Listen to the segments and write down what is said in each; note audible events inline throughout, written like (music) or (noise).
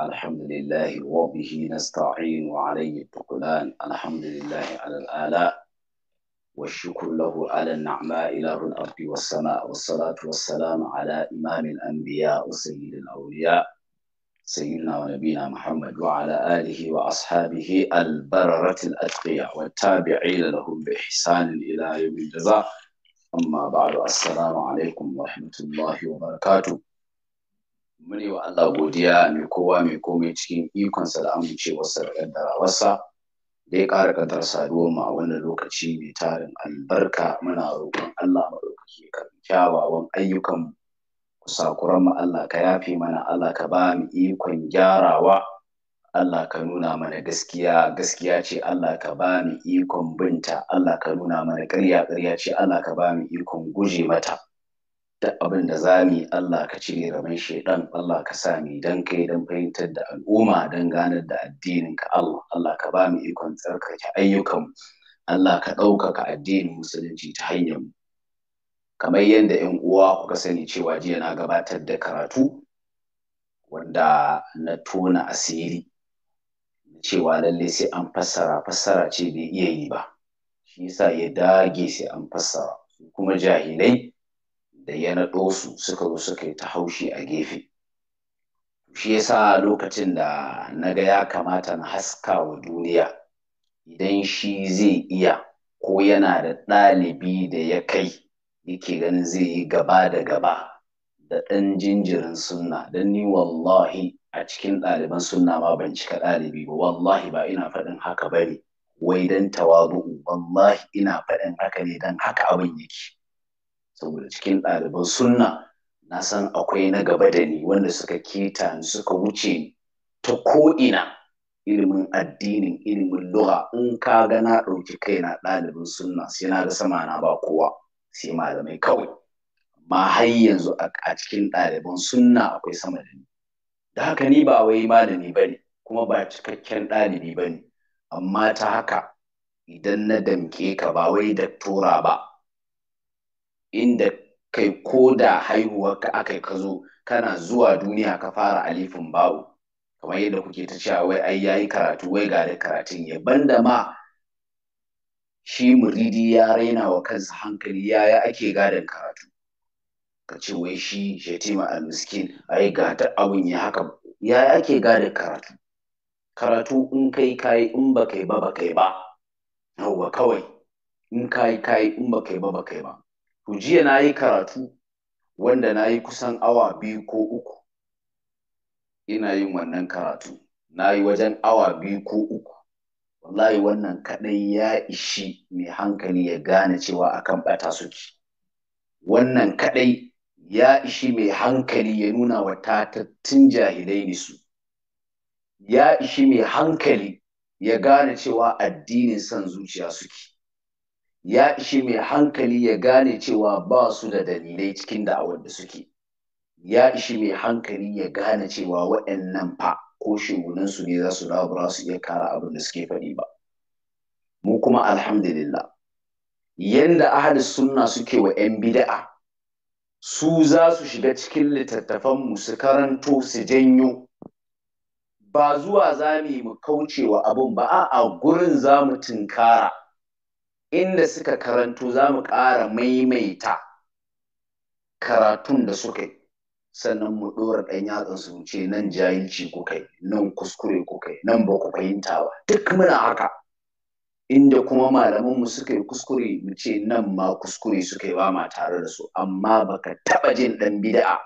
الحمد لله وبه نستعين وعليه التقلان الحمد لله على الآلاء والشكر له على النعماء إلى الأرض والسماء والصلاة والسلام على إمام الأنبياء وسيد الأولياء سيدنا ونبينا محمد وعلى آله وأصحابه البررة الأتقياء والتابعين لهم بإحسان إلى يوم الجزاء أما بعد السلام عليكم ورحمة الله وبركاته mune wa Allah godiya mai kowa mai komai cikin ikonsa da amincewarsa da rawarsa da ya ƙara ƙaddar saduwar mu a wannan lokaci mai tarin albarka muna roƙon Allah maɗaukaki karɓi kyawawan ayyukan ku sakuran Allah ka yafe mana Allah ka ba mu ikon gyarawa Allah ka nuna mana gaskiya gaskiya ce Allah ka ba mu ikon binta Allah ka nuna mana ƙarya ƙarya ce Allah ka ba mu ikon guje mata da abin da za mu yi, Allah ka cire ramin shaidan Allah ka sa mu dan kai dan fahimtar da al'umma dan ganar da addinin ka Allah Allah ka ba mu ikon tsarkake ayyukan Allah ka ɗaukaka addinin musulunci ta hanyar mu kamar yadda yan uwa kuka sani cewa jiya na gabatar da karatu wanda na tona asiri cewa lallai sai an fassara fassara ce bai iya yi ba shi yasa ya dage sai an fassara kuma jahilai da ya naɗo su suka zo suka yi ta haushi a gefe shi yasa lokacin da na ga ya kamata na haska wa duniya idan shi zai iya ko yana da ɗalibi da ya kai yake ganin zai yi gaba da gaba da ɗan jinjirin sunna don ni wallahi a cikin ɗaliban sunna ma ban cika ɗalibi ba wallahi ba ina faɗin haka ba wai don tawabu, wallahi ina faɗin haka ne don haka abin yake saboda cikin ɗaliban sunna na san akwai na gaba da ni wanda suka keta ni suka wuce ni ta ko'ina ilimin addinin ilimin lura in ka ga na ɗauki kaina ɗalibin sunna sai na ga sama na ba kowa sai malamai kawai amma har yanzu a cikin ɗaliban sunna akwai sama da ni da haka ni ba wai malami ba ne kuma ba cikakken ɗalibi ba ne amma ta haka idan na damke ka ba wai da tura ba inda kai ko da ka aka ka zo kana zuwa duniya ka fara alifin babu kamar yadda kuke ta cewa wai ai yayi karatu wai ga da karatun ya banda ma shi muridi ya raina wa kansa hankali yaya ake gadon karatu ka ce wai shi shetima almiskin ai ga ta abun ya haka yaya ake gadon karatu karatu in kai kai in ba kai ba ba kai ba yauwa kawai in kai kai in ba kai ba ba kai ba to jiya na yi karatu wanda na yi kusan awa biyu ko uku ina yin wannan karatu na yi wajen awa biyu ko uku wallahi wannan kaɗai ya ishi mai hankali ya gane cewa akan ɓata suke wannan kaɗai ya ishi mai hankali ya nuna wa tatattun jahilai ne su ya ishi mai hankali ya gane cewa addinin son zuciya suke ya ishi mai hankali ya gane cewa ba su da dalilai cikin da'awar da suke ya ishi mai hankali ya gane cewa waɗannan fa ko shugunansu ne za su dawo ba su iya kara abin da suke faɗi ba mu kuma alhamdulillah yanda ahli sunna suke wa 'yan bida'a su za su shiga cikin littattafanmu su karanto su janyo ba zuwa za mu kauce wa abin ba a gurin za mu tunkara inda suka karantu za mu ƙara maimaita karatun da suka yi sannan mu ɗora ɗan yatsan su ce nan jahilci kuka yi nan kuskure kuka yi nan ba ku fahimta duk muna haka inda kuma mu suka yi kuskure mu ce nan ma kuskure suka yi ba ma tare da su amma baka taɓa jin ɗan bida'a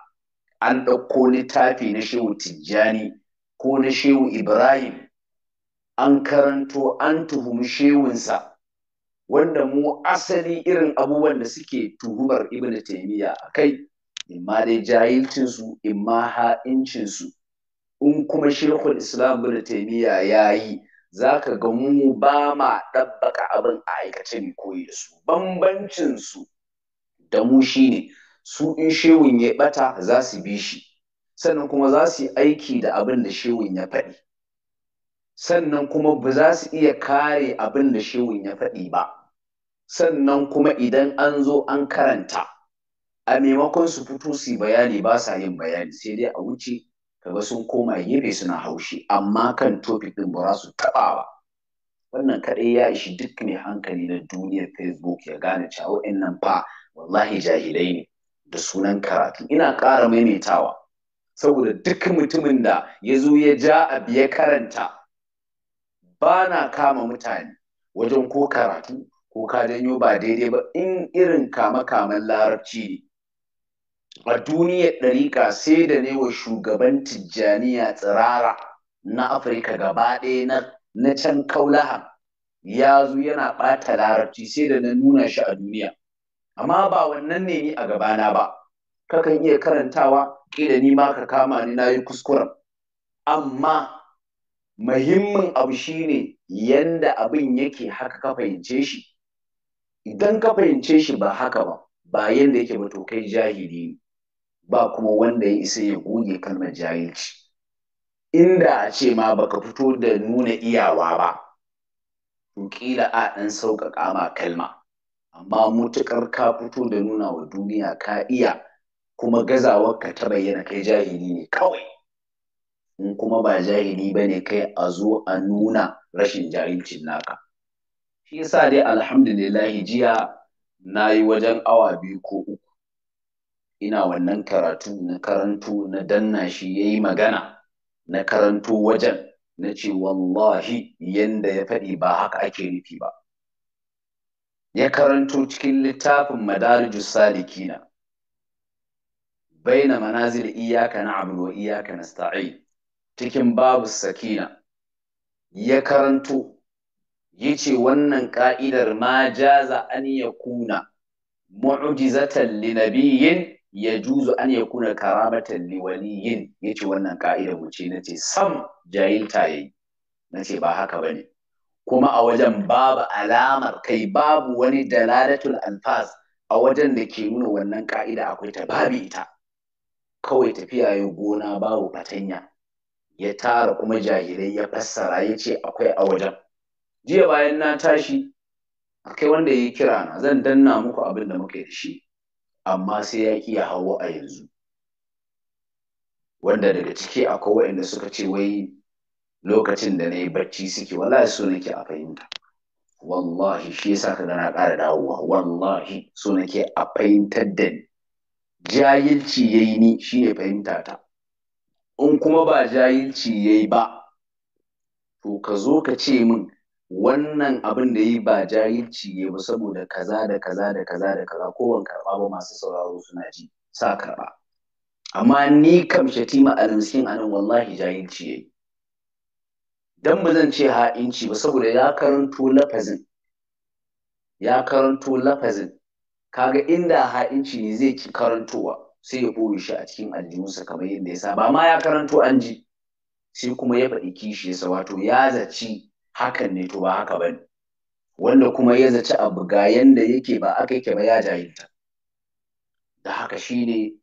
an ɗauko littafi na shehu tijjani ko na shehu ibrahim an karanto an tuhumi shehunsa wanda mu asali irin abubuwan da suke tuhumar ibn taimiyya a kai imma dai jahilcinsu imma ha'incinsu in kuma shekul islam ibn taimiyya ya yi za ka ga mu ba ma ɗabbaka abin a aikace mai koyi da su bambancinsu da mu shine su in shewun ya ɓata za su bi shi sannan kuma za su yi aiki da abin da shewun ya faɗi sannan kuma ba za su iya kare abin da shewun ya faɗi ba sannan kuma idan an zo an karanta a maimakon su fito su bayani ba sa yin bayani sai dai a wuce kaga sun koma gefe suna haushi amma kan topic din ba za su taɓa ba wannan kadai ya ishi duk mai hankali na duniyar facebook ya gane cewa nan fa wallahi jahilai ne da sunan karatu ina ƙara maimaitawa saboda duk mutumin da ya zo ya ja a ya karanta ba na kama mutane wajen ko karatu ko ka janyo ba daidai ba in irin kama-kaman larabci ne a duniyar ɗariƙa sai da ne wa shugaban tijjaniya tsirara na afirka gaba ɗaya na can kaulaha ya zo yana ɓata larabci sai da na nuna shi a duniya amma ba wannan ne ni a gabana ba kakan iya karantawa ƙila ni ma ka kama ni na yi kuskuren amma muhimmin abu shine yanda abin yake haka ka fahimce shi idan ka fahimce shi ba haka ba ba yanda yake ba to kai jahili ne ba kuma wanda ya isa ya goge kalmar jahilci inda a ce ma baka fito da nuna iyawa ba to kila a ɗan sauƙaƙa ma kalma amma mutuƙar ka fito da nuna wa duniya ka iya kuma gazawar ka ta bayyana kai jahili ne kawai in kuma ba jahili ba ne kai a zo a nuna rashin jahilcin naka shi yasa dai alhamdulillah jiya na yi wajen awa biyu ko uku ina wannan karatu na karantu na danna shi ya yi magana na karantu wajen na ce wallahi yanda ya faɗi ba haka ake nufi ba ya karantu cikin littafin madarijus salikina baina manazil iyaka na abu wa iyaka nasta'in cikin babu sakina ya karantu. yace wannan ka'idar ma jaza an yakuna mu'jizatan li nabiyyin yajuzu an yakuna karamatan li waliyin yace wannan ka'idar mu ce nace sam jahilta yayi nace ba haka bane kuma a wajen babu alamar kai babu wani dalalatul alfaz a wajen da ke nuna wannan ka'ida akwai ta babu ita kawai tafiya ya gona babu fatanya ya tara kuma jahilai ya fassara ya ce akwai a wajen jiya bayan na tashi akai wanda ya kira na zan danna muku abin da muka yi da shi amma sai ya ki ya hawo a yanzu wanda daga ciki akwai waɗanda suka ce wai lokacin da na yi bacci suke wallahi so nake a fahimta wallahi shi yasa ka na ƙara dawowa wallahi so nake a fahimtar da ni jahilci yayi ni shi ne fahimta ta in kuma ba jahilci yayi ba to ka zo ka ce min wannan abin da yi ba jahilci ne ba saboda kaza da kaza da kaza da kaza ko ban karɓa ba masu sauraro suna ji sa karɓa amma ni kam a almiskin anan wallahi jahilci yayi dan ba zan ce ha'inci ba saboda ya karanto lafazin ya karanto lafazin kaga inda ha'inci ne zai ki karantowa sai ya ɓoye shi a cikin aljihunsa kamar yadda ya sa ba ma ya karanto an ji sai kuma ya faɗi kishi ya wato ya zaci hakan ne to ba haka ba ne wanda kuma ya zaci abu ga yanda yake ba aka yake ba ya jahilta da haka shi ne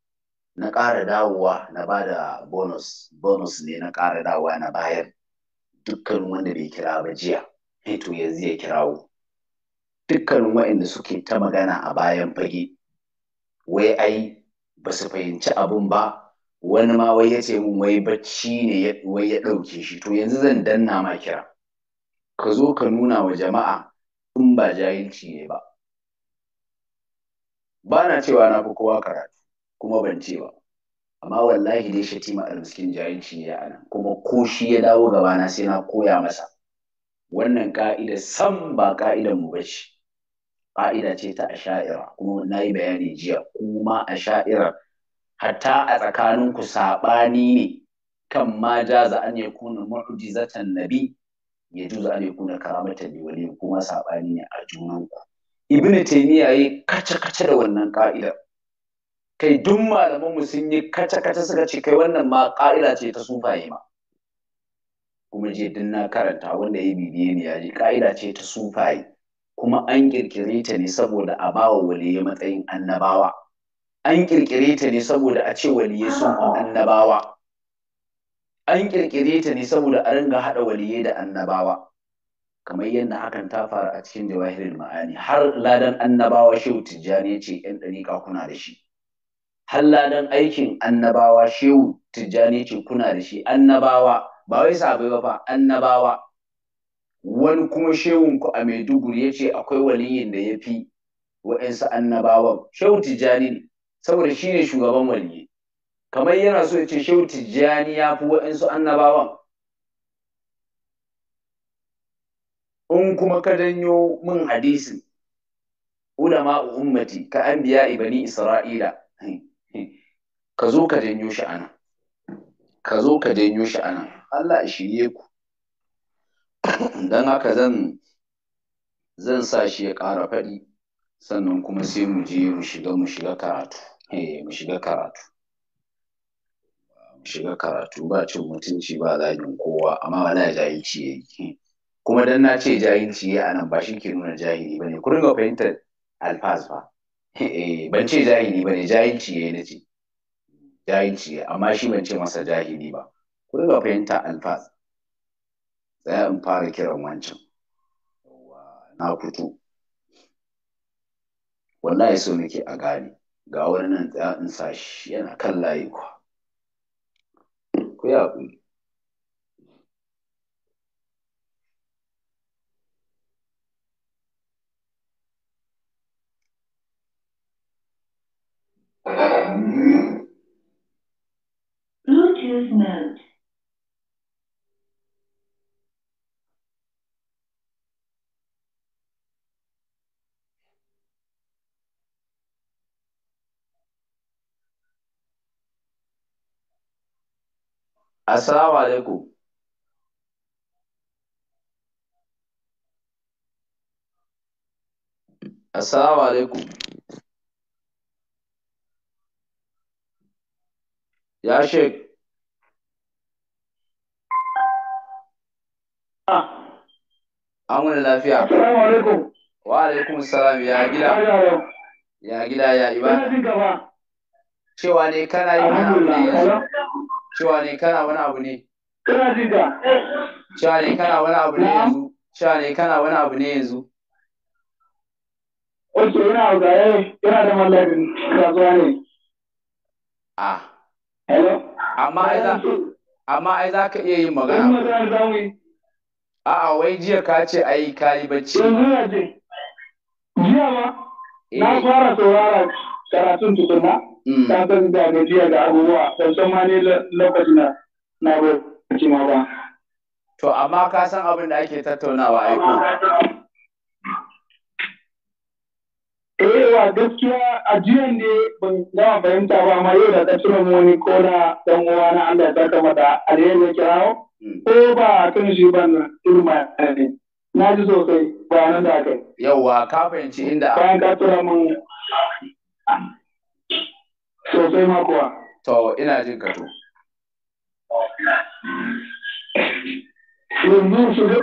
na ƙara dawowa na ba da bonus bonus ne na ƙara dawowa na bayar dukkan wanda bai kira ba jiya eh to yanzu ya kirawo dukkan waɗanda suke ta magana a bayan fage wai ai ba su fahimci abun ba wani ma wai ya ce mun wai bacci ne wai ya ɗauke shi to yanzu zan danna ma kira ka zo ka nuna wa jama'a in ba jahilci ne ba ba na cewa na fi kowa karatu kuma ban ce ba amma wallahi dai shatima almiskin jahilci ne a nan kuma ko shi ya dawo gabana sai na koya masa wannan ƙa'ida sam ba ka'idar mu bace Ƙa'ida ce ta asha'ira kuma na yi bayani jiya kuma asha'ira hatta a tsakaninku saɓani ne kan ma jaza an yakuna mu'jizatan nabi ya juzu an yakuna karamata li wali kuma sabani ne a junan ku ibn taymiya yayi kace kace da wannan ka'ida kai duk malaman mu sun yi kace kace suka ce kai wannan ma ka'ida ce ta sufaye ma kuma je din na karanta wanda ya bibiye ne ya ji ka'ida ce ta sufaye kuma an kirkire ta ne saboda a bawa waliye matsayin annabawa an kirkire ta ne saboda a ce waliye sun annabawa an ƙirƙire ta ne saboda a ringa haɗa waliyai da annabawa kamar yadda hakan ta faru a cikin jawahirin ma'ani har ladan annabawa shehu tijjani ce yan ɗariƙa kuna da shi har ladan aikin annabawa shehu tijjani ce kuna da shi annabawa ba wai sabai ba fa annabawa wani kuma shehun ku a maiduguri ya ce akwai waliyin da ya fi wa'insu annabawan shehu tijjani ne saboda shi ne shugaban waliye. kamar yana so ya ce Shauti tijjani ya fi wa'insu annabawan in kuma ka danyo min hadisi ulama ummati ka anbiya ibani isra'ila ka zo ka danyo shi anan ka zo ka danyo shi ana Allah ya shirye ku dan haka zan zan sa shi ya ƙara faɗi sannan kuma sai mu je mu shiga mu shiga karatu eh, mu shiga karatu shiga karatu ba cin mutunci ba zagin kowa amma wala jahilci ya yi kuma dan na ce jahilci ya a nan ba shi ke nuna jahili ba ne Kuma ga fahimtar alfaz ba (laughs) eh, ban ce jahili ba ne jahilci ya yi na ce jahilci ya amma shi ban ce masa jahili ba Kuma ga fahimtar alfaz tsaya in fara kiran wancan na fito wallahi so nake a gane ga wani nan tsaya in sa shi yana kan layi kuwa yeah. Bluetooth mode. Assalamu alaikum. Assalamu alaikum. Ya Sheikh. An lafiya. Wa alaikum salam ya gida. Ya gida ya Cewa ne kana yi wani yanzu. cewa ne kana wani abu ne kana cewa ne kana wani abu ne yanzu cewa ne kana wani abu ne yanzu Oke, yana abu gaye, yana da mallakin kasuwa ne. Ah. Hello? Amma ai za amma ai za ka iya yin magana. A'a wai jiya ka ce ai ka yi bacci. Yanzu na ce. Jiya ma na eh. fara saurara karatun tukuna. Mm. ka san ga gajiya da abubuwa san ma ne lokacin na na roƙi ma ba to amma ka san abin da ake tattaunawa ai ko eh wa gaskiya a jiyan ne ban gama fahimta ba amma yau da ta wani ko na dan uwa na Allah da saka mata alheri ya kirawo mm. ko ba kan shi ban turma ne na ji sosai ba nan da kai yauwa ka fahimci inda bayan ka tura mun Sosai ma kuwa. To ina jin ka to. Yanzu su ga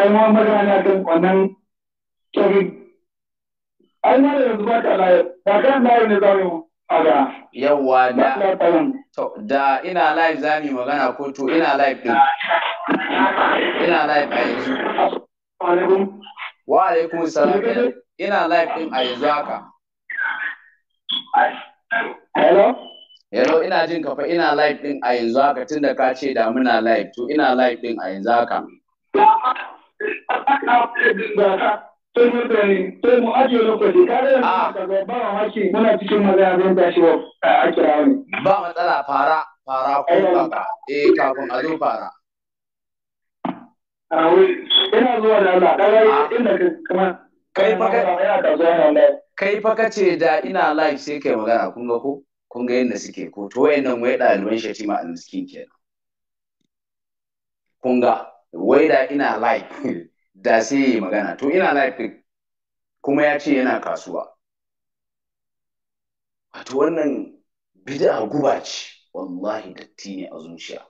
ai ma magana kan wannan kyarin. Ai ma da yanzu ba ta layar, ba kan layar ne zamu yi a ga. Yawwa da. To da ina live za mu magana ko to ina live ɗin. Ina live a yanzu. Alaikum. Wa alaikum salam. Ina live ɗin a yanzu haka. Hello? Hello, ina jin ka ina live din a yanzu haka tunda ka ce da muna live to ina live din a yanzu haka. ba a matsala fara fara ko kaka eh kafin a zo fara. Ina zuwa da Allah, inda Kai fa kai. da kai fa kace da ina live sai kai magana kun ga ko kun ga yadda suke ko to wayannan wai ɗaliban shatima almiskin kenan kun ga wai da ina live (laughs) da sai yi magana to ina live kuma ya ce yana kasuwa wato wannan bid'a guba ce wallahi datti ne a zuciya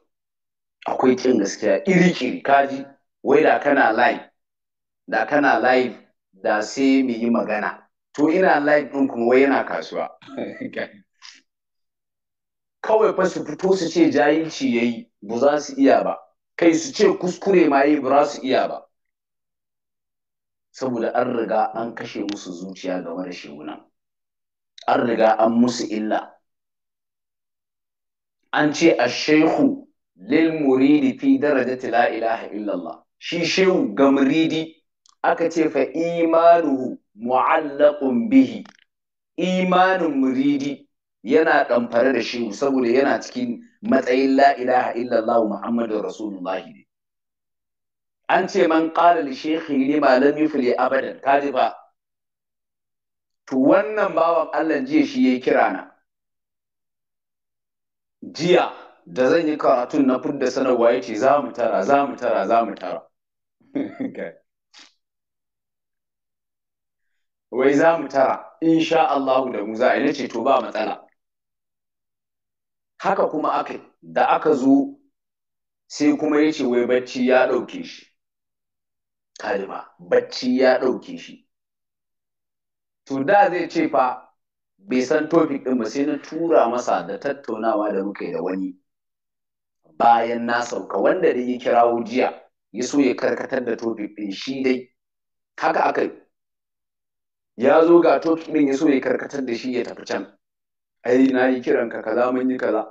akwai kin gaskiya iri-iri kaji wai da kana live da kana live da sai mu yi magana to ina live ɗin kuma wai yana kasuwa kawai fa su fito su ce jahilci ya yi ba za su iya ba kai su ce kuskure ma yi ba za su iya ba saboda an riga an kashe musu zuciya game da shegunan an riga an musu illa an ce a shehu lil muridi fi darajati la ilaha illallah shi shehu ga muridi aka ce fa imanuhu mu'allaqun bihi imanin muridi yana ɗamfare da shi saboda yana cikin matsayin la ilaha illallah muhammadur rasulullah ne an ce man qala li shaykhi ma lam yufli abadan kaji ba to wannan bawan Allah jiya shi yayi kira na jiya da zan yi karatun na furda sanarwa yace za mu tara za mu tara za mu tara (laughs) wai za mu tara sha Allahu da mu za a yi to ba matsala haka kuma aka da aka zo sai kuma ya ce wai bacci ya ɗauke shi kalima bacci ya ɗauke shi to da zai ce fa bai san topic ɗin ba sai na tura masa da tattaunawa da muka yi da wani bayan na sauka wanda da ya kirawo jiya ya so ya karkatar da topic ɗin shi dai haka aka yi ya zo ga topic ɗin ya so ya karkatar da shi ya tafi can ai na yi kiran ka kaza mun yi kaza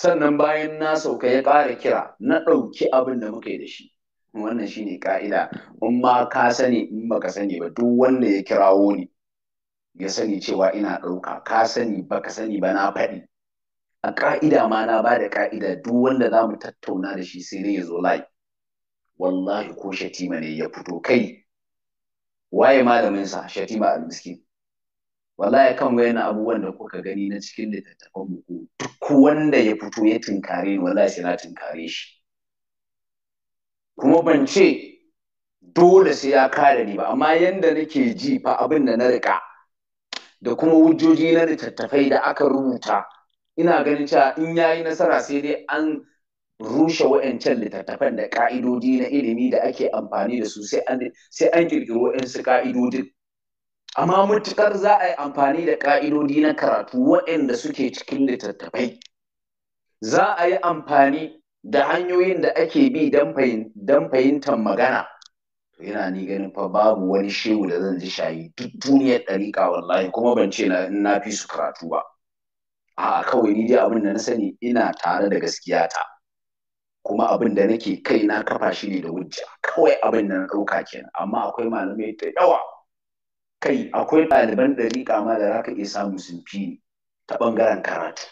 sannan bayan na sauka ya ƙara kira na ɗauki abin da muka da shi wannan shi ne ƙa'ida. in ma ka sani in baka sani ba duk wanda ya kirawo ni ya sani cewa ina ɗauka ka sani baka sani ba na faɗi a ƙa'ida ma na ba da ƙa'ida duk wanda za mu tattauna da shi sai dai ya zo live wallahi ko shatima ne ya fito kai waye malaminsa shatima al-miskin wallahi kan na abubuwan da kuka gani na cikin littattafan mu duk wanda ya fito ya tinkare ni wallahi sai na tinkare shi kuma ban ce dole sai ya kare ni ba amma yanda nake ji fa abin da na rika da kuma wujoji na littattafai da aka rubuta ina ganin cewa in yayi nasara sai dai an rushe wa'ancan littattafan da ka'idodi na ilimi da ake amfani da su sai an ƙirƙiro wa'yansu ka'idodin amma mutukar za a yi amfani da ka'idodi na karatu wa'anda suke cikin littattafai za a yi amfani da hanyoyin da ake bi don fahimtar magana To yana ni ganin fa babu wani shehu da zan ji shayi duk duniyar ɗariƙa wallahi kuma ban ce na fi su karatu ba a'a kawai ni dai abin da na sani ina tare da gaskiya ta kuma abin da nake kai na kafa shi ne da wuce kawai abin da na ɗauka kenan amma akwai malamai da yawa kai akwai ɗaliban ɗari ma da za ka iya samu sun fi ta ɓangaren karatu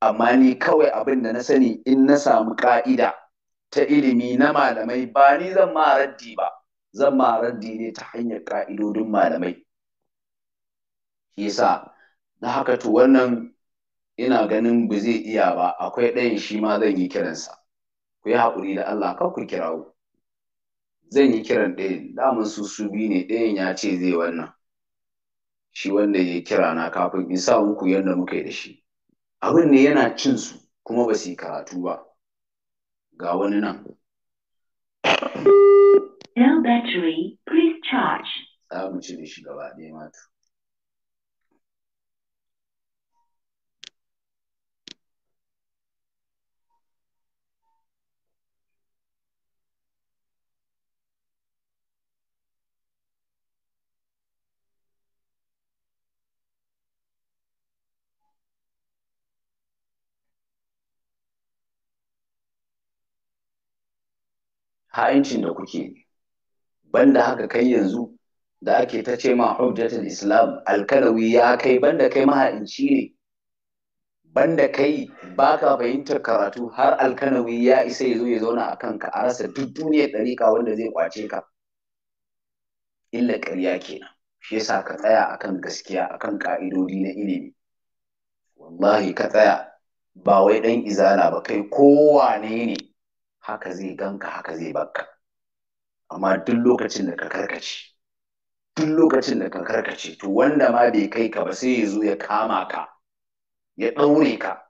amma ni kawai abin da na sani in na samu ƙa'ida ta ilimi na malamai ba ni zan ma raddi ba zan ma raddi ne ta hanyar ƙa'idodin malamai yasa na haka to wannan ina ganin ba zai iya ba akwai ɗayan shi ma zan yi kiransa ku yi haƙuri da Allah kar ku kirawo zan yi kiran ɗayan daman su su biyu ne ɗayan ya ce zai wannan shi wanda ya kira na kafin in sa muku yadda muka yi da shi abin ne yana cin su kuma ba su yi karatu ba ga wani nan Now battery, please charge. Za mu ci da shi gaba ɗaya matu. ha'incin da kuke banda haka kai yanzu da ake ta ce ma hujjatul islam alkalawi ya kai banda kai maha'inci ne banda kai baka fahimtar karatu har alkalawi ya isa ya zo ya zauna a kanka a rasa duk duniyar ɗariƙa wanda zai kwace ka illa ƙarya kenan shi yasa ka tsaya akan gaskiya akan ƙa'idodi na ilimi wallahi ka tsaya ba wai ɗan izala ba kai kowane ne haka zai ganka haka zai bakka amma duk lokacin da ka karkace duk lokacin da ka karkace to wanda ma bai kai ka ba sai ya zo ya kama ka ya ɗaure ka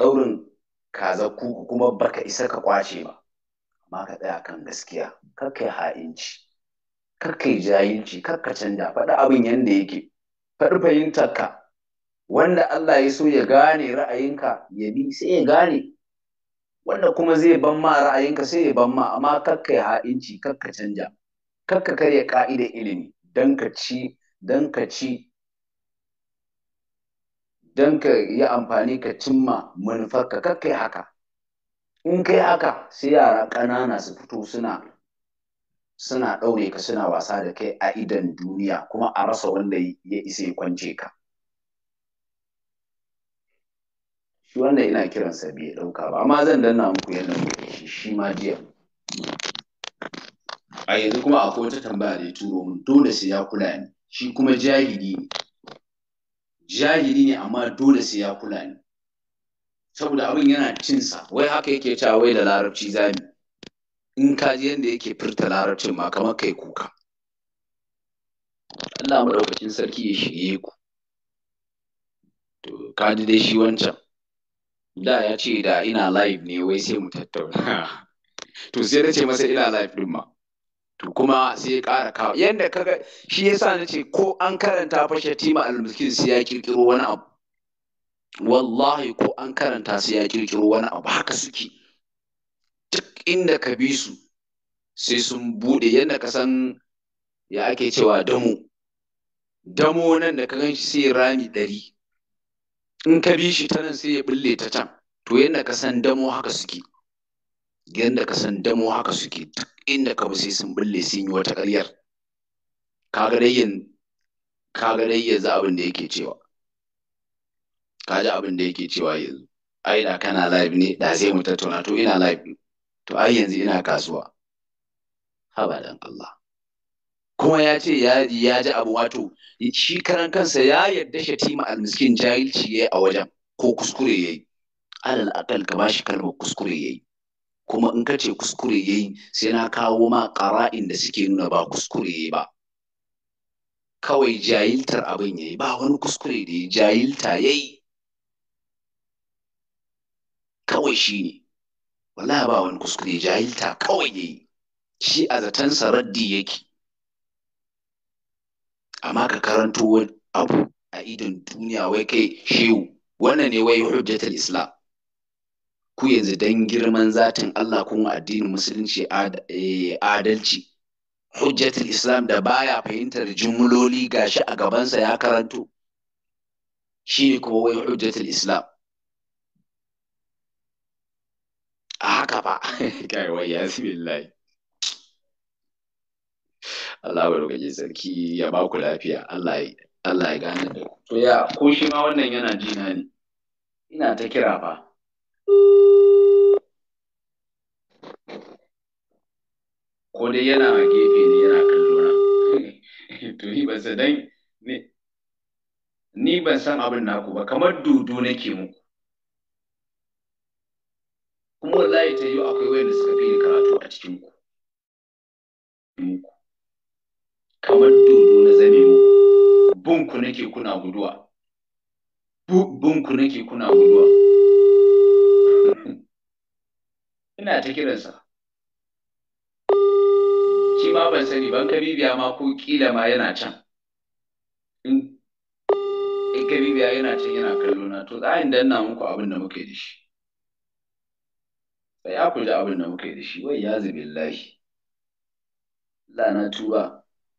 ɗaurin kaza kuku kuma baka isa ka kwace ba amma ka tsaya kan gaskiya kar kai ha'inci kar kai jahilci kar canja faɗi abin yanda yake faɗi fahimtar ka wanda Allah ya so ya gane ra'ayinka ya bi sai ya gane wanda kuma zai ban ma ra'ayinka sai ya ban ma amma kakka ya ha'inci kakka canja kakka karya ka'idar ilimi don ka ci don ka ci don ka yi amfani ka cimma manufarka kakka yi haka in kai haka sai yara ƙanana su fito suna suna ɗaure ka suna wasa da kai a idan duniya kuma a rasa wanda ya isa ya kwance ka shi ina kiransa bai ɗauka ba amma zan danna muku yadda muke shi shi ma jiya a yanzu kuma akwai wata tambaya da ya turo mun dole sai ya kula ni shi kuma jahili ne jahili ne amma dole sai ya kula ni saboda abin yana cinsa wai haka yake cewa wai da larabci zami in ka ji yadda yake furta larabcin ma kamar kai kuka Allah madaukakin sarki ya shige ku to ka ji dai shi wancan da ya ce da ina live ne wai sai mu tattauna to sai na ce masa ina live din ma to kuma sai ya ƙara kawo yanda kaga shi yasa na ce ko an karanta fa shatima al-miskin sai ya kirkiro wani abu wallahi ko an karanta sai ya kirkiro wani abu haka suke duk inda ka bi su sai sun bude Yadda ka san ya ake cewa damo damo nan da ka gan shi sai rami ɗari in ka bi shi ta nan sai ya bulle ta can to yadda ka san damo haka suke yadda ka san damo haka suke duk inda ka sai sun bulle sun yi wata ƙaryar kaga dai yanzu abin da yake cewa kaji abin da yake cewa yanzu ai da kana live ne da sai mu tattauna to ina live to ai yanzu ina kasuwa haba dan Allah kuma ya ce yadi ya ji abu wato shi karan kansa ya yarda shatima almiskin jahilci yayi a wajen ko kuskure yayi alal akal ka bashi kalmar kuskure yayi kuma in ka ce kuskure yayi sai na kawo ma qara'in da suke nuna ba kuskure yayi ba kawai jahiltar abin yayi ba wani kuskure da yayi jahilta yayi kawai shi ne wallahi ba wani kuskure jahilta kawai yayi shi a zatansa raddi yake amma ka karanto wani abu a idon duniya wai kai shehu wannan ne wai hujjatul islam ku yanzu dan girman zatin Allah kuma addinin musulunci eh, adalci hujjatul islam da baya fahimtar jumloli gashi a gabansa ya karanto shi ne kuma wai hujjatul islam a haka ba. (laughs) kai wai ya billahi Allah barkaji sarki ya ba ku lafiya Allah ya Allah ya gane da ku to ya ko shi ma wannan yana jina ne ina ta kira fa ko dai yana a gefe ne yana kallo na (laughs) to ni ban san dan ni ban san abin naku ba kamar dudu nake muku kuma wallahi ta yi akwai wayanda suka fi karatu a cikin ku kamar dodo na zane mu bunku nake kuna guduwa bunku nake kuna guduwa (laughs) ina ta kiransa shi ma ban sani ban ka bibiya ma ko kila ma yana can in ka bibiya yana can yana kallo na to tsayin da ina muku abin da muke da shi sai ya kula abin da muke da shi wai ya zubillahi la na tuba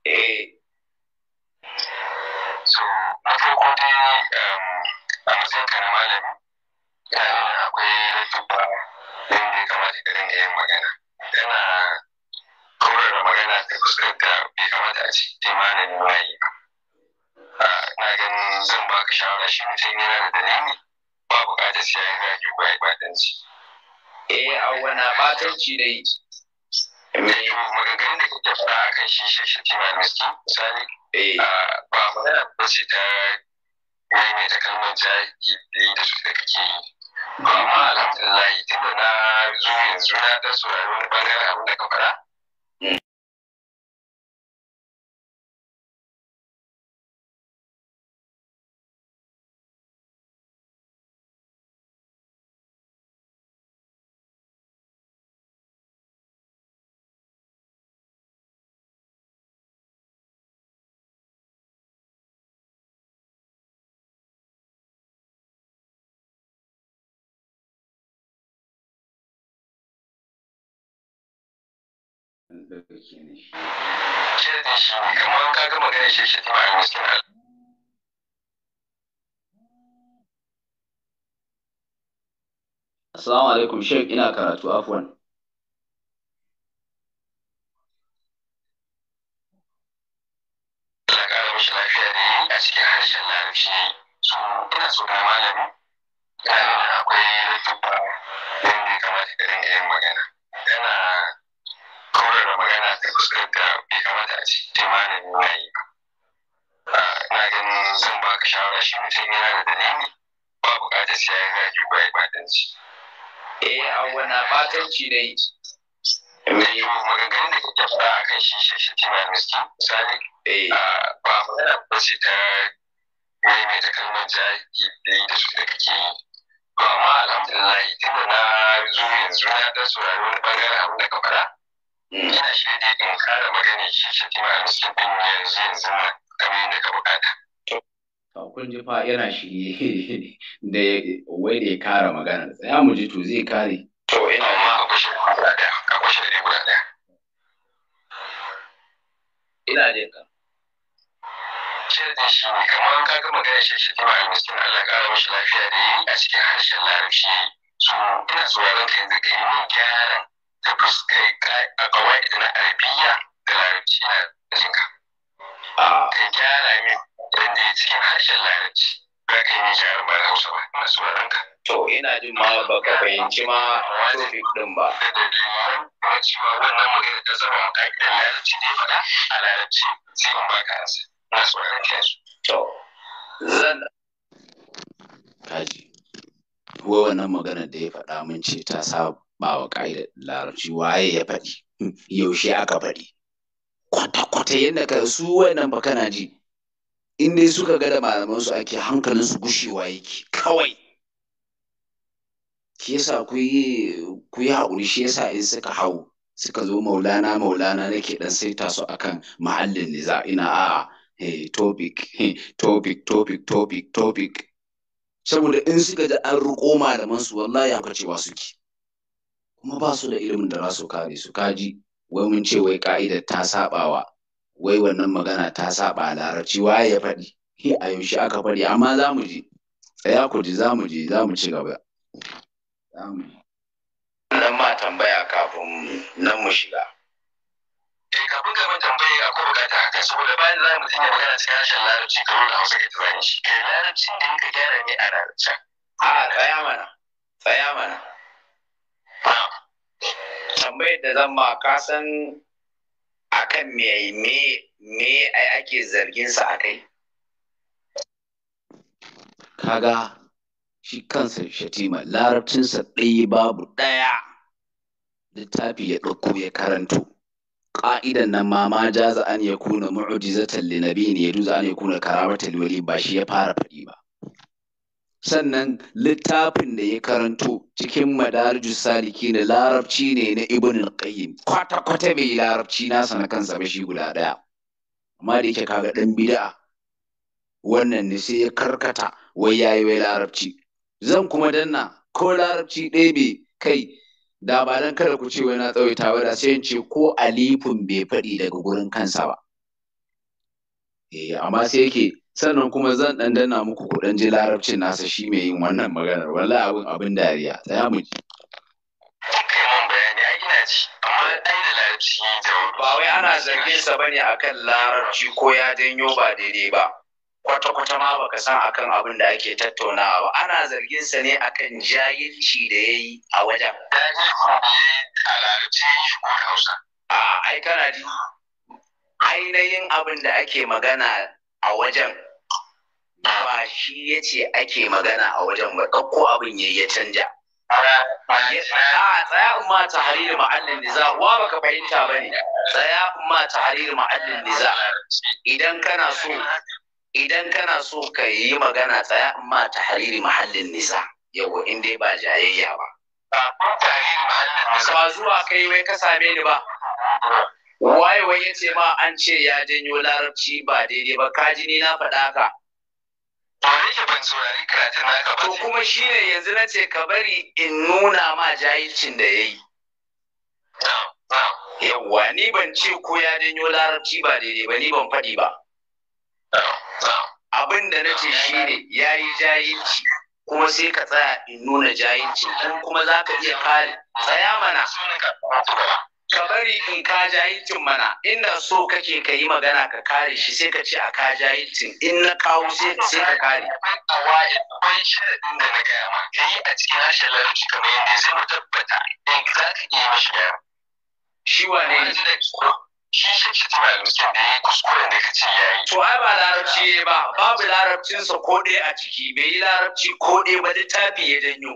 eh so na farko dai a matsayin ka na malam akwai rajubba inda ya kamata ka dinga yin magana yana da magana ta fuskanta bai kamata a ce malamin wayi ba na ganin zan ba ka shawara shi mutum yana da dalili ba bukatar siya ya yi rajubba ya batanci eh a wani batanci dai na yi maganganun da a kan shi shi eh. ba ce ta da da kake yi alhamdulilahi, ma alhamdulillah tunda na zo yanzu na ɗan saurari ɓangaren abin da ka faɗa yake nufi kamar ka shi shi Assalamu alaikum Sheikh ina karatu afwan. Allah a cikin harshen larabci. So Akwai kamata ka dinga yin magana. matsala ta fuskar da bai kamata a ce malami na yi ba ina ganin zan baka shawara shi mutum yana da dalili ba bukatar sai ya zagi ba ya batanci eh a wani batanci ne mai maganganun da kake faɗa a kan shi shi shi tima miski misali ba magana ba ce ta maimaita kalmar jahili da yi da su da kake yi Ba ma alhamdulillah tunda na zo yanzu na dan saurari wani bangaren abin da ka faɗa ina shi ne in kara magana shi shi tima hamsin din yanzu yanzu na kamar yadda ka bukata. kun ji fa yana shi (laughs) da wai da ya kara magana tsaya mu ji to zai kare. To ina ma a kushe guda ɗaya a kushe ne guda ɗaya. Ina jin ka. Shirin da shi ne kamar ka ga magana shi shi tima hamsin Allah kara mashi lafiya da yi a cikin harshen larabci. So ina tsoron ka yanzu ka yi min gyaran da kawai na arabiya na jinka ah. ka gyara min dan da cikin harshen larabci ba ka gyara ba ba to ina jin ma ba ka fahimci ma topic din ba da cewa wannan zama a a ka zan kaji wannan magana da ya faɗa mun ce ta saba ba wa larabci waye ya faɗi yaushe aka faɗi kwata-kwata yadda ka su wayannan ba kana ji in dai suka ga da malaman su ake hankalin su gushewa yake kawai shi yasa ku yi ku yi haƙuri shi yasa in suka hau suka zo maulana maulana nake dan saita su akan mahallin za ina a eh, topic (laughs) topic topic topic topic saboda in suka ji an riƙo malaman su wallahi haka cewa suke kuma ba su da ilimin da za su kare su kaji wai mun ce wai ka'ida ta sabawa wai wannan magana ta saba larabci waye ya faɗi hi a yaushe aka faɗi amma za mu je tsaya ku ji za mu je za mu ci gaba nan ma tambaya kafin nan mu shiga eh kafin ka tambaye buƙata bukata kai saboda bayan za mu tanya magana cikin harshen larabci kamar da hausa taɓa tsani shi eh, larabcin da ka gyara ne a larabcin A'a tsaya mana tsaya mana tambayar da zan ma ka san akan me me me ai ake zargin sa akai kaga shi kansa shatima larabcinsa ɗaya babu ɗaya littafi ya ɗauko ya karanto ƙa'idan nan ma ma jaza an ya kuna mu'jizatan li ne ya duza an ya kuna karamatan wali ba shi ya fara faɗi ba sannan littafin da ya karanto cikin madarijus saliki na larabci ne na ibn al-qayyim kwata kwata bai larabci nasa na kansa ba shi guda daya amma da yake kaga dan bid'a wannan ne sai ya karkata wai yayi wai larabci zan kuma danna ko larabci ɗaya bai kai da ba dan kada ku ce wai na tsawaita ba da sai in ce ko alifun bai faɗi daga gurin kansa ba eh amma sai yake sannan kuma zan dan danna muku kuɗin ji larabcin nasa shi mai yin wannan maganar wallahi abin abin dariya tsaya mu ji kai mun bayani a ina ji amma ai da larabci ba wai ana zargin sa bane akan larabci ko ya janyo ba daidai ba kwata-kwata ma baka san akan abin da ake tattaunawa ba ana zargin sa ne akan jahilci da ya yi a wajen a ai kana ji ainihin abin da ake magana a wajen ba shi ya ce ake magana a wajen ba ɗauko abin ya ya canja a tsaya ma ta hariri ma'allin niza wa baka fahimta ba ne tsaya ma ta hariri ma'allin niza idan kana so ka yi magana tsaya ma ta hariri ma'allin nisa yau in dai ba jayayya ba ba zuwa kai wai ka same ni ba waye wai yace ma an ce ya janyo larabci ba daidai ba kaji ni na faɗa ka to ke ban saurari karatun ka ba to kuma ne yanzu na ce ka bari in nuna ma jahilcin da ya yi. yawwa ni ban ce ko ya janyo larabci ba daidai ba ni ban faɗi ba abin da na ce shi ne ya yi jahilci kuma sai ka tsaya in nuna jahilci kuma za ka iya kare tsaya mana ka bari in ka jahilcin mana inda so kake ka yi magana ka kare shi sai ka ce a ka jahilcin in na kawo sai ka kare da shi wane ne shi shi shi ta malamci da ya yi kuskure da ya yi to ai ba larabci babu larabcinsa ko ɗaya a ciki bai yi larabci ko ɗaya ba littafi ya janyo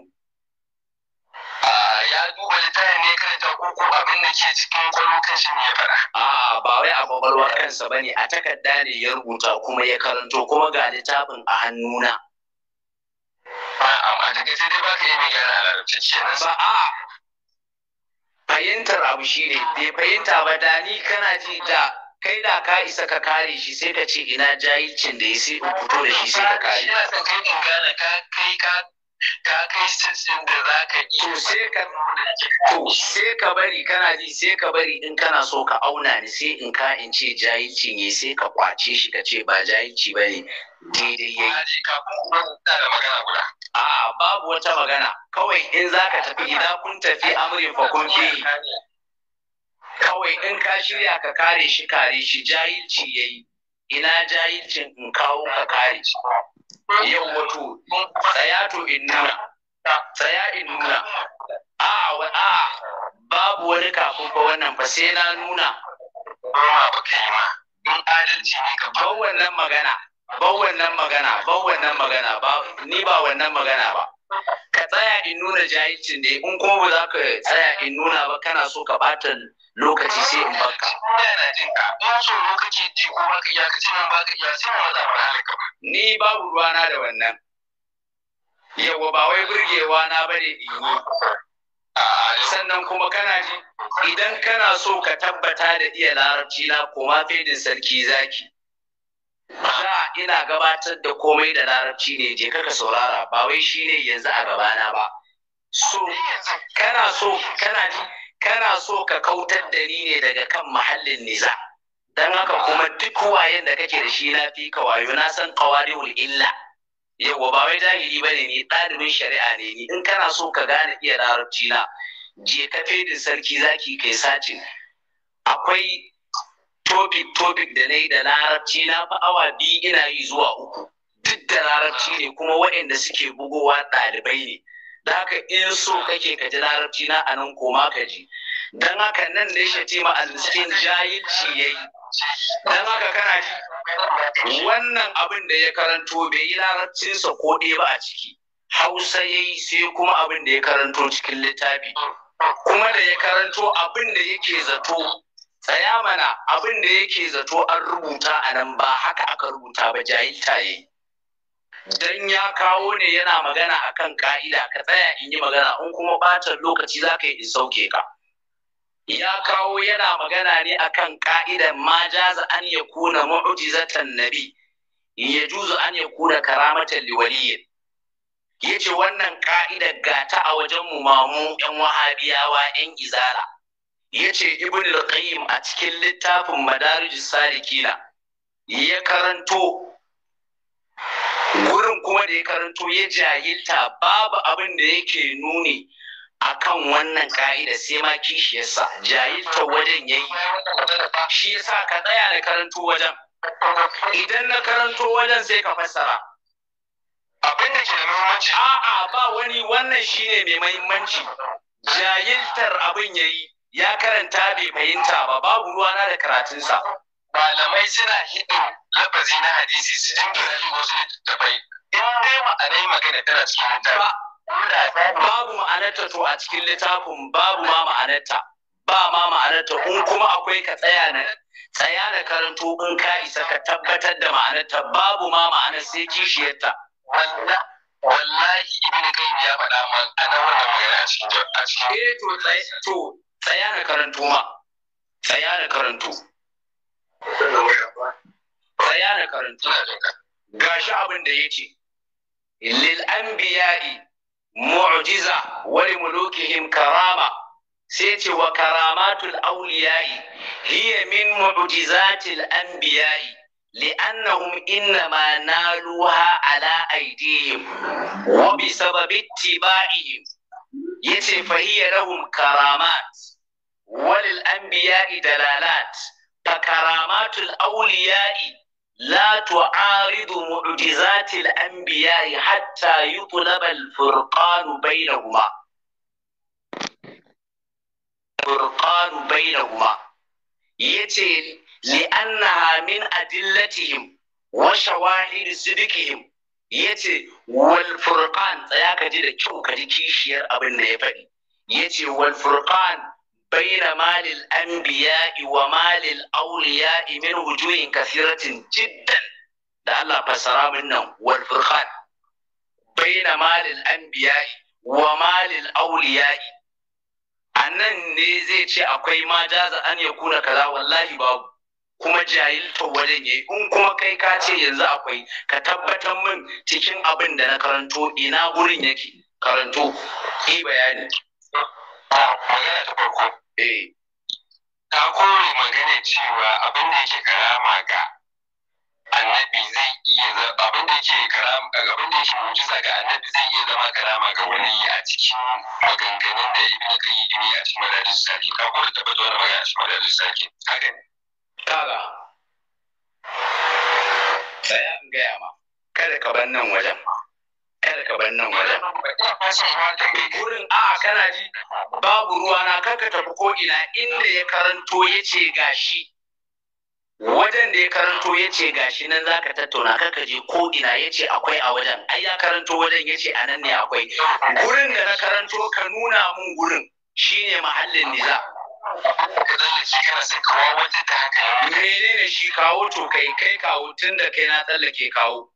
ya duba littafin ne karanta ko ko abin da ke cikin kwalwar shi ne ya fara. A'a ba wai a kwakwalwar kansa bane a takarda ne ya rubuta kuma ya karanto kuma ga littafin a hannuna. A'a a takaice dai ba ka yi mai gyara a larabci kenan. Ba a'a fahimtar abu shi ne bai fahimta ba da ni kana ji da kai da ka isa ka kare shi sai ka ce ina jahilcin da ya sai fito da shi sai ka kare. Shi na kai in gane ka kai ka ka kai sassin da za ka iya sai ka to sai ka bari kana ji sai ka bari in kana so ka auna ni sai in ka in ce jahilci ne sai ka kwace shi ka ce ba jahilci ba ne daidai ya yi. A babu wata magana kawai in za ka tafi idan kun tafi amurin fa kun fi kawai in ka shirya ka kare shi kare shi jahilci ya yi ina jahilcin in kawo ka kare shi. yau wato tsaya to in nuna tsaya in nuna a a babu wani kafin ba wannan ba sai na nuna ban wannan magana ban wannan magana ban wannan magana ba ni ba wannan magana ba ka tsaya in nuna jahilcin ne in kuma ba za ka tsaya in nuna ba kana so ka bata lokaci sai in baka yana jin ka in so lokaci ji ko baka iya ka ce mun baka iya sai mun za mu halaka ni babu ruwana da wannan yawa ba wai burgewa na bane ne. sannan kuma kana ji idan kana so ka tabbata da iya larabci na koma fedin sarki zaki da ina gabatar da komai da larabci ne je kaka saurara ba wai shine yanzu a gabana ba so kana so kana ji kana so ka kautar da ni ne daga kan mahallin niza dan haka kuma duk wayen da kake da shi na fi ka wayo na san qawarihul illa yawa ba wai jahili bane ni ɗalibin shari'a ne ni in kana so ka gane iya larabci na je ka fedin sarki zaki kai sacin akwai topic topic da na da larabci na fa awa biyu ina yi zuwa uku duk da larabci ne kuma waɗanda suke bugowa ɗalibai ne da haka in so kake ka ji larabci na a nan koma ka ji don haka nan da ya ce ma almiskin jahilci ya yi don haka kana ji wannan abin da ya karanto bai yi larabcinsa ko ɗaya ba a ciki hausa ya yi sai kuma abin da ya karanto cikin littafi kuma da ya karanto abin da yake zato tsaya mana abin da yake zato an rubuta a nan ba haka aka rubuta ba jahilta ya yi dan ya kawo ne yana magana akan ka'ida ka tsaya in yi magana in kuma bacin lokaci za ka yi in sauke ka ya kawo yana magana ne akan ka'idan ma jaza an ya kuna mu'jizatan nabi ya juzu an ya kuna karamatan liwaliyin ya ce wannan ka'idar gata a wajen mu mamu yan wahabiyawa yan izara ya ce ibn al a cikin littafin madarijus salikina ya karanto wurin kuma da ya karanto ya jahilta babu abin da yake nuni a kan wannan ka'ida sai ma kishiyarsa jahilta wajen ya yi, shi ya sa ka tsaya da karanto wajen idan na karanto wajen sai ka fassara abin da ke da muhimmanci a'a ba wani wannan shine mai muhimmanci jahiltar abin ya yi ya karanta bai fahimta ba babu ruwa na da karatunsa malamai suna hidin lafazi na hadisi su jingina da wasu littattafai in dai ma'anai magana tana cikin littafin babu ma'anarta to a cikin littafin babu ma ma'anarta ba ma ma'anarta in kuma akwai ka tsaya na tsaya na karanto in ka isa ka tabbatar da ma'anarta babu ma ma'anar sai kishiyarta wallahi ibn kai ya faɗa man ana wannan magana a cikin a cikin eh to tsaya to tsaya na karanto ma tsaya na karanto bayana karanta gashi abin da yace lil anbiya'i mu'jiza wali mulukihim karama sai ce wa karamatul awliya'i hiya min mu'jizatil anbiya'i لأنهم إنما نالوها على أيديهم وبسبب اتباعهم يتي فهي لهم كرامات وللأنبياء دلالات فكرامات الأولياء لا تعارض معجزات الأنبياء حتى يطلب الفرقان بينهما الفرقان بينهما يتي لأنها من أدلتهم وشواهد صدقهم yace wal furqan tsaya ka ji da kyau ka ji kishiyar abin da ya faɗi yace wal furqan baina malil anbiya'i wa malil awliya'i min wujuhin kasiratin jiddan da Allah fassara min nan wal furqan baina malil anbiya'i wa malil awliya'i anan ne zai ce akwai ma jaza an ya kuna kaza wallahi babu kuma jahilta wajen yayi in kuma kai ka ce yanzu akwai ka tabbatar min cikin abin da na karanto ina gurin yake karanto yi bayani ah, magana ta farko eh ta kore magana cewa abin da yake karama ga annabi zai iya abin da yake karama abin da yake mujiza ga annabi zai iya zama karama ga wani a cikin maganganun da ibn qayyim ya a cikin saki ta ta bada wani magana a cikin madaris saki haka ne kaga saya in gaya ma kada ka bar nan wajen ka nan wajen gurin a kana ji babu ruwa na kanka tafi ko ina inda ya karanto ya ce gashi wajen da ya karanto ya ce gashi nan zaka tattauna ka je ko ina ya ce akwai a wajen ai ya karanto wajen ya ce a nan ne akwai gurin da na karanto ka nuna mun gurin shine mahallin niza menene shi kawo to kai kai kawo tun da kai na tsallake kawo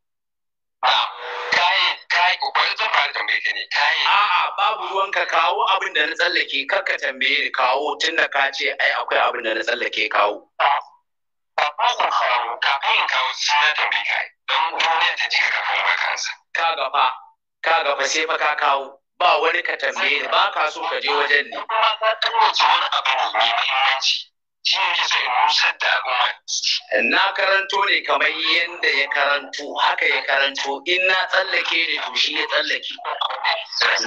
kai ban zan fara tambaye ka ne kai a'a babu ruwan ka kawo abin da na tsallake ka tambaye ni kawo tunda ka ce ai akwai abin da na tsallake kawo kafin kawo kafin kawo shi na tambaye ka don ya ta ji kafin ba kansa ka gafa ka gafa sai fa ka kawo ba wani ka tambaye ni ba ka so ka je wajen ne kuma ka tabo wani abu ne mai muhimmanci shi ne da na karanto ne kamar yadda ya karanto haka ya karanto in na tsallake ne to shi ya tsallake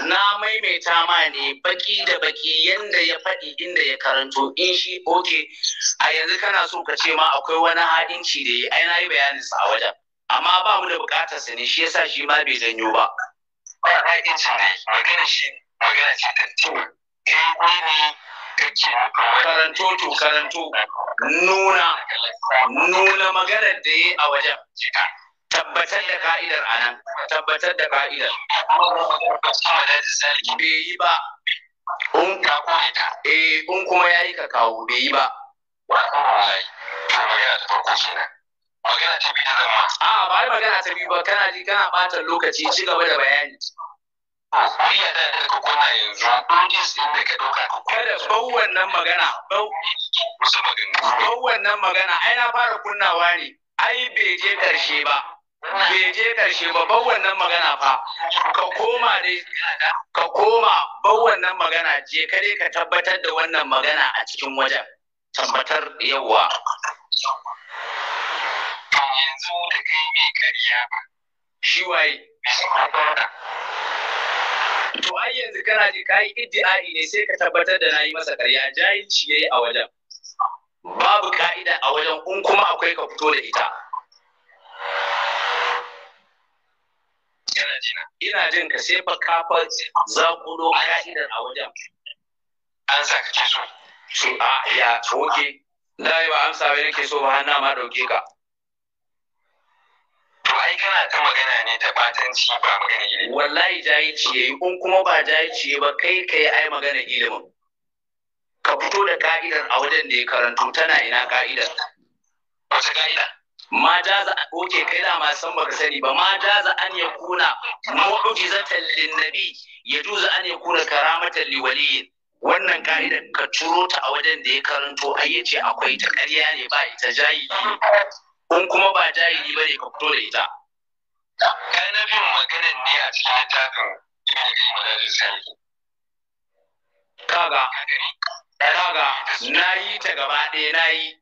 na maimaita ma ne baki da baki yadda ya faɗi inda ya karanto in shi oke a yanzu kana so ka ce ma akwai wani haɗinci da ya yi, na yi bayanin sa a wajen amma ba mu da buƙatar sa ne shi yasa shi ma bai janyo ba ba haɗinci ne magana shi magana ce ta kai ne karanto to karanto nuna nuna maganar da ya a wajen tabbatar da ka'idar a nan tabbatar da ka'idar bai yi ba in eh, kuma ya yi ka kawo bai yi ba magana ta biyu da zama a ba magana ta biyu ba kana ji kana bata lokaci ci gaba da bayani Biya da ka kuna yanzu, ka wannan magana, ai na fara kunnawa ne, ai bai je ƙarshe ba. Bai je ƙarshe ba, bau wannan magana fa. Ka koma dai, ka koma magana, je ka ka tabbatar da wannan magana a cikin wajen. Tabbatar yawwa. Yanzu da kai mai karya ba. Shi waye. to ai yanzu kana ji kai iddi'ai ne sai ka tabbatar da nayi masa ƙarya jahilci yayi a wajen babu ka'ida a wajen in kuma akwai ka fito da ita ina jin ka sai fa ku zakulo ka'idar a wajen an sa kake so a ya toke na yi ba amsa bai ke so ba na ma ɗauke ka ai kana ta magana ne ta batanci ba magana ilimi wallahi jayi ciye. in kuma ba ciye ba kai kai ai magana ilimin ka fito da ka'idar a wajen da ya karanto tana ina ka'idar wata ka'ida ma a oke kai da ma san baka sani ba ma za an ya kuna mu'jizatan linnabi ya juza an ya kuna karamatan liwaliyin wannan ka'idar ka ciro ta a wajen da ya karanto ai yace akwai ta ƙarya ne ba ita jayi in kuma ba jahili bane ka fito da ita kai na bin maganin ne a cikin littafin ilmi madadin sani. kaga kaga na yi ta gaba ɗaya na yi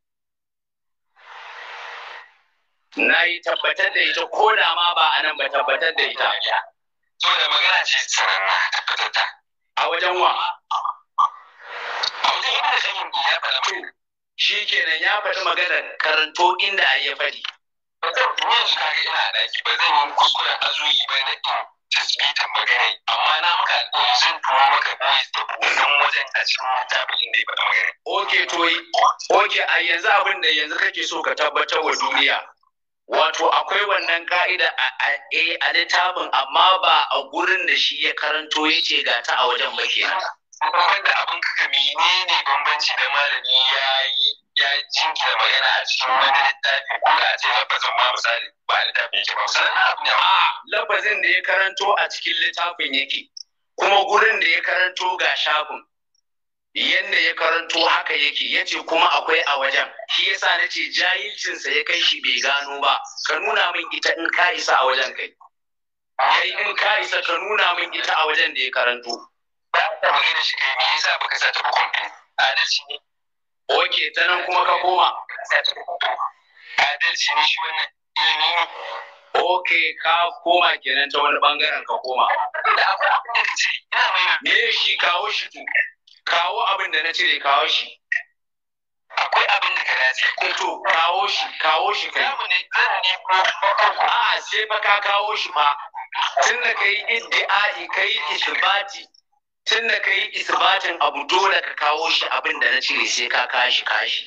na yi tabbatar da ita ko da ma ba a nan ba tabbatar da ita to da magana ce na tabbatar da a wajen wa a wajen da shakin ya faɗa shi kenan ya faɗi magana karanto inda a ya faɗi. Yin ka ga ina daki ba zan yi kuskuren azuyi ba na in tasbitan maganar amma na maka alƙawari zan turo maka voice da kudin wajen a cikin littafin inda ya faɗi magana. ok to ok a yanzu abin da yanzu kake so ka tabbatar wa duniya. Wato akwai wannan ka'ida eh, a littafin amma ba a gurin da shi ya karanto ya ce ga ta a wajen ba kenan. Wanda abin ka menene bambanci da malami ya yi ya jingina magana a cikin wani littafi ko da a ce lafazin ma misali ba littafin yake ba sannan abu ne a lafazin da ya karanto a cikin littafin yake kuma gurin da ya karanto ga shafin Yanda ya karanto haka yake ya ce kuma akwai a wajen shi yasa na ce jahilcinsa ya kai shi bai gano ba ka nuna min ita in ka isa a wajen kai yayi in ka isa ka nuna min ita a wajen da ya karanto ba ka magana shi kai me yasa baka sa ta bugun adalci ne oke ta nan kuma ka koma adalci ne shi wannan ilimi ok ka koma kenan ta wani bangaren ka koma me shi kawo shi tu? kawo abin da na cire kawo shi akwai abin da ka dace to kawo shi kawo shi kai a'a sai fa ka kawo shi ma tun da kai iddi'ai kai isbati tun da ka yi isbatin abu dole ka kawo shi abin da na cire sai ka kashi kashi.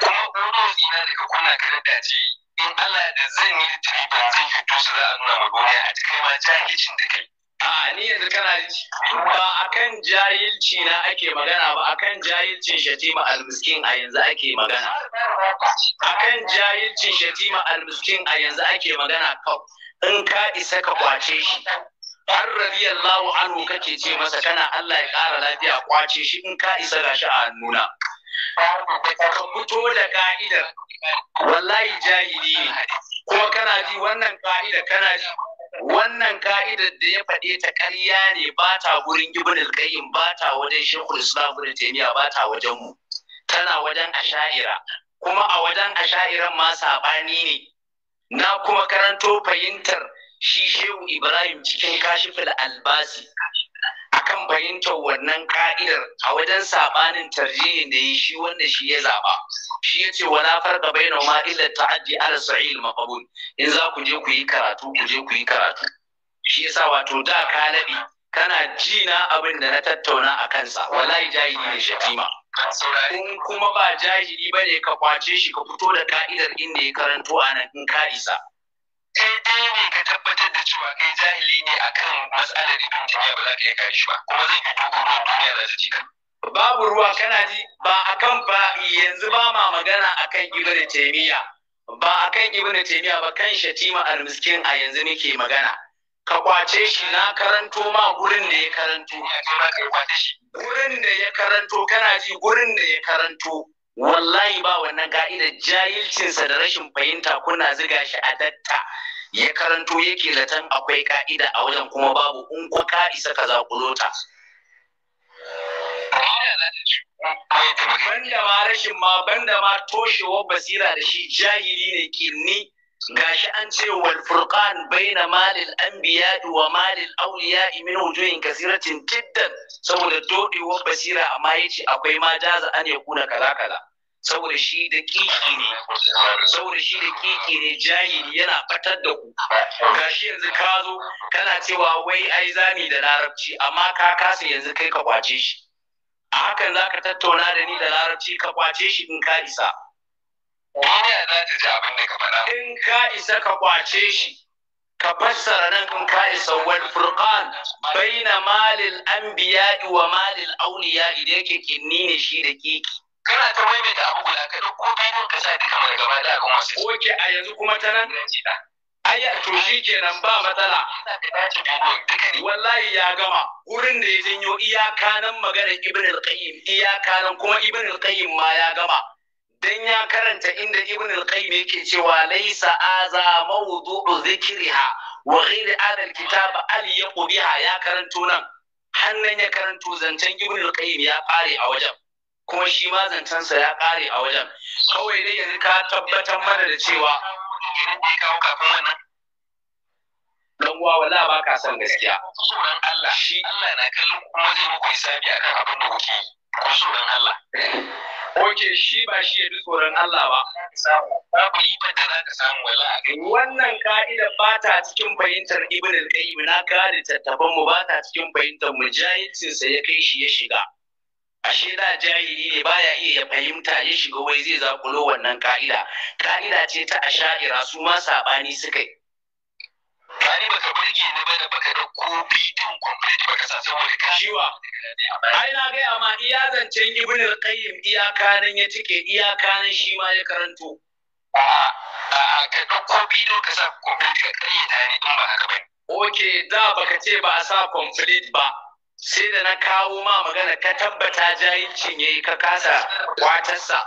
Kuma ƙorafi na daga kuna karin dace in Allah da zan yi triban zan yi dusu za a nuna magoya a cikin ma jahilcin da kai. A ni yanzu kana ba a kan jahilci na ake magana ba a kan jahilcin shatima almiskin a yanzu ake magana. A kan jahilcin shatima almiskin a yanzu ake magana kawai in ka isa ka kwace shi. har radiyallahu anhu kake ce masa kana Allah ya ƙara lafiya kwace shi in ka isa ga shi a hannuna ka fito da ka'idar wallahi jahili ne kuma kana ji wannan ka'idar kana ji wannan ka'idar da ya faɗe ta ƙarya ne ba ta gurin ibn al-qayyim ba ta wajen shekul islam ibn taymiya ba ta wajen mu tana wajen asha'ira kuma a wajen asha'iran ma sabani ne na kuma karanto fahimtar shi shehu ibrahim cikin kashifil albasi akan fahimtar wannan ka'idar a wajen sabanin tarjihin da yi shi wanda shi ya zaba shi ya ce wala farka bai ma illa ta'addi ala sa'il maqbul in za ku je ku yi karatu ku je ku yi karatu shi yasa wato da ka naɗi? kana jina na abin da na tattauna a kansa wallahi jahili ne shatima in kuma ba jahili bane ka kwace shi ka fito da ka'idar inda ya karanto a nan in ka isa sai ɗaya ne ka tabbatar da cewa kai jahili ne akan matsalar ibn taymiya ba za ka iya kare shi ba kuma zai yi dogon ruwan duniya za su ji ka babu ruwa kana ji ba akan ba yanzu ba ma magana akan ibn taymiya ba akan ibn taymiya ba kan shatima al-miskin a yanzu nake magana ka kwace shi na karanto ma gurin da ya karanto gurin da ya karanto kana ji gurin da ya karanto wallahi ba wannan ka'idar jahilcinsa da rashin fahimta kuna ziga shi a datta ya karanto yake zaton akwai ka'ida a wajen kuma babu in ku ka isa ka ku lota. banda ma rashin ma banda ma toshewar basira da shi jahili ne ke ni gashi an ce wal furqan baina malil anbiya wa malil awliya min wujuhin kasiratin jiddan saboda dodewar basira amma yace akwai ma jaza an ya kuna kaza kaza saboda shi da kiki ne saboda shi da kiki ne jahili yana fatar da ku gashi yanzu ka zo kana cewa wai ai zani da larabci amma ka kasa yanzu kai ka kwace shi a hakan zaka tattauna da ni da larabci ka kwace shi in ka isa duniya za ta ji abin da ka faɗa in ka isa ka kwace shi ka fassara nan in ka isa wal furqan baina malil anbiya'i wa malil awliya'i da yake kinni ne shi da keke. kana ta maimaita abu guda ka dauko bidiyon ka sa duka mai gaba da kuma sai oke a yanzu kuma ta nan ayya to shi kenan ba matsala wallahi ya gama wurin da ya janyo iyaka nan maganar ibn al-qayyim iyaka nan kuma ibn al-qayyim ma ya gama dan ya karanta inda ibn al-qayyim yake cewa laysa aza mawdu'u dhikriha wa ghayr adal kitab al yaqbiha ya karanto nan hannan ya karanto zancen ibn al-qayyim ya kare a wajen kuma shi ma zancen sa ya kare a wajen kawai dai yanzu ka tabbatar mana da cewa kafin wannan dan uwa wala ba ka san gaskiya tsoron Allah shi Allah na kallon kuma zai muku hisabi akan abin da kuke yi ku tsoron Allah Oke shi ba shi ya tsoron Allah ba. Babu ifan da za ka samu wala a kai. Wannan ka'ida ba ta cikin fahimtar Ibn al-Qayyim na kare tattaban mu ba ta cikin fahimtar mu jahilcin sa ya kai shi ya shiga. Ashe da jahili ne baya iya fahimta ya shiga wai zai zakulo wannan ka'ida. Ka'ida ce ta asha'ira su ma sabani suka yi. ka ni baka burge ni ba da baka dauko bidiyon complete baka sa saboda ka shiwa ai na ga amma iya zancen ibn al-qayyim iyaka nan ya cike iyaka nan shi ma ya karanto a ka dauko bidiyo ka sa complete ka kayyata ne in ba haka ba Oke, da baka ce ba a sa complete ba, sai da na kawo ma magana ka tabbata jahilcin ya yi ka kasa watarsa.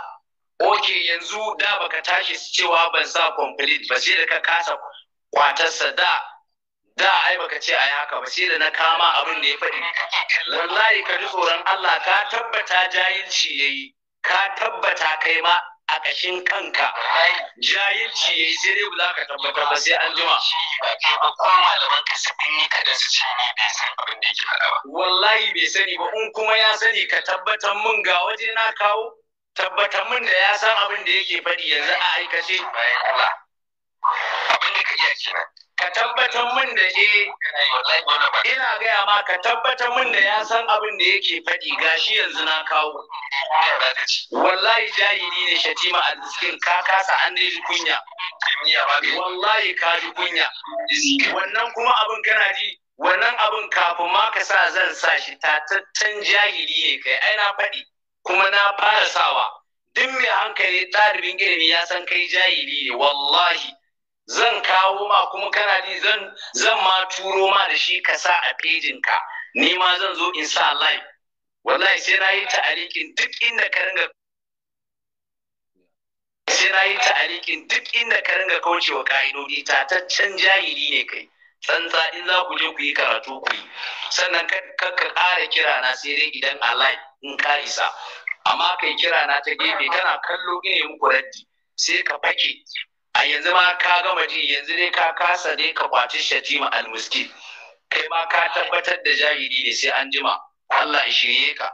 Oke, yanzu da baka tashi cewa ban sa complete ba sai da ka kasa kwatarsa da da ai baka ce ai haka ba sai da na kama abin da ya faɗi wallahi ka ji tsoron Allah ka tabbata jahilci yayi ka tabbata kai ma a ƙashin kanka jahilci yayi sai dai ba ka tabbata ba sai an jima ba ko malaman ka sun ka da su ce ni bai san abin da yake faɗa ba wallahi bai sani ba in kuma ya sani ka tabbatar mun ga waje na kawo tabbatar mun da ya san abin da yake faɗi yanzu a aikace bayan Allah ka tabbatar min da eh ina gaya ma ka tabbatar min da ya san abin da yake faɗi gashi yanzu na kawo wallahi jahili ne shatima alziskin ka kasa an da kunya wallahi ka ji kunya wannan kuma abin kana ji wannan abin kafin ma ka sa zan sa shi tattan jahili ne kai ai na faɗi kuma na fara sawa duk mai hankali ɗalibin ilimi ya san kai jahili ne wallahi zan kawo ma kuma kana ji zan zan ma turo ma da shi ka sa a fejin ka ni ma zan zo in sa live wallahi sai na yi ta'alikin duk inda ka ringa sai na yi ta duk inda ka ringa kaucewa ka'idodi can jahili ne kai tsantsa in za ku je ku yi karatu ku yi sannan ka ƙara kira na sai dai idan a live in ka isa amma kai kira na ta gefe kana kallo ina muku raddi sai ka fake a yanzu ma ka gama ji yanzu dai ka kasa dai ka kwaci shatima almiskin kai ma ka tabbatar da jahili ne sai an jima Allah ya shirye ka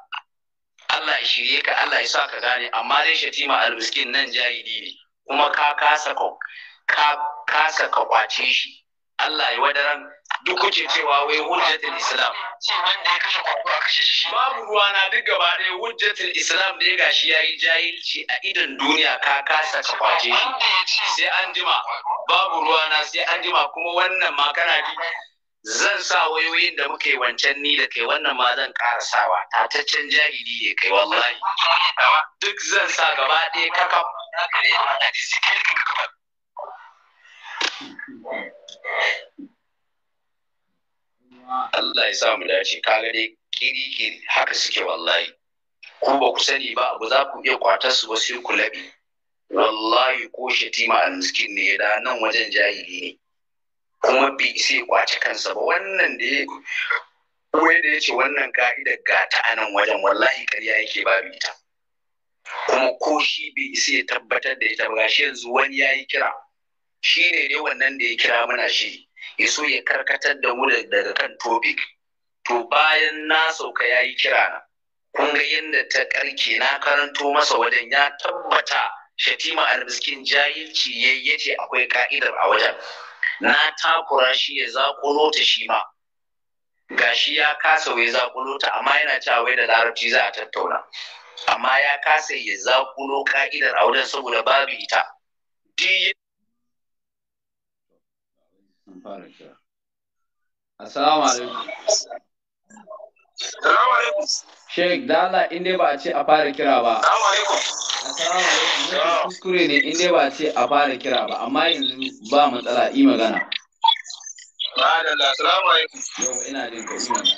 Allah ya shirye ka Allah ya sa ka gane amma dai shatima almiskin nan jahili ne kuma ka kasa ka kasa ka kwace shi Allah ya wadaran duk kuke cewa wai hujjatul islam babu na duk gaba ɗaya hujjatul islam da ya gashi yayi jahilci a idan duniya ka kasa ka kwace shi sai an jima babu na sai an jima kuma wannan ma kana ji zan sa wayoyin da muke wancan ni da kai wannan ma zan karasawa tataccen jahili ne kai wallahi duk zan sa gaba ɗaya kaka Thank you. Allah ya sa mu dace kaga dai kiri-kiri haka suke wallahi ku ba ku sani ba abu za ku iya kwatar su ba sai ku labi wallahi ko shatima almiskin ne da nan wajen jahili ne kuma bi sai kwace kansa ba wannan da ya Kuma da ya ce wannan ka'idar ga ta anan wajen wallahi karya yake babu ita kuma ko shi bi isa ya tabbatar da ita ba shi yanzu wani ya yi kira shi ne dai wannan da ya kira mana shi ya so ya karkatar da mu daga kan topic to bayan na sauka ya yi kira na kun ga yadda ta karke na karanto masa wajen ya tabbata shatima almiskin jahilci ya ce akwai ka'idar a wajen na takura shi ya zakulo ta shi ma gashi ya kasa wai zakulo ta amma yana cewa wai da larabci za a tattauna amma ya kasa ya zakulo ka'idar a wajen saboda babu ita duk fara kira assalamu alaikum Assalamu alaikum. Sheikh Dala inda ba a ce a fara kira ba. Assalamu alaikum. Assalamu alaikum. Kuskure ne inda ba a ce a fara kira ba amma yanzu ba matsala yi magana. Madalla assalamu alaikum. Yau ina jin ka yi magana.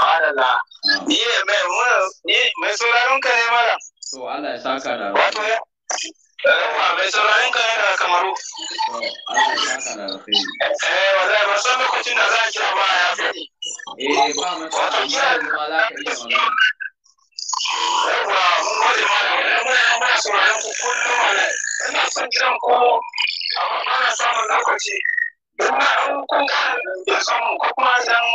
Madalla. Ah. Ni mai mai sauraron ka ne mara. To Allah ya saka da. Wato Yawwa mai sauraron ka yana kamaru. Eh wallahi ban san lokacin da za a kira ba ya fi. Eh ba mu san kira ma za ka iya magana. Yawwa mun gode ma da wannan muna muna sauraron ku kullum wala. Ina son kiran ku amma ba samun lokaci. Duk na an kun ga da samu ko kuma zan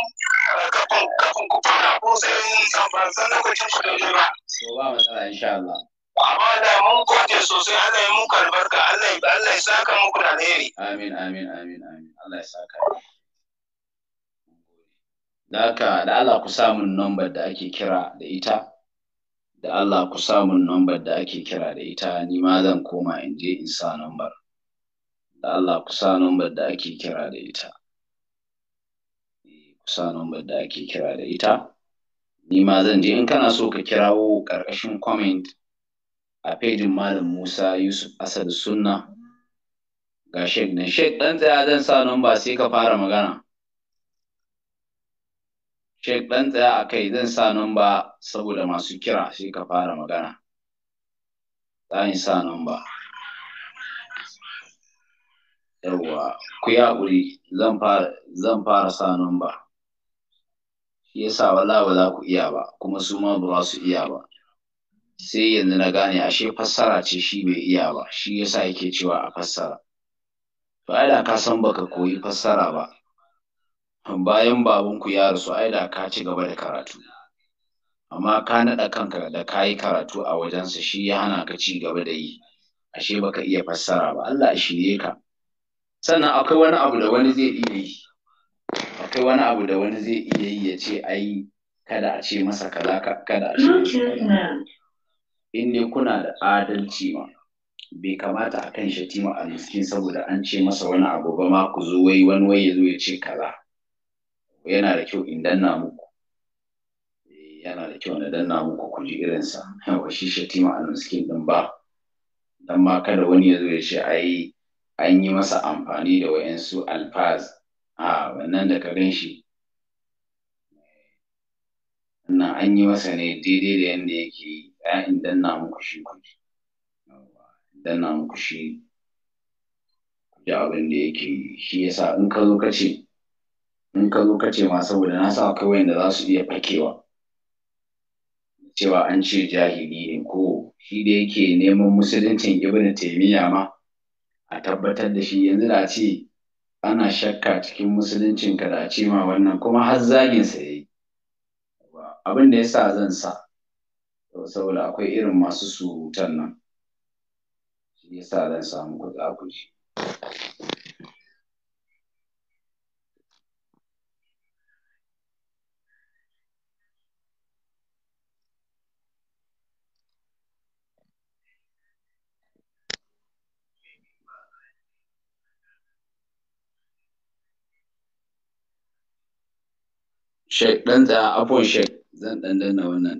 eh, kafin kafin ku fara ko sai san ban san lokacin ku da ba. To ba matsala insha Allah. amma da mun kwace sosai Allah ya muku albarka Allah ya Allah ya saka muku da alheri amin amin amin amin Allah ya saka da haka da Allah ku samun number da ake kira da ita da Allah ku samun number da ake kira da ita ni ma zan koma in je in sa number da Allah ku sa number da ake kira da ita eh, ku sa number da ake kira da ita ni ma zan je in kana so ka kirawo ƙarƙashin comment a fejin malam Musa Yusuf Asad Sunna ga shek ne. shek dan tsaya zan sa numba sai ka fara magana shek dan tsaya a kai zan sa numba saboda masu kira sai ka fara magana zan sa numba yawwa ku ya uri zan fara zan fara sa numba shi yasa wala ba za ku iya ba kuma su ma ba za su iya ba sai yanzu na gane ashe fassara ce shi bai iya ba shi yasa yake cewa a fassara to ai da ka san baka koyi fassara ba bayan babanku ya rasu ai da ka ci gaba da karatu amma ka naɗa kanka da ka yi karatu a wajensa shi ya hana ka ci gaba da yi ashe baka iya fassara ba Allah ya shirye ka sannan akwai wani abu da wani zai iya yi akwai wani abu da wani zai iya yi ya ce ai kada a ce masa kaza kada a ce masa in ne kuna da adalci ma bai kamata a kan shatima a miskin saboda an ce masa wani abu ba ma ku zo wai wani wai ya zo ya ce kaza yana da kyau in danna muku eh, yana da kyau na danna muku ku ji irinsa yawa shi shatima a miskin din ba dan ma kada wani ya zo ya ce ai an yi masa amfani da wayansu alfaz a wannan da ka gan shi wannan an yi masa ne daidai da yanda yake yi tsaya idan na muku shi ku na muku shi ku abin da yake shi yasa in ka zo ka ce in ka zo ka ce ma saboda na sa akwai wanda za su iya fakewa cewa an ce jahili ne ko shi da yake neman musuluncin ibnu taimiyya ma a tabbatar da shi yanzu da ce ana shakka cikin musuluncin ka da ce ma wannan kuma har zagin sa yayi abin da yasa zan sa saboda akwai irin masu surutan nan shi sa zan samu kuɗi a kuɗi Shek ɗan tsaya, afon shek zan ɗan danna wannan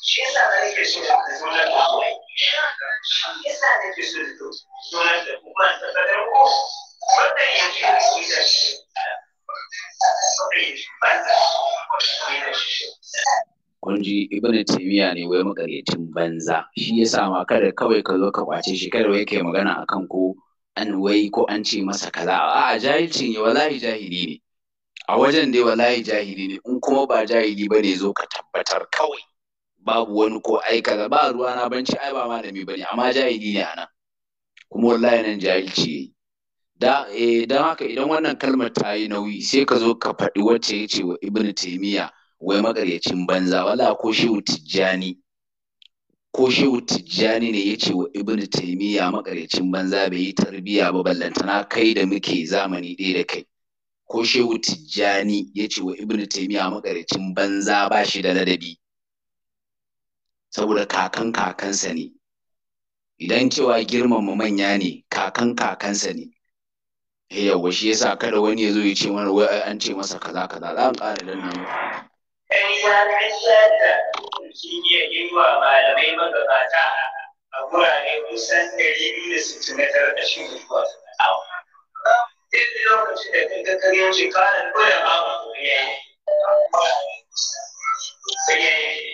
shi yasa na nake so da donar da kuma shi yasa nake so da donar da kuma ta kadar ko wannan yanzu da su yi da shi kun ji ibnu taymiya ne wai magaryacin banza shi ya sa ma kada kawai ka zo ka kwace shi kada wai kai magana akan ko an wai ko an ce masa kaza a jahilci ne wallahi jahili ne a wajen dai wallahi jahili ne in kuma ba jahili bane zo ka tabbatar kawai babu wani ko ai kaza ba ruwa na banci, ai ba malami bane amma jahili ne anan kuma wallahi nan jahilci da eh dan haka idan wannan kalmar ta yi nauyi sai ka zo ka faɗi wacce ya ce wa ibnu taymiya wai magaryacin banza wala ko shehu tijjani ko shehu tijjani ne ya ce wa ibnu taymiya magaryacin banza bai yi tarbiya ba ballantana kai da muke zamani ɗaya da kai ko shehu tijjani ya wa ibnu taymiya magaryacin banza ba shi da ladabi saboda kakan kakansa ne idan cewa girmama manya ne kakan kakansa ne eh, yawwa shi yasa kada wani ya zo ya ce mana wai an ce masa kaza kaza za mu ƙara danna mu kai ya kai da shi ne yiwa malamai magabata a gurare kusan ɗari biyu da sittin na tara da shi ne kuwa duk lokacin da ka ga karyar shi kalan kula ba ku yayi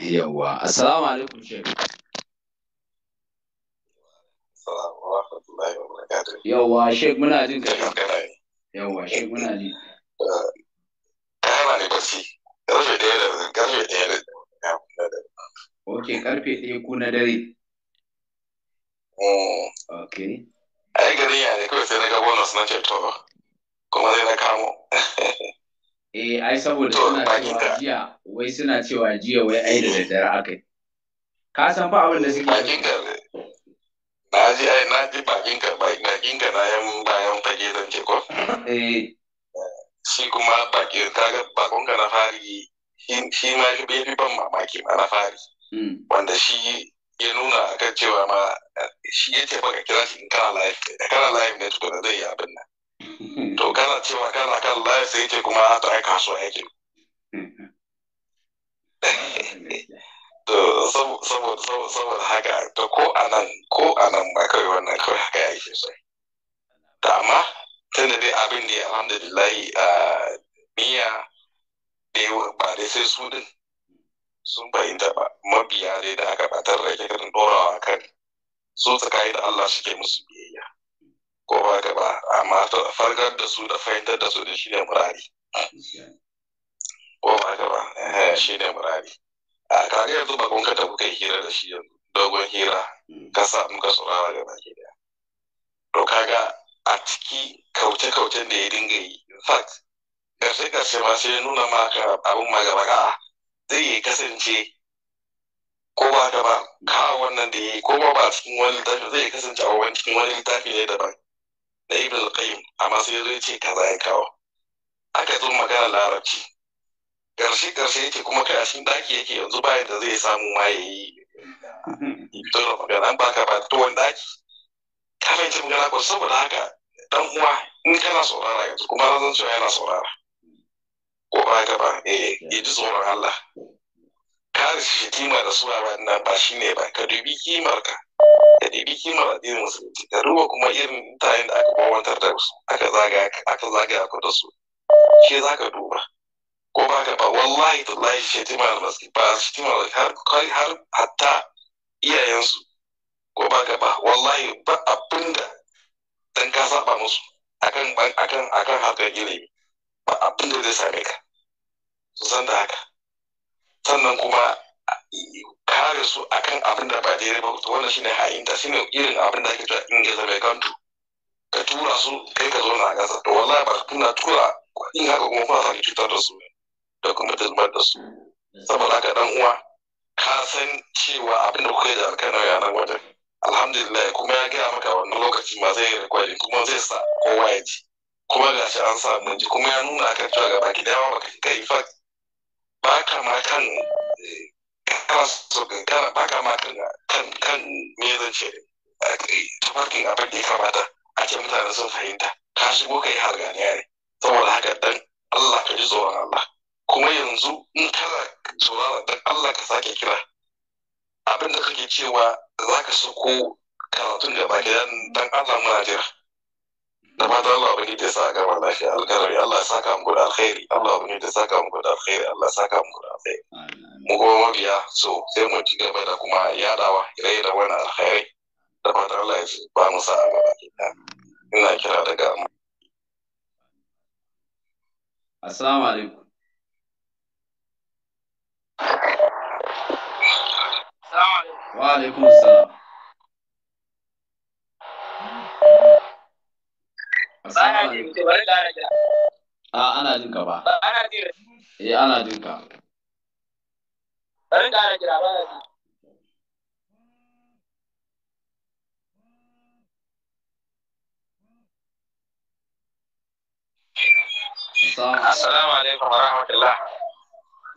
yawwa assalamu alaikum shek yawwa shek muna jin ka yawwa shek muna ji ne eh, eh, basi karfe ɗaya da karfe ɗaya da ok karfe ɗaya ko na dare mm. ok ai gari ya ne kawai sai na ga bonus na ceto to kuma sai na kamo (laughs) Eh, ai saboda suna cewa jiya, wai suna cewa jiya wai ai da daddare aka yi. Ka san fa abin da suke yi. Na ji ai na ji bakin ka bakin ka na yan bayan fage don ce ko. Eh. Shi kuma bakin ka ga bakon ka na fari shi ma shi bai fi ban mamaki ma na fari. Hmm. Wanda shi ya nuna a kan cewa ma eh, shi ya ce baka kira shi in kana live kana live ne tukuna zai yi abin nan. to kana cewa kana kan layi sai ce kuma a aika kasuwa yake saboda haka to ko anan ko anan ba kai wannan kai haka ya yi sai da amma tunda dai abin da ya alhamdulillah a miya da yawa ba dai sai su din sun fahimta ba mabiya dai da aka batar da ke dorawa kan su tsakayi da Allah suke ke musu biyayya ko ba ka ba amma farkar da su da fahimtar da su da shi ne murari ko ba eh, ka ba shi ne murari a kare yanzu ba kun ka kuka yi hira da shi yanzu dogon hira ka samu ka saurara ga baki daya to kaga a ciki kauce-kaucen da ya dinga yi in fact karshe karshe ma sai nuna maka abin ma gaba ka zai yi kasance ko ba ka ba ka wannan da ya yi ko ba cikin wani littafi zai kasance a wani cikin wani littafi ne daban na ibn al-qayyim a sai ce ta zai kawo aka zo magana larabci karshe karshe yake kuma cikin daki yake yanzu ba yadda zai samu ma ya yi tura magana an ka ba to wanda daki ka fahimci magana ko saboda haka dan uwa in kana saurara yanzu kuma zan cewa yana saurara ko ba ka ba eh ya ji tsoron Allah ka shi kima da suwa ba ba shine ba ka dubi kimar ka ya ɗibi kimar addinin musulunci da duba kuma irin mutanen da aka bawantar da su aka zagaya aka zagaya ku da su shi za ka duba ko ba ka ba wallahi tallahi shi tima da maski ba shi tima da har har hatta iyayensu ko ba ka ba wallahi ba abinda dan ka saba musu akan akan akan harkar ilimi ba abinda zai same ka san da haka sannan kuma kare su akan abin da ba daidai ba wannan shine ha'inta shine irin abin da ake cewa ingiza bai kantu ka tura su kai ka zo na kasa to wallahi ba kuna tura in haka kuma kuna sake cutar da su da kuma zubar da su saboda haka dan uwa ka san cewa abin da kuka yi da alkanar ya nan wajen alhamdulillah kuma ya gaya maka wannan lokaci ma zai rikwari kuma zai sa kowa ya ji kuma ga shi an sa mun ji kuma ya nuna kan cewa gaba ki dawa baka kai fa ba ka ma kan eh, kana so ka kana ma kan kan me zan ce tafarkin abin da ya kamata a ce mutane sun fahimta ka shigo ka yi harganiya ne saboda haka dan Allah ka ji tsoron Allah kuma yanzu in kana tsoron dan Allah ka sake kira abin da kake cewa za ka sako karatun gaba ɗaya dan Allah muna jira da fatan Allah bane da sa gama lafiya alƙalami Allah ya saka mu da alkhairi Allah bane da saka mu da alkhairi Allah ya saka mu da alkhairi mu kuma mabiya so sai mu ci gaba da kuma yadawa ire-iren wannan alkhairi da fatan Allah ya ba mu sa sa'a ba ina kira daga mu Assalamu alaikum Wa alaikum assalam Bana jin ka bari A ana jin ka ba. jin Eh ana jin Bari Ba jin. Assalamu alaikum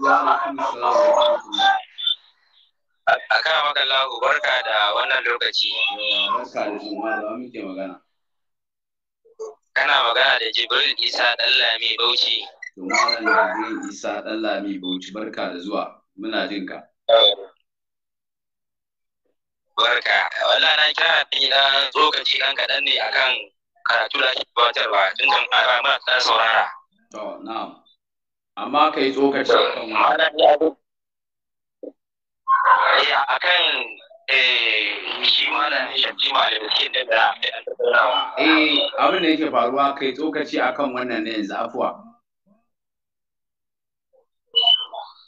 Ya maka lahu barka da wannan lokaci. Barka da jin da muke magana. kana magana da Jibril Isa Dallami Bauchi. Jibril Isa Dallami Bauchi barka da zuwa muna jin ka. Barka, walla na kira ni dan tsokaci dan kaɗan ne akan karatu da ake gabatarwa tun kan fara ma ta saurara. To, na'am. Amma kai tsokaci akan wannan. Akan Eh, shi malamin shamsi malamin sai da da eh abin da yake faruwa kai tsokaci akan wannan ne yanzu afuwa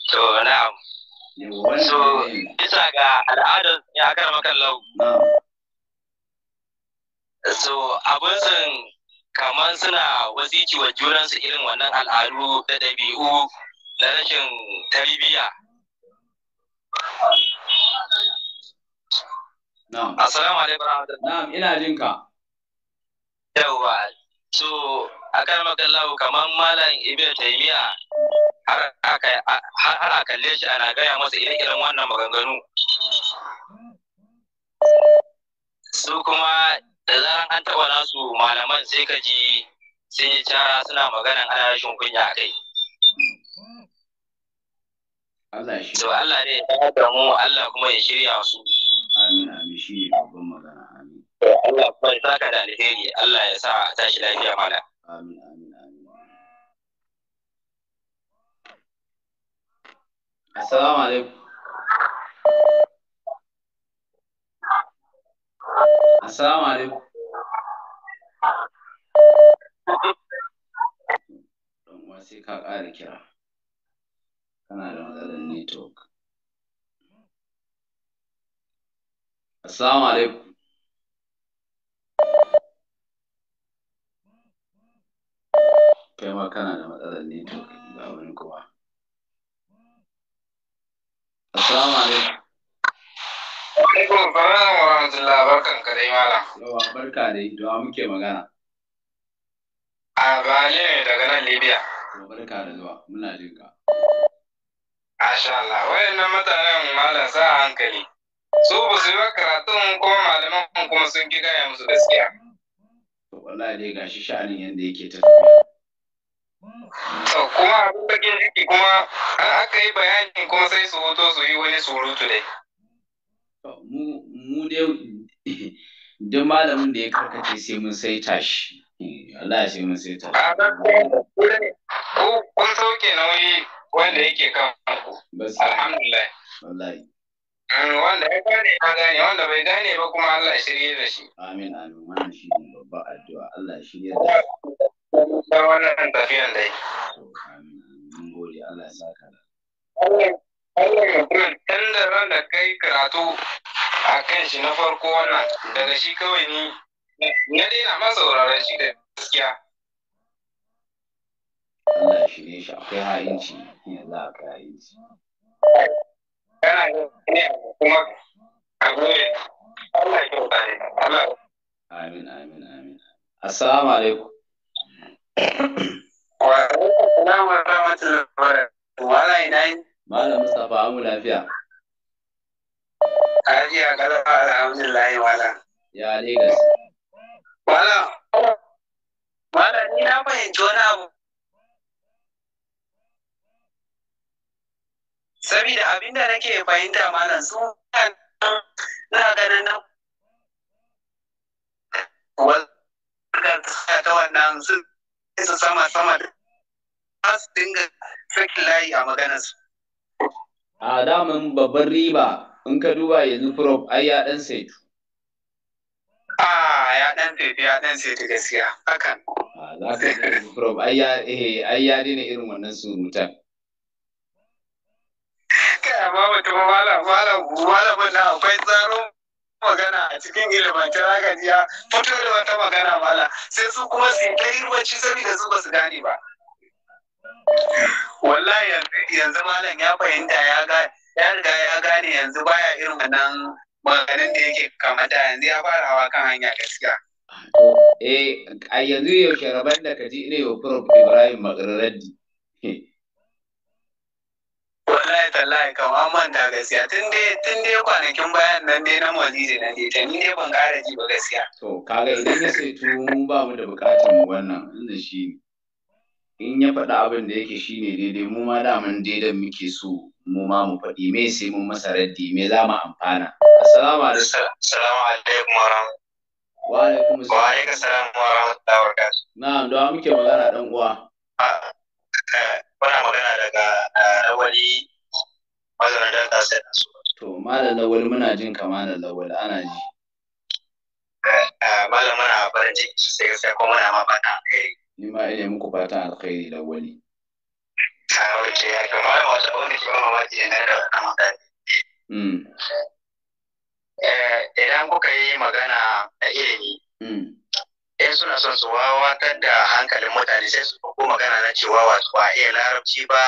to na'am so bisa ga al'adar ya akar makan lau so abin sun kamar suna wasiki wa junansu irin wannan al'adu da ɗabi'u na rashin tarbiyya Na'am. Assalamu alaikum rahmatullahi. Na'am, ina jin ka. Yawwa. So, akan makallahu kamar malam Ibn Taymiya har aka har aka kalle shi ana gaya masa ire-iren wannan maganganu. Su kuma da zaran an taɓa nasu malaman sai ka ji sun yi cara suna magana ana rashin kunya a kai. Allah shi. So Allah ne ya mu Allah kuma ya shirya su. Amin amin shi ne babban magana amin. Allah ya sa saka da alheri Allah ya sa a tashi lafiya mala. Amin amin amin. Assalamu alaikum. Assalamu alaikum. sai ka ƙara kira. Kana da matsalar network. Assalamu alaikum. Kai ma kana da matsalar ne to ga wani kuma. Assalamu alaikum. Alaikum salam wa rahmatullah barkan ka dai malam. Yawa barka dai da wa muke magana. A Bali ne daga nan Libya. Barka da zuwa muna jin ka. Asha Allah wayannan mutanen malam sa hankali. su ba su yi wa karatun kuma malaman kuma sun ki gaya musu gaskiya. To wallahi dai gashi sha'anin yadda yake ta tafiya. kuma a bakin ciki kuma an aka yi bayani kuma sai su hoto su yi wani surutu dai. Mu dai (laughs) duk malamin da ya karkace sai mun saita shi. Eh, Allah sai mun saita shi. Kun sauke nauyi wanda yake kan ku. Alhamdulillah. Wallahi. Eh, wanda ya gane ya gane wanda bai gane ba kuma Allah shirye da shi amin amin wannan shi ne babban addu'a Allah shirye da shi ta wannan tafiyan dai amin mun gode Allah ya saka da Allah ya kuma tandaran da kai karatu a kan shi na farko wannan daga shi kawai ni na daina masa wuraren shi da gaskiya Allah shirye shi akwai ha'inci yanzu Allah akwai ha'inci kuma a goye Allah ne amin amin amin assalamu alaikum wa malam Mustapha amu lafiya Ajiya kaza alhamdulillah wala ya Lagos wala wala ni na fahimci wani abu saboda abinda nake fahimta malam sun na ganin na ta wannan su su sama sama da su dinga sakin layi a maganarsu. A daman babban riba in ka duba yanzu prof ai ya dan saitu. A ya dan saitu ya dan saitu gaskiya hakan. A za ka prof eh, ai ya daina irin wannan surutan. kai ba wata wala wala wala bana akwai tsaron magana a cikin ilimin ta zaka ji ya fito da wata magana mala sai su kuma su ta yi saboda su ba su gane ba wallahi yanzu malam ya fahimta ya ga ya riga ya gane yanzu baya irin wannan maganin da yake kamata yanzu ya fara hawa kan hanya gaskiya eh, a yanzu yaushe rabon da ka ji ina yau prof ibrahim magarar (laughs) wallahi tallahi kama manta gaskiya tun dai tun dai kwanakin bayan nan dai na maulidi na dai ta ni dai ban ƙara ji ba gaskiya to kaga idan ya saitu mu ba mu da buƙatar mu wannan inda shi in ya faɗi abin da yake shine daidai mu ma daman daidan muke so mu ma mu faɗi me sai mun masa raddi me za mu amfana assalamu alaikum assalamu alaikum wa alaikum assalam wa alaikum assalam wa rahmatullahi wa barakatuh na'am da muke magana dan uwa ah, eh, muna magana daga eh, lawali. maganar da ka sai su to malam lawal muna jin ka malam lawal ana ji eh, eh, malam muna farin ciki sosai sai ko muna ma fata alkhairi ni ma ina muku fata alkhairi lawali ta wace ya ga malam wata wani ke mamaki ne da wannan mutane hmm. idan kuka yi magana da ilimi hmm. in suna son su wawatar da hankalin mutane sai su ko magana na cewa wato ba iya larabci ba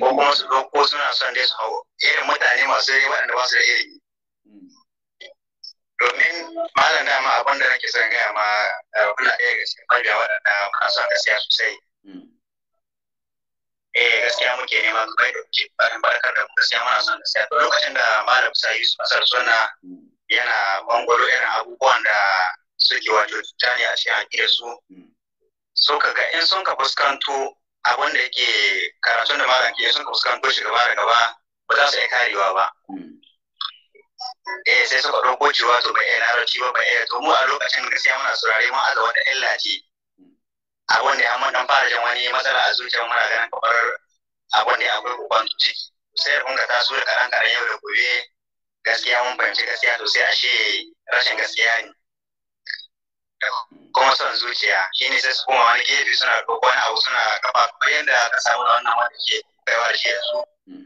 ko kuma su ko suna son dai su hau irin mutane masu waɗanda ba su da ilimi domin malam ma abin da nake son gaya ma eh, kuna ɗaya ga cikin mabiya waɗanda muna son gaskiya sosai eh gaskiya muke neman su bai da kuke bayan barkar da gaskiya muna son gaskiya to lokacin da malam sa su asar suna yana bangoro irin abubuwan da suke wato jani a cikin haƙe su hmm. so ka ga in sun ka fuskanto abin da yake karatun da malam ke sun ka fuskanto shi gaba da gaba ba za su iya karewa ba hmm. eh sai suka ɗauko cewa to ba iya larabci ba ba iya to mu a lokacin sai muna saurare mu aza wata illa ce hmm. abin da ya mun dan fara jan wani matsala a zuciya muna ganin kamar abin da akwai kokon ciki sai da kun ka taso da karan karan yau da gobe gaskiya mun fahimci gaskiya to sai ashe rashin gaskiya ne kuma son zuciya shi ne sai su koma wani gefe suna doko wani abu suna kafa kamar yadda ka samu da wannan wanda ke kaiwa da shi yanzu hmm.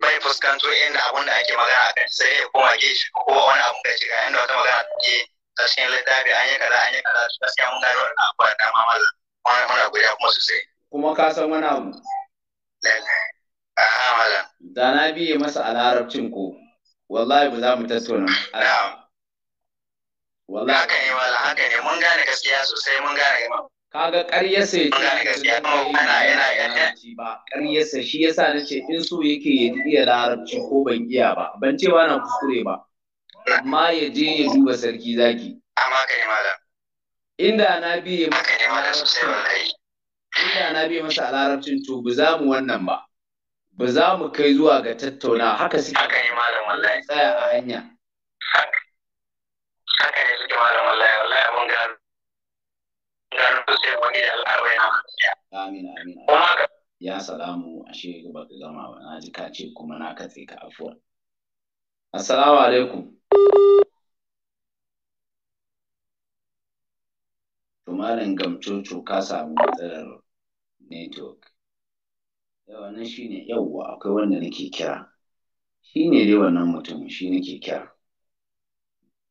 bai fuskanto inda abun da ake magana a kan sai ya koma gefe ko wani abun da shiga inda wata magana ke ta cikin littafi an yi kaza an yi kaza su gaskiya mun gano wannan abu da dama mala muna guda kuma sosai kuma ka san wani abu lallai a da na biye masa a larabcin ko wallahi ba za mu tattauna wallahi haka ne wala haka ne mun gane gaskiya sosai mun gane imam kaga ƙarya sai mun gane gaskiya kuma ana yana yana ba ƙarya sai shi yasa nace in so yake ya iya larabci ko ban iya ba ban ce ba na kuskure ba amma ya je ya duba sarki zaki amma kai malam inda na biye maka ne malam sosai wallahi inda na biye masa a larabcin to ba za mu wannan ba ba za mu kai zuwa ga tattauna haka suke haka ne malam wallahi tsaya a hanya haka ne suke malam wallahi wallahi abun gano gano sai wani da al'arwai na amin amin kuma ya salamu ashe ba ka gama ba na ji ka ce kuma na katse ka afuwa assalamu alaikum tumarin gamcoco ka samu matsalar network yawa nan shine yawwa akwai wanda nake kira shine dai wannan mutum shi nake kira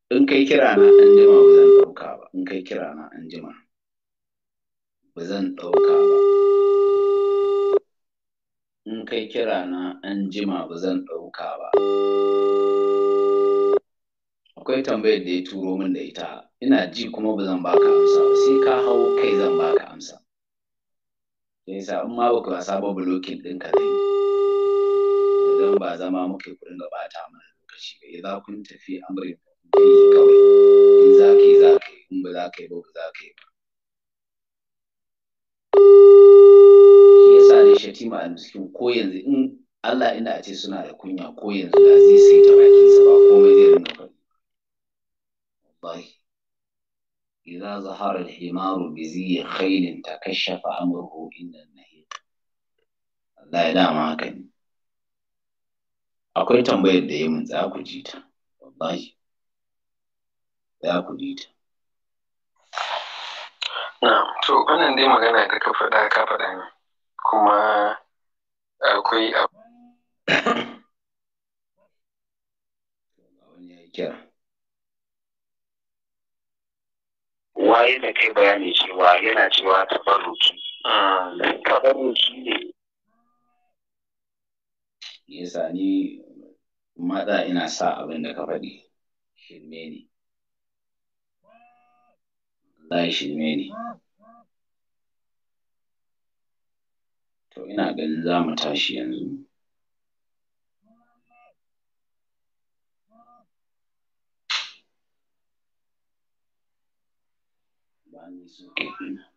in kai kira na an jima ba zan ɗauka ba in kai kira na an jima ba zan ɗauka ba in kai kira na an jima ba zan ɗauka ba akwai tambayar da ya turo min da ita ina ji kuma ba zan baka amsa ba sai ka hau kai zan baka amsa sai sa in ma baka wasa ba blocking ɗinka zai idan ba zama muka yi kuɗin gabata mana lokaci ba idan kun tafi amrin dalili kawai in za ka yi za ka yi in ba za ka yi ba za ka yi ba yasa shatima a cikin ko yanzu in Allah ina ce suna da kunya ko yanzu da zai sai ta bakinsa ba komai zai rinka faɗi wallahi إذا ظهر الحمار بزي خيل تكشف أمره إلى النهيق Allah ya dama haka ne. Akwai tambayar da ya mun za ku ji ta, wallahi. za ku ji ta. to wannan dai magana da ka faɗa ka faɗa ne kuma akwai abu waye da kai bayani cewa yana cewa ah. ne ni ina sa abin da ka faɗi shirme ne wallahi shirme ne to ina ganin za mu tashi yanzu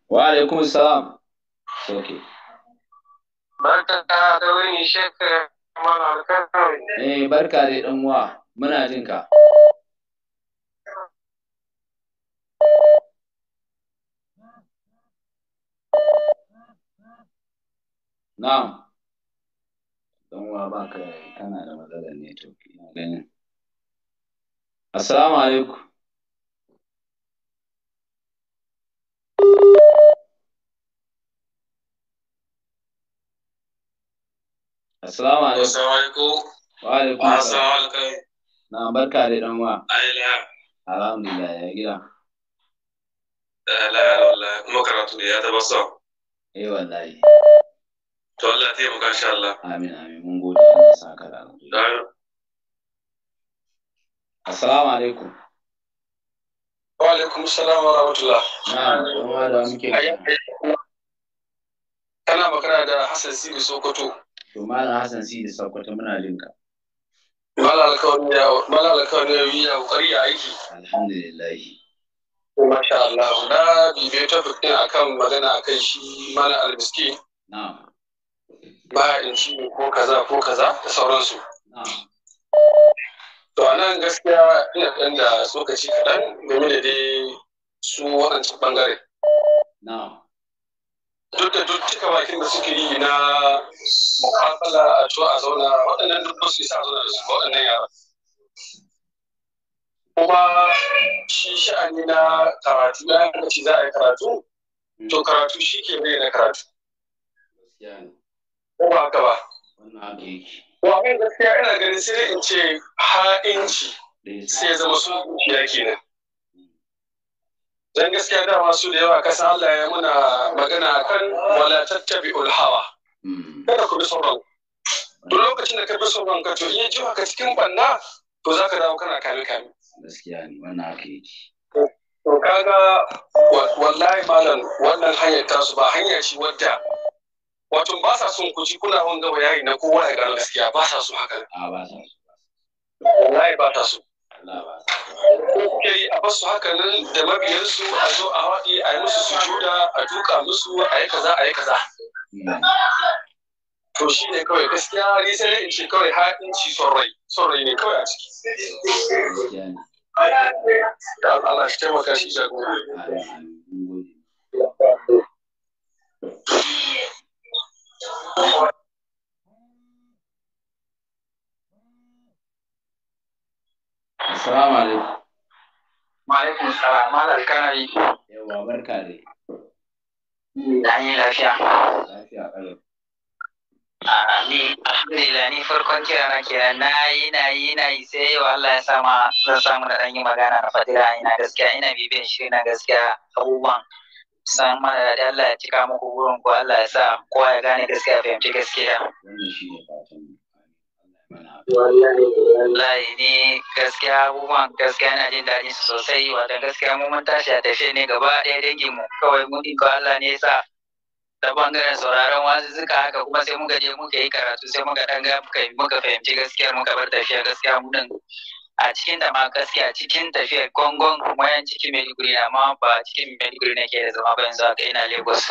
wa alaikum salam soke barka da wuni shekara Eh barka dai dan muna jin ka Na'am. Don wa baka kana da matsalar network ina ganin. Assalamu alaikum. Assalamu alaikum. Assalamu alaikum. Wa alaikum ah, assalam. alaikum. Na barka da dan wa. Alhamdulillah ya gida. Eh, la la kuma karatu da ya tabasa. Eh wallahi. To Allah ta yi muka insha Allah. Amin amin mun gode Allah sa ka da alheri. Assalamu alaikum. Wa alaikum salam wa rahmatullah. Na'am, kuma da muke. Kana magana da Hassan Sidi Sokoto. To Malam Hassan Sidi Sokoto muna jin ka. Malam Alkawari ya Malam Alkawari ya yi kokari ya aiki. Alhamdulillah. Masha Allah, na bibiyo topic din akan magana akan shi Malam Almiski. Na'am. ba in shi ko kaza ko kaza da sauransu to a nan gaskiya ina ɗan da tsokaci kaɗan game da dai su waɗancan ɓangare duk da duk cika bakin da suke yi na mukafala a cewa a zauna waɗannan duk su isa a zauna da su waɗannan yara kuma shi sha'ani na karatu na yankaci za a yi karatu to karatu shi ke mai na karatu ko ba haka ba wannan gaskiya ina ganin sai in ce inci sai ya zama sun zuciya kenan dan gaskiya dama su da yawa kasa Allah ya muna magana kan wala tattabi'ul hawa hmm. kada ku bi sauran duk lokacin da ka bi sauran ka to in ya ji ka cikin banna to za ka dawo kana kame kame gaskiya ne wannan haka yake to kaga wallahi malam wannan hanyar tasu ba hanya ce wadda wato ba sa son ku ji kuna wanga bayani na kowa ya gano gaskiya ba sa so haka a ba sa wallahi ba ta so kai a basu haka nan da mabiyansu a zo a haɗi a yi musu sujuda a duka musu a yi kaza a yi kaza hmm. to shi ne kawai gaskiya ni sai in ce kawai har in ci son rai son rai ne kawai a ciki da Allah shi taimaka shi jagora Assalamu alaikum. Ma'alaikun salam, Malar Kari. Yawwa, barka ne. Da hanyar lafiya. Lafiya ƙalau. Ni, alhamdulillah ni farkon kira na kira na yi na yi na yi sai yau Allah ya sama zan samu na ɗan yi magana na fadila ina gaskiya ina bibiyan shi na gaskiya abubuwan san mana da Allah ya cika muku wurin ko Allah ya sa kowa ya gane gaskiya ya fahimci gaskiya. Wallahi ni gaskiya abubuwan gaskiya na jin daɗin su sosai wata gaskiya mu mun tashi a tafiya ne gaba ɗaya dangi mu kawai mun ko Allah ne sa ta bangaren sauraron zuka haka kuma sai muka je muka yi karatu sai muka ɗan ga muka fahimci gaskiya muka bar tafiya gaskiya mu din a cikin da ma gaskiya cikin tafiyar gongon wayan cikin Maiduguri amma ba cikin Maiduguri nake da zama ba yanzu haka ina Lagos.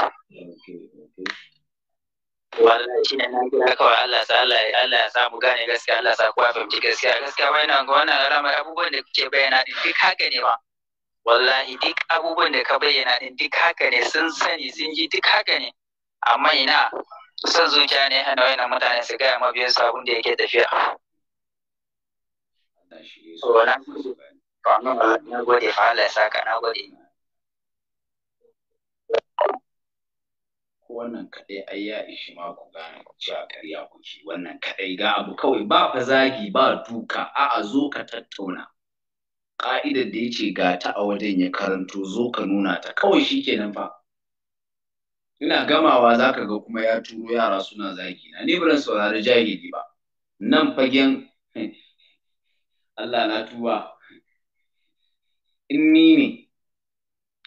Wallahi shi ne na kira kawai Allah sa Allah Allah ya sa mu gane gaskiya Allah sa kuwa fahimci gaskiya gaskiya wannan ga wannan alamar abubuwan da kuke bayyana din duk haka ne ma. Wallahi duk abubuwan da ka bayyana din duk haka ne sun sani sun ji duk haka ne amma ina son zuciya ne hana wayannan mutane su gaya mabiyansu abin da yake tafiya. so na na gode fa Allah ya saka na gode wannan kadai ai ya ishi ma ku gane cewa ƙarya kuke wannan kadai ga abu kawai ba fa zagi ba duka a'a zo ka tattauna ka'idar da yace ga ta a wajen ya karanto zo ka nuna ta kawai shikenan fa ina gamawa zaka ga kuma ya turo yara suna zagi na ni ban saurari jahili ba nan fagen Allah na tuba in ni ne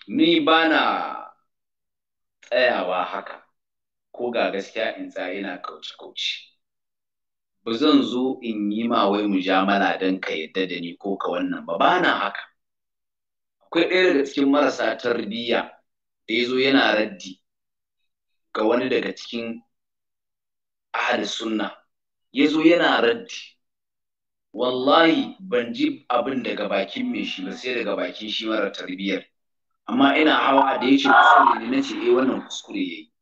ni ba na tsayawa haka ko ga gaskiya in tsaya na kauce-kauce ba zan zo in yi ma wai mujamala don ka yadda da ni ko ka wannan ba ba na haka akwai ɗaya daga cikin marasa tarbiyya da ya zo yana raddi ga wani daga cikin ahal sunna ya zo yana raddi wallahi ban ji abin daga bakin mai shi ba sai daga bakin shi mara tarbiyyar amma ina hawa da yace kuskure ne na ce, eh wannan kuskure yayi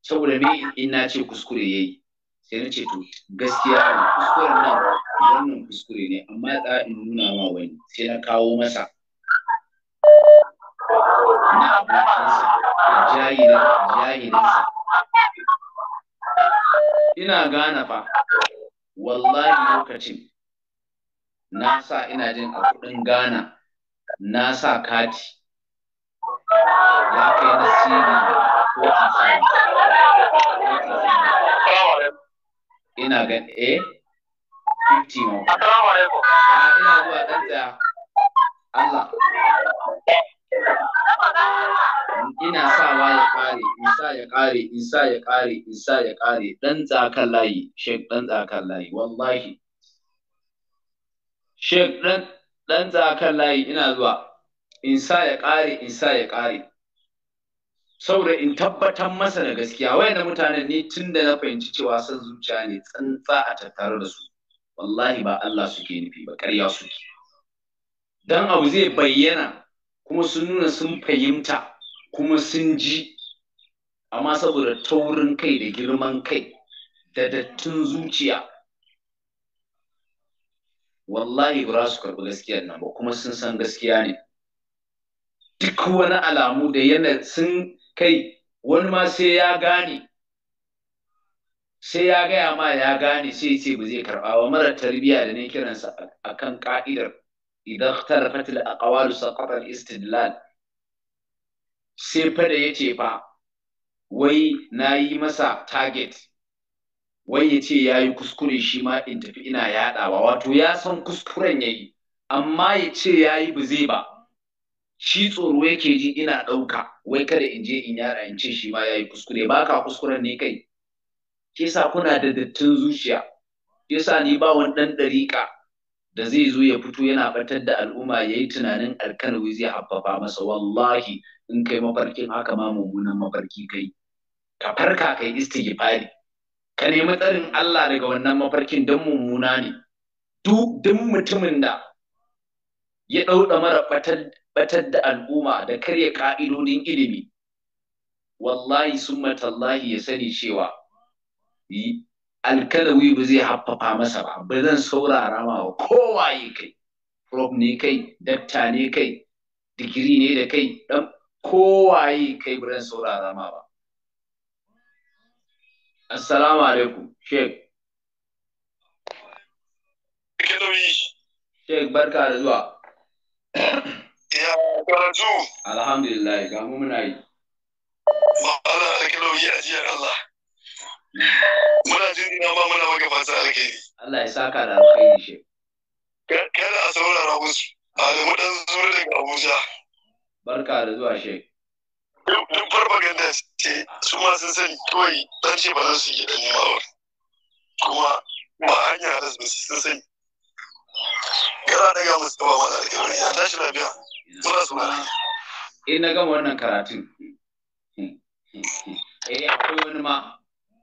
saboda me in ce kuskure yayi sai ce to gaskiya kuskuren nan wannan kuskure ne amma da in nuna ma wani sai na kawo masa na abokinsa jahilin jahilinsa ina gane fa wallahi lokacin na sa ina jin a kuɗin Ghana na sa kati ya kai na siri ina gan a 50 ma ah, ina zuwa dan da Allah ina sawa ya kare isa ya kare isa ya kare isa ya kare dan tsakan layi shek dan tsakan layi wallahi Sheikh ɗan ɗan kan layi ina zuwa in sa ya ƙare in sa ya ƙare. Saboda in tabbatar masa da gaskiya wayannan mutanen ni tun da na fahimci cewa san zuciya ne tsantsa a tattare da su. Wallahi ba Allah suke nufi ba ƙarya suke. Dan abu zai bayyana kuma sun nuna sun fahimta kuma sun ji amma saboda taurin kai da girman kai da dattin zuciya wallahi ba su karɓi gaskiyar nan ba kuma sun san gaskiya ne duk wani alamu da yana sun kai wani ma sai ya gane sai ya gaya ma ya gane sai ce ba zai karɓa ba mara tarbiyya da ne kiransa a kan ƙa'idar idan tarafat a aqwalu saqata al-istidlal sai fada ya ce fa wai na yi masa target wai ya ce ya yi kuskure shi ma in tafi ina yaɗawa wato ya san kuskuren ya yi amma ya ce ya yi ba zai ba shi tsoro yake ji ina ɗauka wai kada in je in yaɗa in ce shi ma ya yi kuskure ba ka kuskuren ne kai ke sa kuna da dattin zuciya ke sa ni ba wani ɗan ɗariƙa da zai zo ya fito yana ɓatar da al'umma ya yi tunanin alkanawi zai haɓɓafa masa wallahi in kai mafarkin haka ma mummunan mafarki kai ka farka kai istighfari ka nemi tsarin Allah daga wannan mafarkin don mummuna ne duk mutumin da ya ɗauɗa mara batar da al'umma da karya ƙa'idodin ilimi wallahi sun matallahi ya sani cewa alkalawi ba zai haffafa masa ba ba zan saurara ma wa kowa yi kai prof ne kai dakta ne kai digiri ne da kai ɗan kowa yi kai ba zan saurara ma ba Assalamu alaikum, Sheikh. Sheikh barka da zuwa. Ya karatu. Alhamdulillah, ga mu muna yi. Ba Allah da kilo yi ajiyar Allah. Muna jin ina ba muna maka fasa alkhairi. Allah ya saka da alkhairi Sheikh. Kada a saurara musu. Adamu dan zuru daga Abuja. Barka da zuwa Sheikh. duk farfaganda ce su ma sun sani kawai dan ce ba za su yi da nema ba kuma ba hanyar halas ba sun sani kana daga musu ba mana da kamar ya tashi lafiya muna su mana eh na gama wannan karatun eh akwai wani ma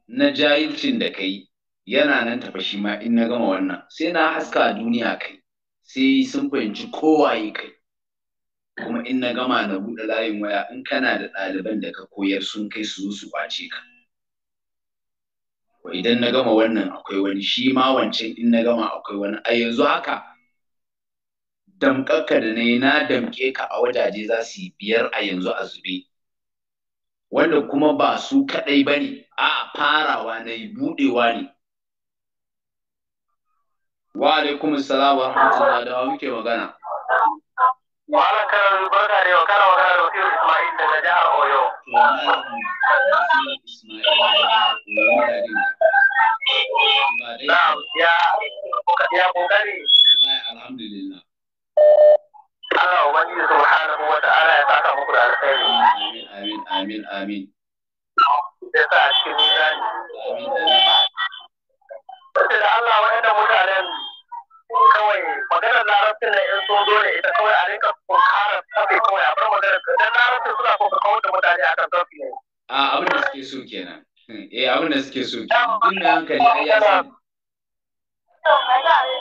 na jahilcin da kai yana nan tafa shi ma in na gama wannan sai na haska a duniya kai sai sun fahimci kowaye kai kuma in na gama na buɗe layin waya in kana da ɗaliban da ka koyar sun kai su su kwace ka Wa idan na gama wannan akwai wani shi ma wancan in na gama akwai wani a yanzu haka damƙarka da na yi na damƙe ka a wajaje za su yi biyar a yanzu a zube wanda kuma ba su kaɗai ba ne a farawa na yi buɗewa ne wa alaikum salam wa rahmatullahi muke magana Malam kanar barka da yau kana da Wakil Ismail daga jihar Oyo. Na'am ya ya kokari. Alhamdulillah. Allah ubangiji subhanahu wa ta'ala ya saka muku da alkhairi. Amin amin amin amin. Ya sa a cikin mizani. Amin amin. Sai da Allah wa'annan mutanen kawai maganar larabcin na yan sun zo ne ita kawai a rinka kara tafi kawai a bar maganar dan larabcin suna so ka kawo da mutane a kan tafi ne. a abin da suke so kenan eh abin da suke so kenan duk mai hankali ai ya san. da kaji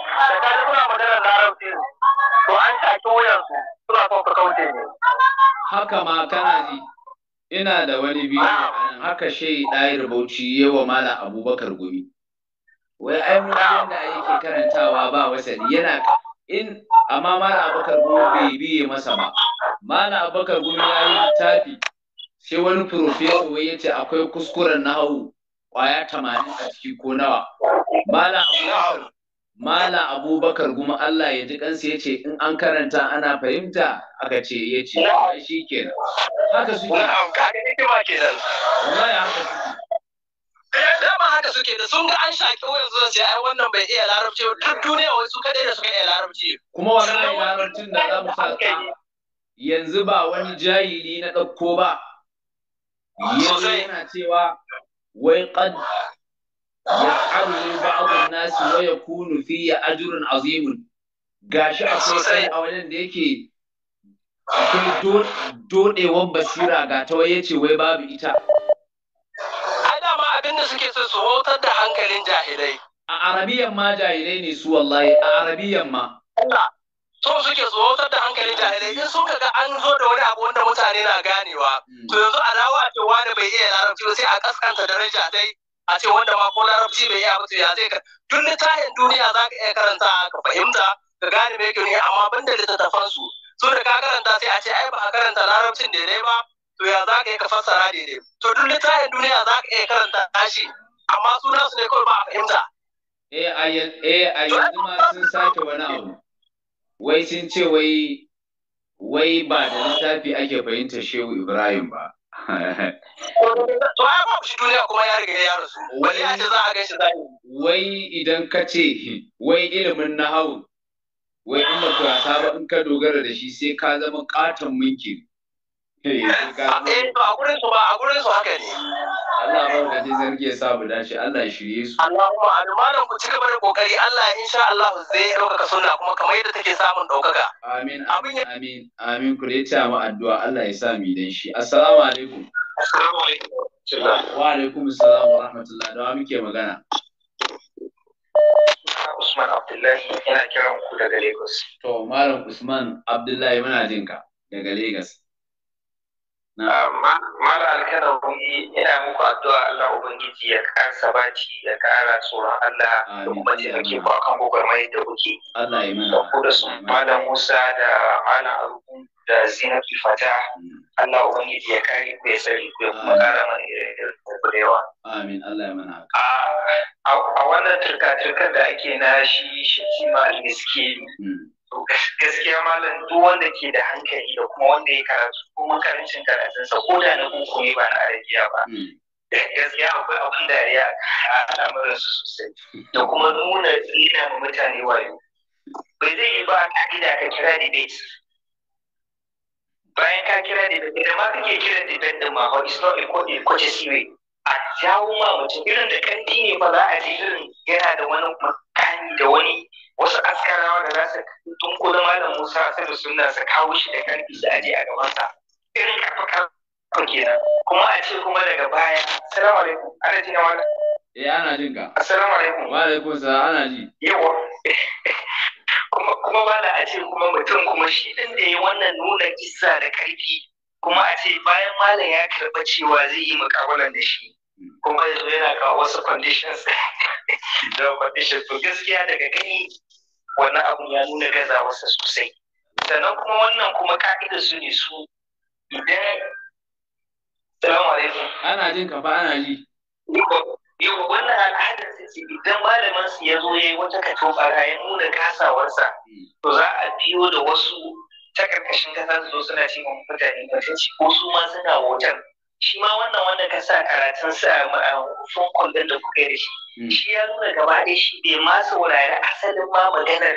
suna maganar larabci to an taki wuyansu suna so ka kauce ne. haka ma kana ji ina da wani bidiyo haka shai ɗayar bauchi yawa malam abubakar gumi wai ai mun yanda yake karantawa ba wasali yana in amma mala abakar gumi bai biye masa ba mala abakar gumi ya yi littafi sai wani professor wai yace akwai kuskuren nahawu kwaya tamanin a ciki ko nawa mala abubakar mala abubakar gumi Allah ya ji kansa yace in an karanta ana fahimta aka ce yace shikenan haka suke haka suke Eh, dama haka suke da sun ga an shaƙi wayan zuwa sai ai wannan bai iya larabci duk duniya wai su kadai da suka iya larabci kuma wannan larabcin da za mu saka yanzu ba wani jahili na ɗauko ba yanzu yana cewa wai qad arzu ba'dun nasi wa yakunu fi ajrun azimun gashi a sosai, a wajen da yake akwai dodewan basira ga ta wai yace wai babu ita abinda suke so su hotar da hankalin jahilai a arabiyan ma jahilai ne su wallahi a arabiyan ma so suke su hotar da hankalin jahilai in sun ga an zo da wani abu wanda mutane na ganewa mm. to yanzu a dawo a ce wani bai iya larabci ba sai a kaskanta daraja dai a ce wanda ma ko larabci bai iya mutu ya sai ka duk littafin duniya za ka iya karanta ka fahimta ka gane me yake ne amma ban da littattafan su da ka karanta sai a ce ai ba a karanta larabcin daidai ba to ya za ka yi ka fassara daidai to duk littafin duniya za ka iya karanta tashi amma suna su ne kawai ba a fahimta eh a yanzu ma sun sake wani abu wai sun ce wai wai ba da littafi ake fahimta shehu ibrahim ba (laughs) to ai ba shi duniya kuma ya riga ya rasu wani ya ce za a gaishe zai wai idan ka ce wai ilimin na hau? wai in ba ya saba in ka dogara da shi sai ka zama katon minkiri Eh, eh, eh, a gurin ba a gurin haka ne Allah ba da sarki ya sa mu dace Allah shirye su Allahumma amin malam ku ci gaba da kokari Allah insha Allah zai ɗaukaka sunna kuma kamar yadda take samun ɗaukaka amin amin amin ku dai ta mu addu'a Allah ya sa mu dan shi assalamu alaikum assalamu alaikum wa alaikum assalam wa rahmatullah da muke magana Usman Abdullahi ina kiran ku daga Lagos. To, Malam Usman Abdullahi muna jinka daga Lagos. Ah, Mala alkana ina muku addu'a Allah Ubangiji ya ƙara baci ya ƙara tsoron Allah da kuma taimake ku akan gwagwarmayar da kuke. ku da sun Mala Musa da Mala Arukun da Zinabi Fata Allah Ubangiji ya kare ku ya tsare ku ya kuma ƙara mana kurewa. Amin Allah ya mana ah, A wannan turka-turkar da ake na shi Shatima al Miskin. Hmm. gaskiya malam duk wanda ke da hankali da kuma wanda ya karatu ko makarancin karatunsa ko da na hukumi ba na arabiya ba hmm. gaskiya akwai abin dariya a al'amuran su sosai da kuma nuna tsina ma mutane wayo bai zai yi ba a ka'ida ka kira debate bayan ka kira debate idan ma kake kira debate din ma ba is not a kwace siwe a jawo ma mutum irin da kanti ne ba za a ji irin yana da wani makani da wani wasu askarawa da za su dunkula malam Musa a sai da sunna su kawo shi da kan da aje a gabansa irin kafa karfin kenan kuma a ce kuma daga baya assalamu alaikum ana na wani eh ana jin ka assalamu alaikum wa alaikum salam ana ji yawa (laughs) kuma kuma bala a ce kuma mutum kuma shi din da ya wannan nuna kissa da karfi kuma a ce bayan malam ya karba cewa zai yi mukabalan da shi kuma yanzu yana kawo wasu conditions da (laughs) conditions to gaskiya daga gani Wani abu ya nuna gaza sosai sannan kuma wannan kuma ka'idar su ne su idan salamu alaikum ana jin ka ana ji yau wannan al'adar su ce idan malamin su ya zo ya yi wata katobara ya nuna kasawarsa to za a biyo da wasu ta karkashin kasa su zo suna ce mutane mutunci ko su ma suna wutar shi ma wannan wanda ka sa karatun sa a eh, call din da kuka da shi hmm. shi ya nuna gaba ɗaya shi bai ma saurari asalin ma maganar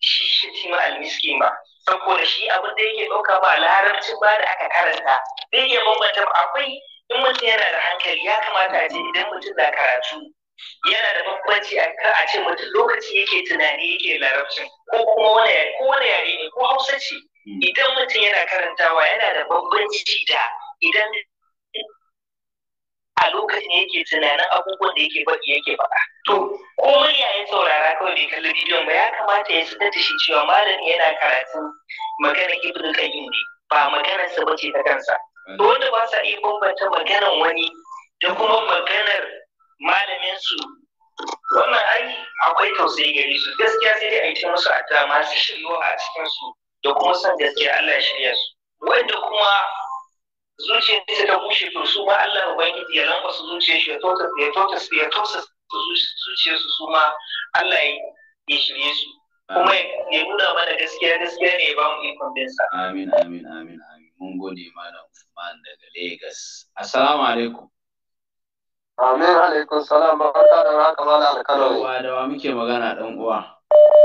shi shi ma. almiski ba saboda shi abin da yake ɗauka ba larabcin ba da aka karanta bai iya bambanta akwai in mutum yana da hankali ya kamata a ce idan mutum na karatu yana da bambanci a kan a ce mutum lokaci yake tunani yake larabcin ko kuma wani yare ne ko hausa ce hmm. idan mutum yana karantawa yana da bambanci da idan a lokacin yake tunanin abubuwan da yake faɗi yake faɗa to ko murya ya saurara kawai bai kalli bidiyon ba ya kamata ya sanar da shi cewa malami yana magana maganar ibnu qayyim ne ba maganar sa bace ta kansa to wanda ba sa iya bambanta maganar wani da kuma maganar malamin su wannan ai akwai tausayi gare su gaskiya sai dai a yi ta musu ta masu shiryo a cikin su da kuma son gaskiya Allah ya shirya su wanda kuma zuciyarsa ta bushe to su ma Allah ubangiji ya lamba su zuciyar shi ya tota ya tota zuciyar su su ma Allah ya shirye su kuma ya nuna mana gaskiya gaskiya ne ya ba mu ikon bin amin amin amin amin mun gode malam Usman daga Lagos assalamu alaikum amin alaikum salam ka da haka malam alkalami da wa muke magana dan uwa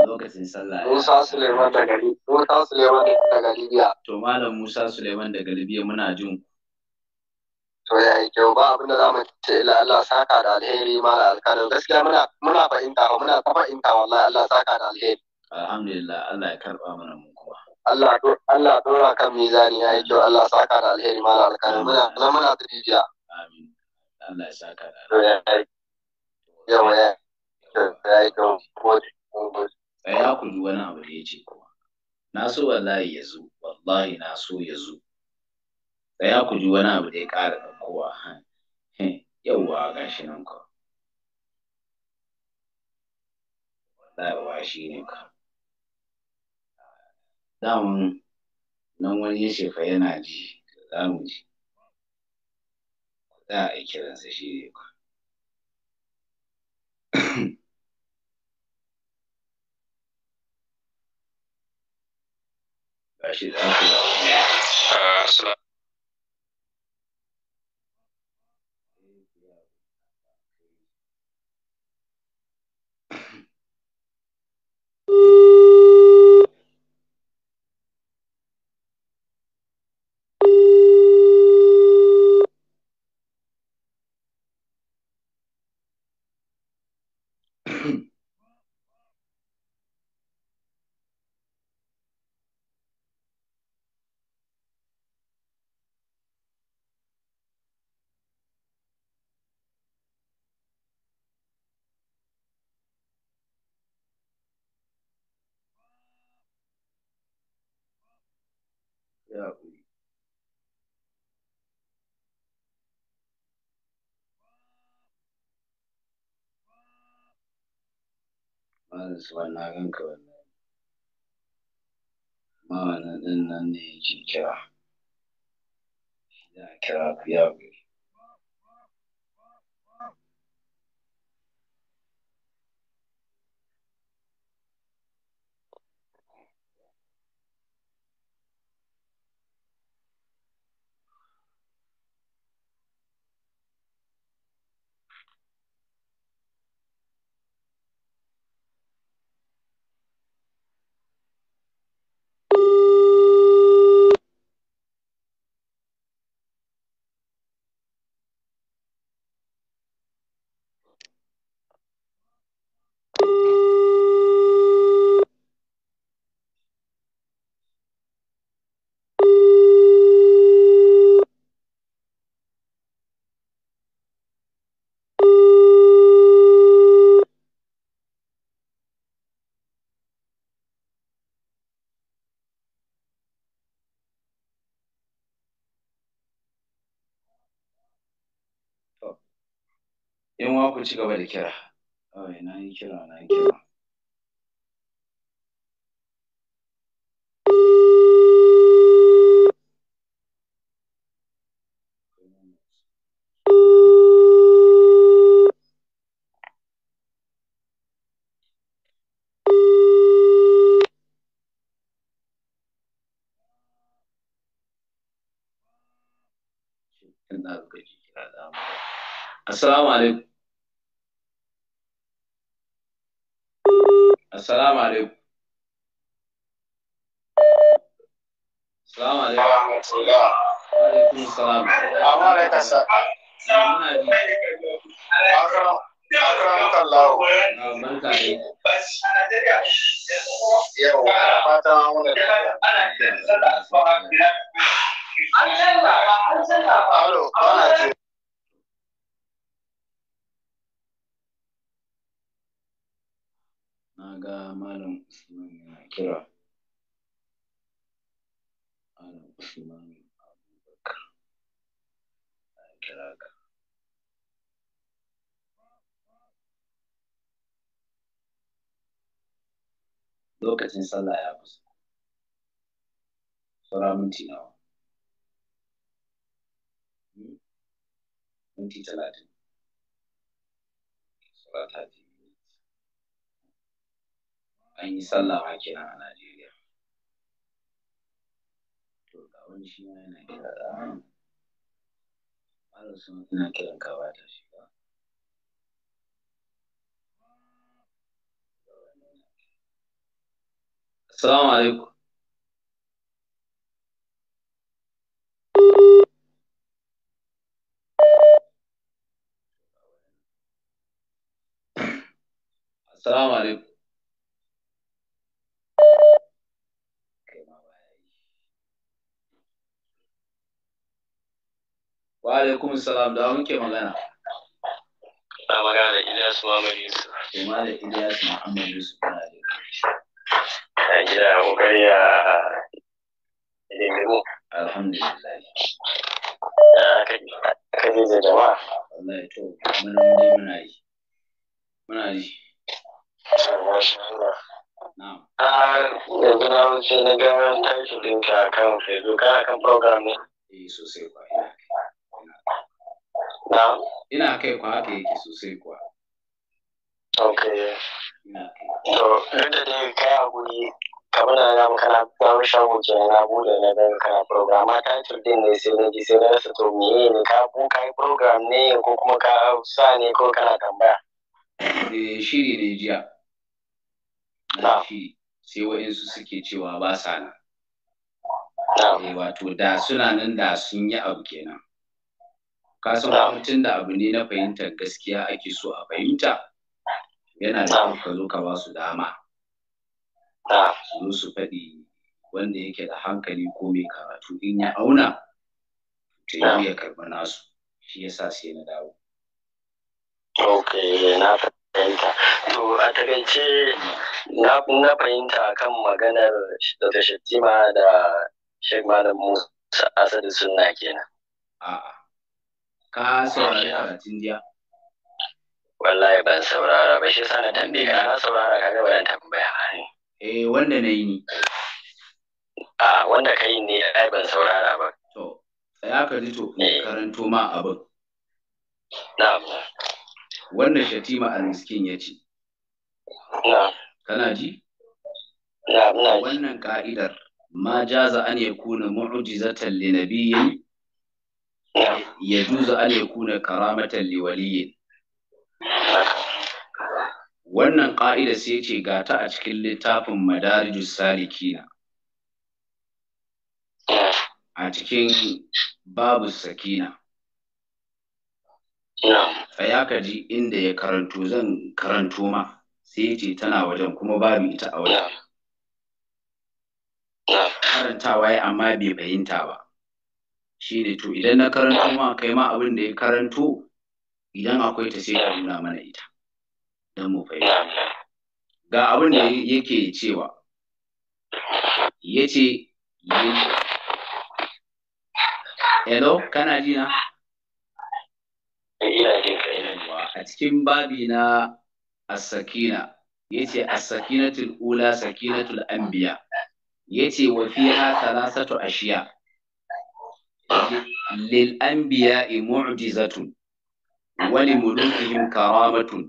lokacin sallah Musa Suleiman daga Musa Suleiman da Galibiya. to malam Musa Suleiman da Galibiya muna jin to ya yi kyau ba abin da za mu ce ila Allah saka da alheri ma alkarin gaskiya muna muna fahimta muna ta fahimta wallahi Allah saka da alheri alhamdulillah Allah ya karba mana mu kuma Allah Allah dora kan mizani yayi kyau Allah saka da alheri ma alkarin muna muna tafiya amin Allah ya saka da alheri yawa ya yi kyau Tsaya ku ji wani abu da ya ce kuma. Na so wallahi ya zo, wallahi na so ya zo. Tsaya ku ji wani abu da ya ƙara ɗaukowa. Yauwa ga shi nan ka. Wallahi shi ne ka. Daman nan wani ya ce fa yana ji, za mu ji. Za a kiransa shi ne ka. Actually, uh, so Ooh. (laughs) Malam Usman na ganka wannan. Ma wannan nan ne yake kira. Ina kira ku ya Yan ku ci gaba da kira. Kawai na yi kira na yi kira. Assalamu alaikum. Assalamu alaikum. Assalamu alaikum. fata An ga Malam Usman yana kira. Malam Usman Abubakar ya kira ka. Lokacin sallah ya kusa. Saura minti nawa. Hmm? Minti talatin. Saura ta biyu. an yi sallah ma kenan a Najeriya. To ga wani shi ma yana kira da Malam sun ina kiran ka ba ta shi ba. Assalamu alaikum. Assalamu alaikum. Wa alaikum salam da muke magana. Yusuf. Ya Alhamdulillah. da yi. Ah, yanzu na wuce na ga tashi ɗinka a kan facebook a kan program ne eh sosai kuwa ina na ina kai kuwa haka yake sosai kuwa ok to duk da dai kai a kamar na ga kana kawo shago ke na bude na ga kana program ta din ne sai na ji sai na rasa to meye ne ka ko kai program ne ko kuma ka sa ne ko kana tambaya eh shiri ne jiya sai wa'insu suke cewa ba sa nan eh wato da suna nan da sun yi abu kenan ka san mutum da abu ne na fahimtar gaskiya ake so a fahimta yana da kyau ka zo ka ba su dama su su faɗi wanda yake da hankali ko mai karatu in ya auna ta ya karɓi nasu shi yasa sai na dawo. Ok, na to a takaice na fahimta kan maganar da Shettima da Sheikh Malam Musa Asadu Sunna kenan. A'a. Ka saurari karatun jiya? Wallahi ban saurara ba shi sana tambaye na saurara kaga ban tambaya ne. Eh wanda na yi ni. A wanda ka yi ne ai ban saurara ba. To, sai ka ji to eh. karanto ma abin. Na'am. Wannan Shatima al ya ce, kana ji wannan ka'idar ma jaza an yakuna mu'jizatan li nabiyyin juzu an yakuna karamatan li waliyyin wannan ka'ida sai ce ga ta a cikin littafin madarijus salikina a cikin babu sakina fa ya ji inda ya karanto zan karanto ma sai ce tana wajen kuma babu ita a wajen karantawa ya amma bai fahimta ba Shi ne to idan na karanto ma kai ma abin da ya karanto idan akwai ta sai ka nuna mana ita don mu fahimta ga abin da yake cewa ya ce hello kana ji na a cikin babi na as-sakina yace as-sakinatul ula sakinatul anbiya yace wa fiha thalathatu ashiya lil anbiya'i mu'jizatun wa li mulukihim karamatun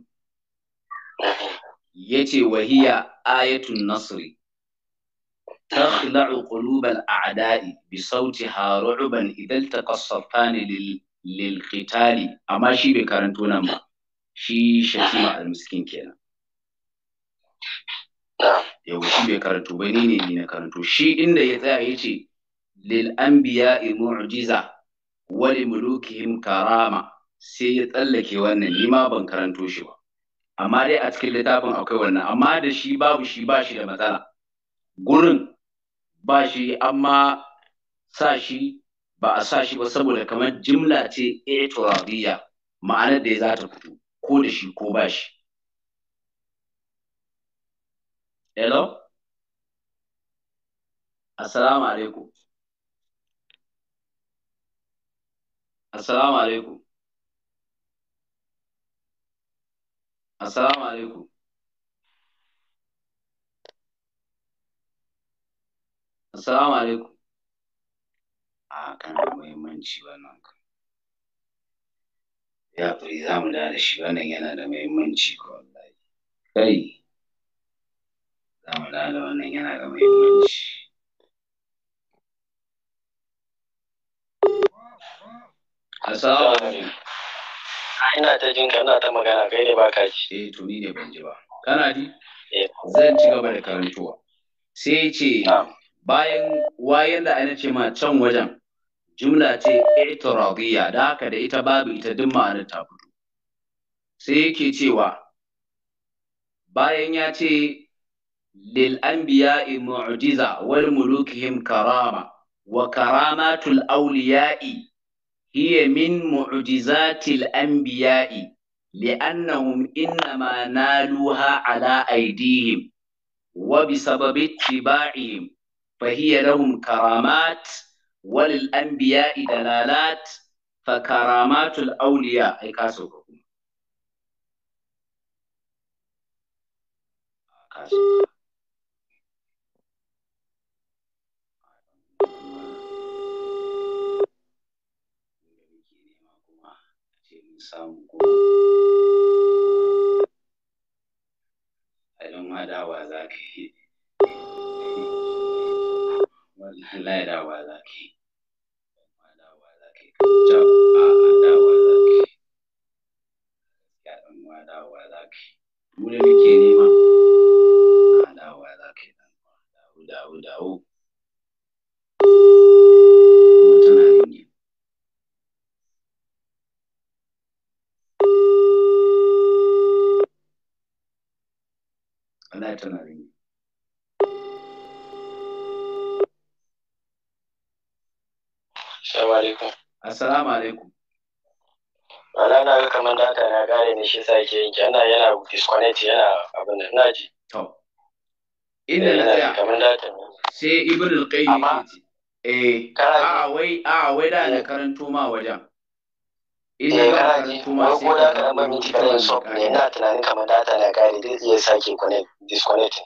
yace wa hiya ayatun nasri تخلع قلوب الأعداء بصوتها رعبا إذا التقى الصفان للقتال أما شي بكارنتونا shi shatima almiskin kenan yau shi bai karanto ba ni ne ni na karanto shi inda ya tsaya ya ce lil anbiya mu'jiza wa li mulukihim karama sai ya tsallake wannan ni ma ban karanto shi ba amma dai a cikin littafin akwai wannan amma da shi babu shi ba shi da matsala gurin ba shi amma sa shi ba a sa shi ba saboda kamar jimla ce itiradiyya ma'anar da ya za ta fito ko da shi ko ba shi hello assalamu alaikum assalamu alaikum assalamu alaikum assalamu alaikum a ah, kan muhimmanci wannan ya kuri za mu da shi wannan yana da muhimmanci ko wallahi kai za mu da wannan yana da muhimmanci Assalamu alaikum. Ina ta jin kana ta magana kai ne baka ji. Eh to ni ne ban ji ba. Kana ji? Eh. Zan ci gaba da karantuwa. Sai ce bayan wayan da ana ce ma can wajen jumla ce itiradiyya da haka da ita babu ita duk ma'anar ta fito sai yake cewa bayan ya ce lil anbiya'i mu'jiza wal mulukihim karama wa karamatul awliya'i hiya min mu'jizatil anbiya'i li'annahum innama naluha ala aydihim wa bi sababi ittiba'ihim fa hiya lahum karamat walil anbiya dalalat fa karamatul auliya ai ka ka a'a da muke nema a dawa za ka yi dan dawo dawo dawo tana da Allah tana ringe Assalamu assalamu alaikum Ana na kamar data na gare ne shi sake yanki ana yana disconnect yana abin da na ji. To. Inda na eh, tsaya. Kamar data ne. Sai Ibn al-Qayyim yake ji. Eh. A wai a wai da na eh. karanto ma wajen. Ina eh, ga karanto ma sai ka ga ba minti kan so ne ina tunanin kamar data na gare dai iya sake connect disconnect.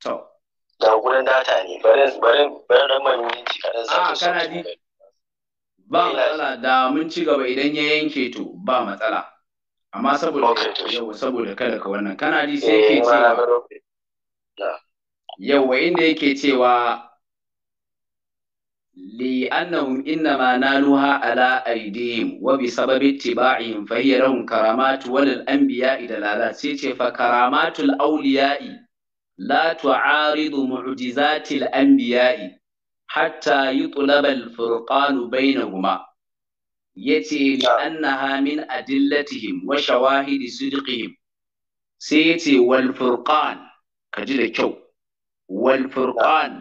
To. Da gurin data ne bari bari bari dan minti kadan sake. A kana ji ba matsala da mun ci gaba idan ya yanke to ba matsala amma saboda yau saboda kada ka wannan kanadi sai eh, ke ce yau wa inda yake cewa li annahum inna ma naluha ala aidihim wa bi sababi tibaihim fa hiya lahum karamatu wal anbiya ila lala sai ce fa karamatul awliya la tu'aridu mu'jizatil anbiya'i hatta yutlaba al-furqanu bainahuma yace li annaha min adillatihim wa shawahidi sidqihim sai yace wal furqan kaji da kyau wal furqan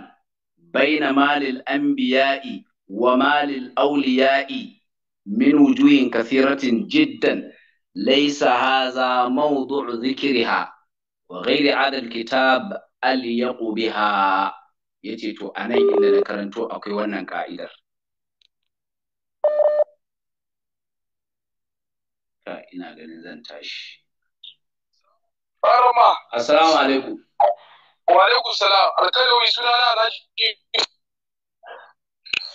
baina malil anbiya'i wa malil awliya'i min wujuhin kathiratin jiddan laisa haza mawdu'u dhikriha wa ghairi 'ala al-kitab al ya ce to a nan inda na karanto akwai wannan ka'idar ka ina ganin zan tashi Barma. Assalamu alaikum. Wa alaikum salam. Alkalawi suna na Alhaji.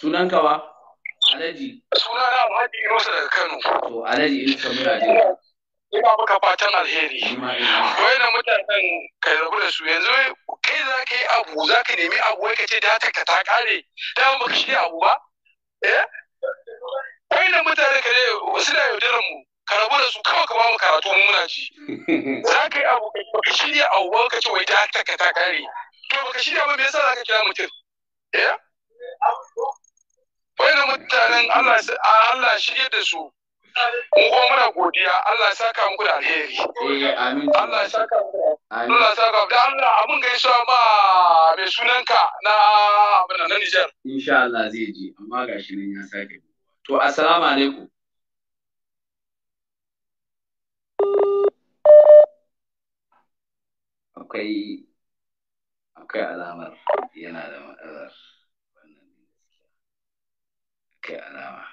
Sunan kawa? Alhaji. Suna na Alhaji Inusa daga Kano. To Alhaji Inusa muna ina maka fatan alheri na mutanen ka rabu da su yanzu kai za ka yi abu za ka nemi abu wai ka ce da ka ta kare da ba ka shirya abu ba eh na mutanen ka ne suna yaudarar mu ka rabu da su kawai ka ba mu karatu muna ci za ka yi abu ka shirya abu ba ka ce wai da ka ta kare to ba ka shirya ba me yasa za ka kira mutum eh na mutanen Allah Allah shirye da su Mun kuma godiya Allah ya muku da alheri. Eh, Allah ya saka Allah ya saka Allah amin gaisuwa ma mai sunanka na abin na Niger. Insha Allah zai ji amma gashi nan ya sake. To assalamu alaikum. Akwai akwai alamar yana da matsalar Akwai alama.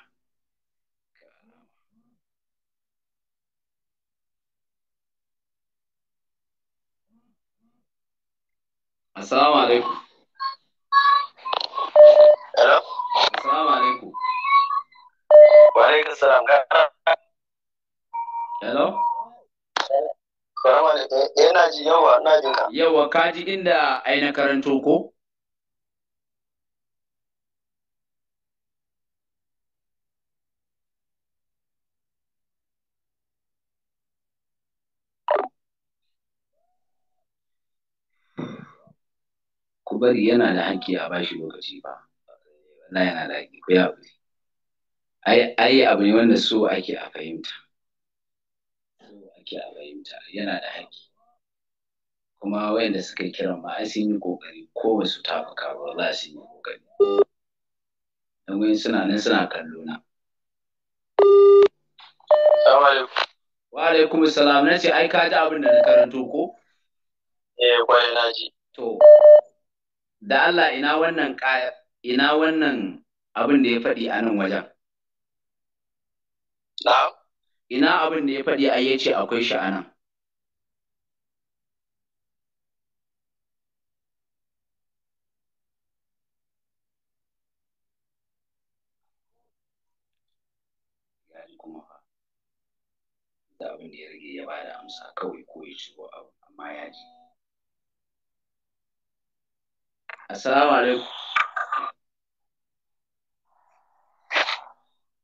Assalamu Wa alaikum salam. Hello. Salamu alaikum. yana eh, ji yawa, na jinka. Yawa, ka ji inda ai na karanto ko? ku bari yana da haƙƙi a bashi lokaci ba Allah yana da haƙƙi ko ya ai ai abu ne wanda so ake a fahimta so ake a fahimta yana da haƙƙi kuma wayanda suka yi kiran ma ai sun yi kokari ko ba su tafuka ba za su yi kokari dan wayan suna nan suna kallo na Assalamu alaikum Wa alaikum salam nace ai ka ji abin da na karanto ko Eh kwai na ji To da Allah ina wannan ina wannan abin da ya faɗi a nan wajen. Ina abin da ya faɗi a ya ce akwai shi a nan. da abin da ya rage ya bada amsa kawai ko ya shigo abu amma ya ji. Assalamu alaikum.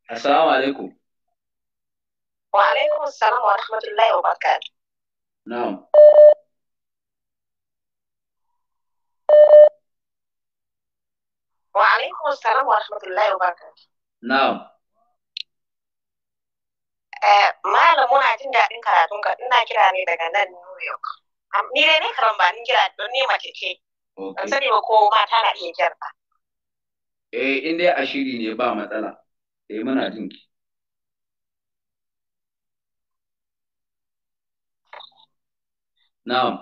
Assalamu alaikum. Wa alaikum assalam wa rahmatullahi wa barakatuh. Na'am. Wa alaikum assalam wa rahmatullahi wa barakatuh. Na'am. Eh, malam muna jin daɗin karatunka ina kira ne daga nan New York. Ni dai ne karamba, ni kira don ni mace ce. Ban sani ba ko mata na iya jarfa. Eh, in dai a ne ba matsala, eh muna jin ki. Na'am.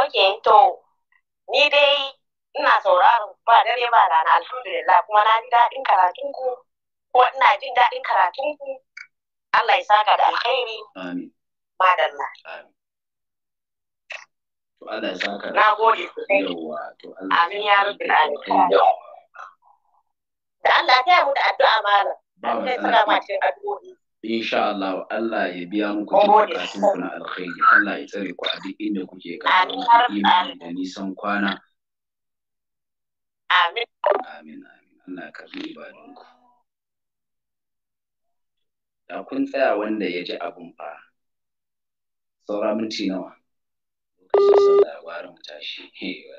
Ok, to, ni dai ina sauraro ba dare ba rana alhamdulillah kuma na ji daɗin karatunku kuma ina jin daɗin karatunku Allah ya saka da alkhairi. Amin. Madalla. Amin. Na gode sosai. Amin ya rufe Da Allah ta mu da addu'a malam. Kai suna mace addu'o'i. Insha Allah Allah ya biya muku bukatun ku na alkhairi. Allah ya tsare ku a duk inda kuke ka. Imani da nisan kwana. Amin. Amin amin. Allah ya karbi ibadunku. Da kun tsaya wanda ya ji abun fa. Saura minti nawa. labarin mu tashi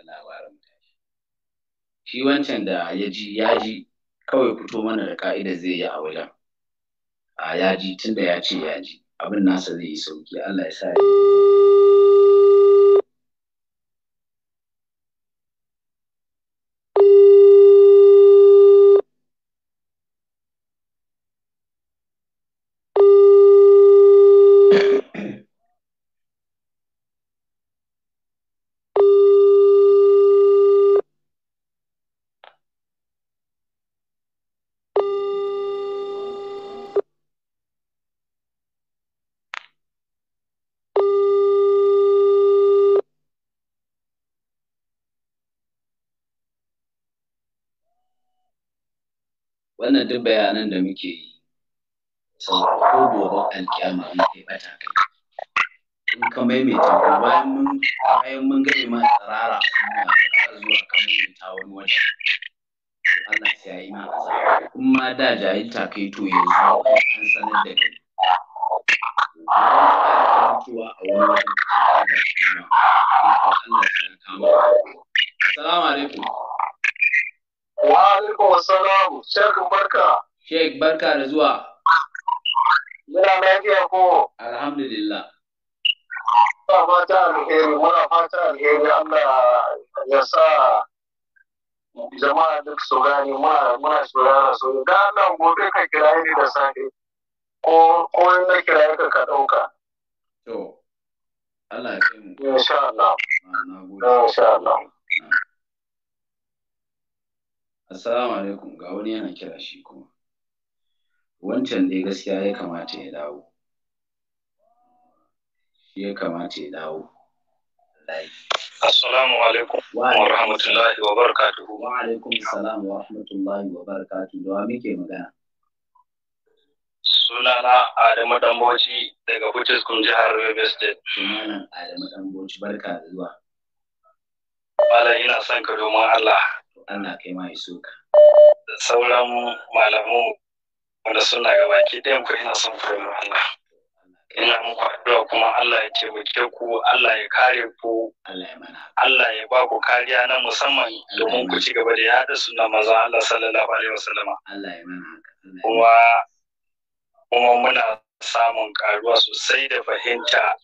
labarin mu tashi shi wancan da ya ji ya ji kawai fito mana da ka'ida zai yi a wajen a ya ji tunda ya ce ya ji abin nasa zai yi sauki Allah ya sa ya wannan duk bayanan da muke yi sau ko gobe alkiyama in kai bata kai in ka maimaita ko bayan mun bayan mun gani ma tsirara muna tsara zuwa ka maimaita wani waje Allah sai yi ma azaba in ma da jahilta kai to yanzu an sanar da kai mutuwa a wani wajen da shi ma Allah sai ya kama Assalamu alaikum Wa alaikum assalam. Sheikh barka. Sheikh barka da zuwa. Muna lafiya ko? Alhamdulillah. Muna fata alheri, muna fata alheri Allah ya sa jama'a duk su gane muna muna shirara su da nan gobe ka kira ni da safe ko ko na kira ka ka dauka. To Allah ya kai mu. Insha Allah. Na gode. Insha Allah. Assalamu alaikum ga wani yana kira shi kuma. Wancan dai gaskiya ya kamata ya dawo. Shi ya kamata ya dawo. Assalamu alaikum wa rahmatullahi wa barakatuhu. Wa alaikum salam wa rahmatullahi wa barakatuhu. Da muke magana? Sunana Adamu Damboci daga kun jihar Yobe State. Sunana Adamu Damboci barka da zuwa. Malam ina son ka domin Allah. Allah kai ma iso ka sauran malamu wanda suna ga baki ɗayan ku ina son koyon Allah ina muku addu'a kuma Allah ya taimake ku Allah ya kare ku Allah ya ba ku kariya na musamman domin ku ci gaba da yada suna maza Allah sallallahu alaihi wasallama kuma kuma muna samun karuwa sosai da fahimta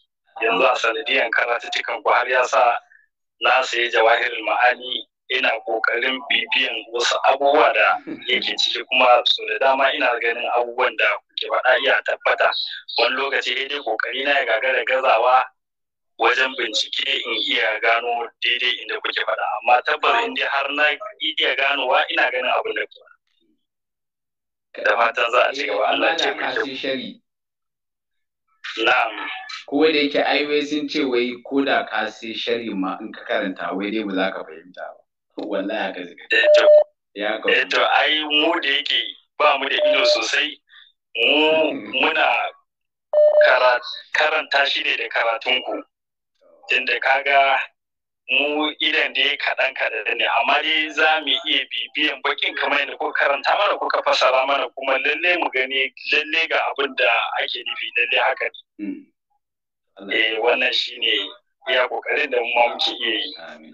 yanzu a sanadiyan karatuttukan ku har ya sa na sayi jawahirin ma'ani ina kokarin bibiyan wasu abubuwa da yake ciki kuma so da dama ina ganin abubuwan da kuke faɗa iya tabbata wani lokaci daidai kokari na ya gagara gazawa wajen bincike in iya gano daidai inda kuke faɗa amma tabbas in dai har na iya ganowa ina ganin abin da kuma da fatan za a ce wa Allah ce mai eh, Na'am. Ko da yake ai sun ce wai ko da ka sai shari ma in ka karanta wai dai ba za ka fahimta ba. wallahi eh, ya eh, to ai mu da yake ba mu da ido sosai mu hmm. muna karanta shi ne da karatunku tunda kaga mu idan dai kaɗan kaɗan ne amma dai za mu iya bibiyan bakin kamar yadda ko karanta mana kuka fasara mana kuma lalle mu gani lalle ga abin da ake nufi lalle haka ne hmm. eh wannan shine iya kokarin da mu muke iya yi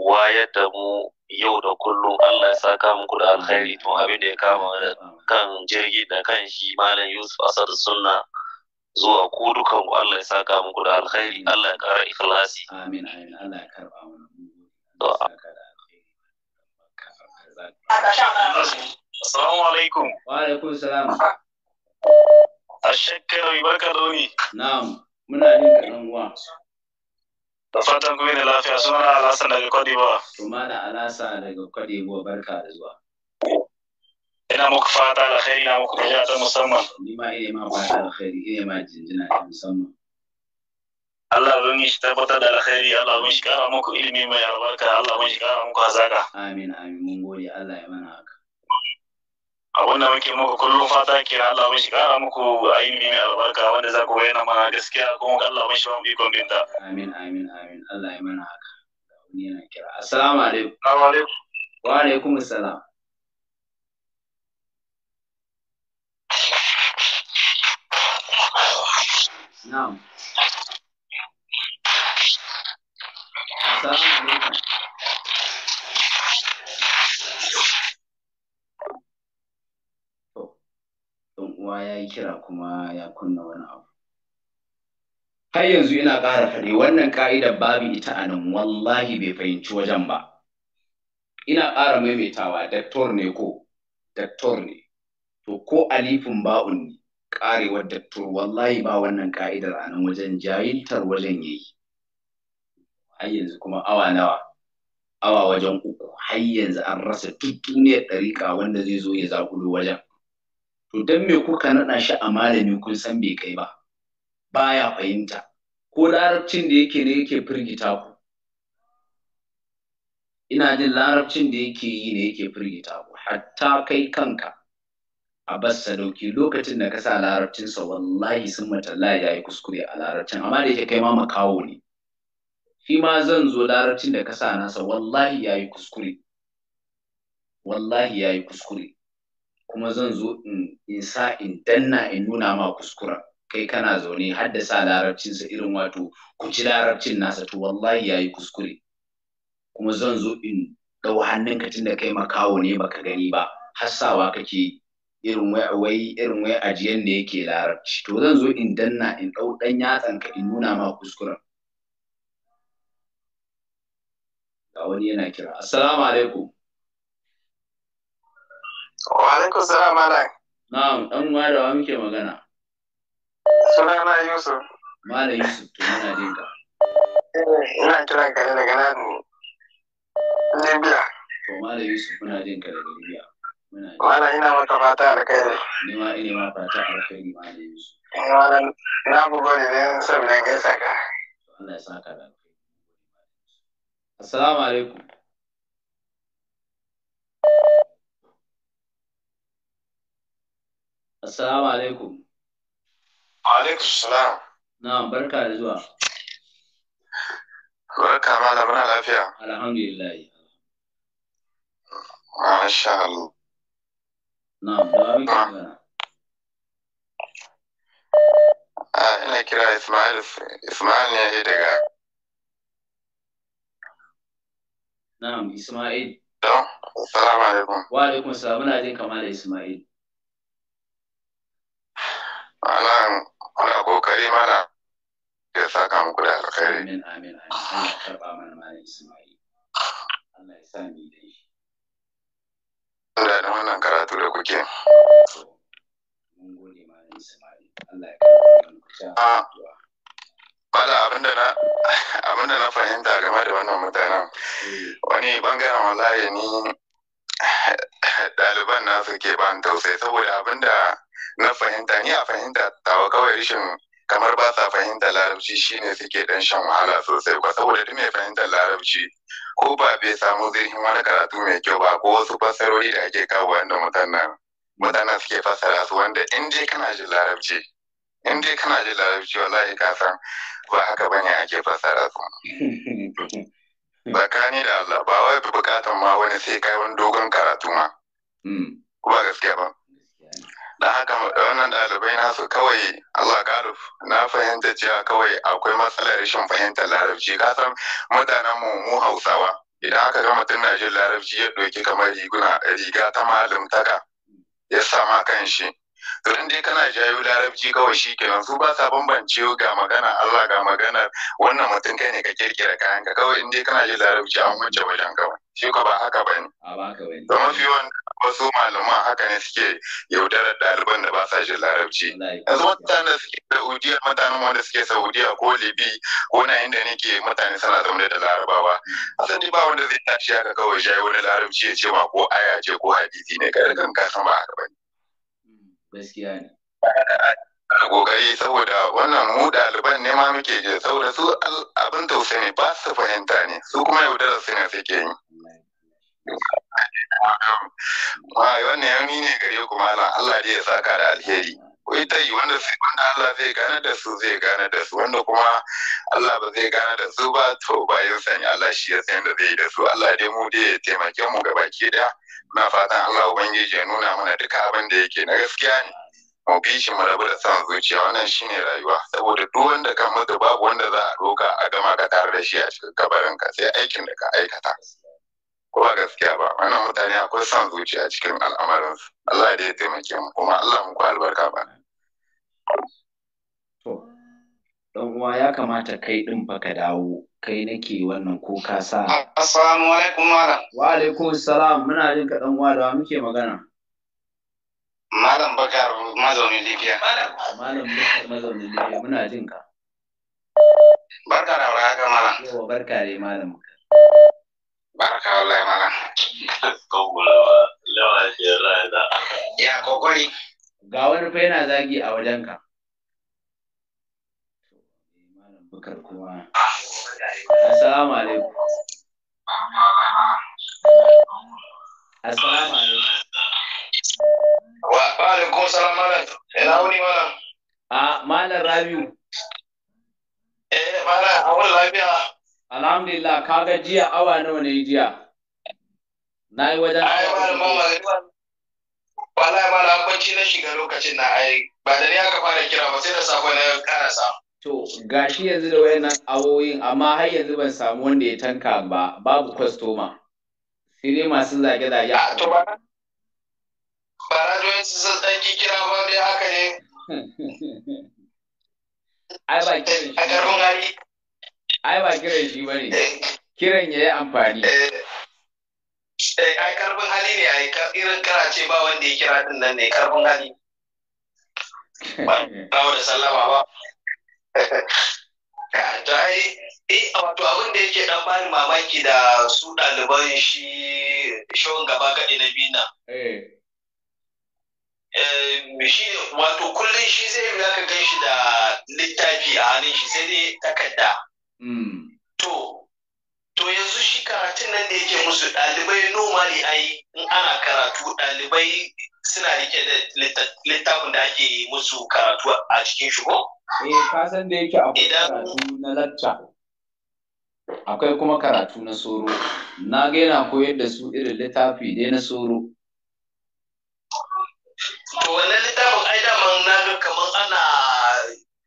wayar da mu yau da kullum Allah ya saka muku da alkhairi to abin da ya kama kan jirgi da kan shi malam Yusuf Asad Sunna zuwa ku dukan ku Allah ya saka muku da alkhairi Allah ya kara ikhlasi amin amin Allah ya karba mana Assalamu alaikum. Wa alaikum salam. Ashakkaru barka da Na'am, muna yin karan da fatan ku da lafiya suna alasa daga kwadewa Kuma da alasa daga kwadewa barka da zuwa ina muku fata khairi ina muku gajiya ta musamman ni ma ina ma fata khairi ina ma jinjina ta musamman Allah ruwan shi tabbatar da alkhairi Allah ruwan shi kara muku ilimi mai albarka Allah ruwan shi kara muku hazaka amin amin mun gode Allah ya mana haka A wannan muke muku kullum fata ke Allah mun shi kara muku aini mai albarka wanda za ku bayyana mana gaskiya kuma Allah mun shi ba mu ikon binta. Amin amin amin Allah ya mana haka. Wani yana kira. Assalamu alaikum. Assalamu alaikum. Wa alaikum assalam. Na'am. Assalamu alaikum. uwa ya yi kira kuma ya kunna wani abu har yanzu ina ƙara faɗi wannan ƙa'idar babu ita a nan wallahi bai fahimci wajen ba ina ƙara maimaitawa daktor ne ko daktor ne to ko alifin ba'un ne ƙarewar daktor wallahi ba wannan ƙa'idar a nan wajen jahiltar wajen ya yi har yanzu kuma awa nawa awa wajen uku har yanzu an rasa tuttuniyar ɗariƙa wanda zai zo ya zaƙulo wajen to dan me kuka naɗa shi a malami kun san bai kai ba baya fahimta ko larabcin da yake ne yake firgita ku ina jin larabcin da yake yi ne yake firgita ku hatta kai kanka a bassa dauki lokacin da ka sa larabcinsa wallahi sun matallahi ya yi kuskure a larabcin amma da yake kai ma makawo ne shi ma zan zo larabcin da ka sa nasa wallahi ya yi kuskure wallahi ya yi kuskure kuma zan zo in sa in danna in nuna ma kuskura kai kana zaune har da haddasa larabcinsa irin wato ku ci larabcin nasa to wallahi yayi kuskure kuma zan zo in ɗau ka tunda kai makawo ne baka gani ba hassawa kake irin wai wai irin wai ajiyan da yake larabci to zan zo in danna in ɗau ɗan ka in nuna ma kuskuren ga wani yana kira assalamu alaikum Wa alaikum salam malam. Na'am, dan uwa da wa muke magana. Sunana Yusuf. Malam Yusuf to muna jin ka. Eh, ina kiran ka daga nan Libya. To Malam Yusuf muna jin ka daga Libya. Malam ina maka fata alkhairi. Ni ma ina ma fata alkhairi Malam Yusuf. Eh, malam na bugo ne dan saboda gaisa ka. Allah ya saka da alkhairi. Assalamu alaikum. Assalamu alaikum. Alaikum salam. Na'am barka da zuwa. Barka malam na lafiya. Alhamdulillah. Masha Allah. Na'am da abin kana. ina kira Ismail Ismail ne daga Na'am Ismail. Assalamu alaikum. Wa alaikum salam muna jin kama da Ismail. malam muna kokari mana ya saka muku da alkhairi amin amin amin karba mana malam Ismail Allah ya sa ni dai da wannan karatu da kuke mun gode malam Ismail Allah ya karba ah, abinda na abinda na fahimta game da wannan mutanen eh. wani bangaren wallahi ni ɗaliban na suke ban tausai saboda abinda na fahimta ni a fahimta tawa kawai rashin kamar ba sa fahimta larabci shine suke dan shan wahala sosai ba saboda duk mai fahimtar larabci ko ba bai samu zirhin wani karatu mai kyau ba ko wasu fasarori da ake kawo wanda mutanen mutanen suke fasara su wanda in dai kana jin larabci in dai kana jin larabci wallahi ka san ba haka bane ake fasara su (laughs) tsakani da Allah ba wai bukatan ma wani sai kai wani dogon karatu ma hmm. ba gaskiya ba don haka wannan ɗalibai nasu kawai Allah karuf na fahimta cewa kawai akwai matsalar rashin fahimtar larabci kasan mutanen mu mu hausawa idan aka ga mutum na jin larabci ya ɗauki kamar riguna riga ta taka ya sama kan shi to in dai kana jayo larabci kawai shi kenan su ba sa bambance ga magana Allah ga maganar wannan mutum kai ne ka kirkira kayanka, ka kawai in dai kana jin larabci an wuce wajen kawai shi ko ba haka ne. Ba mafi wasu malaman haka ne suke yaudarar ɗaliban da ba sa shi larabci yanzu mutane da suke saudiya mutane wanda suke saudiya ko libi ko na inda nake mutane suna zaune da larabawa asali ba wanda zai tashi haka kawai shayi wani larabci ya ce ma ko aya ce ko hadisi ne ka rikan kasan ba haka ne. Hmm, gaskiya ne a kokari saboda wannan mu ɗaliban ne ma muke je saboda su abin tausayi ba su fahimta ne su kuma yaudarar su ne suke yi wannan yami ne gare ku malam Allah dai ya saka da alheri ta yi wanda wanda Allah zai gane da su zai gane da su wanda kuma Allah ba zai gane da su ba to bayan sani Allah shi ya san da zai yi da su Allah dai mu dai ya taimake mu ga baki daya na fatan Allah ubangiji ya nuna mana duka abin da yake na gaskiya ne mu bi shi mu rabu da san zuciya wannan shine rayuwa saboda duk wanda ka mutu babu wanda za a roka a gama ka tare da shi a cikin kabarin ka sai aikin da ka aikata ko ba gaskiya ba wannan mutane akwai son zuciya cikin al'amarin Allah da ya taimake mu kuma Allah ku albarka ba to dan uwa ya kamata kai din baka ka dawo kai nake wannan ko ka sa assalamu alaikum malam wa alaikum salam! muna jin ka dan uwa da muke magana malam bakar mazaunin libya malam bakar mazaunin libya muna jin ka barka da warhaka malam yawa barka dai malam barka wallahi malam ya kokari ga wani fa yana zagi a wajenka malam bukar kuma assalamu alaikum assalamu alaikum wa alaikum salam malam ina wuni malam a ah, malam rabiu eh malam a wani lafiya Alhamdulillah kaga jiya awa nawa ne jiya. Na yi wajen Ai malam wallahi malam bacci na shiga lokacin na ai ba da ni aka fara kira ba sai da sako na karasa. To gashi yanzu da wayannan awoyin amma har yanzu ban samu wanda ya tanka ba babu kwastoma. Sai dai masu zage-zage. A ah, to ba ba rajoyin su sun ɗanki kira ba dai haka ne. (laughs) Ai ba kiran shi. A garin gari. ai ba kiran shi ba ne kiran ya yi amfani eh, eh, ai karfin hali ne ai irin kara ce ba wanda ya kira din nan ne karfin hali ba dawo da sallama ba ta (laughs) yi eh wato abin da yake dan bani mamaki da su ɗaliban shi shawun gaba gaɗi na bina eh. shi wato kullum shi zai yi ka gan shi da littafi a hannun shi sai dai takarda Hmm. To, to yanzu shi karatun nan da yake musu ɗalibai normally ai in ana karatu ɗalibai suna rike da littafin da ake musu karatu a cikin shi ko? Eh, ka san da yake akwai karatu na lacca. Akwai kuma karatu na soro. Na ga yana koyar da su irin littafi dai na soro. To wannan littafin ai daman na ga kamar ana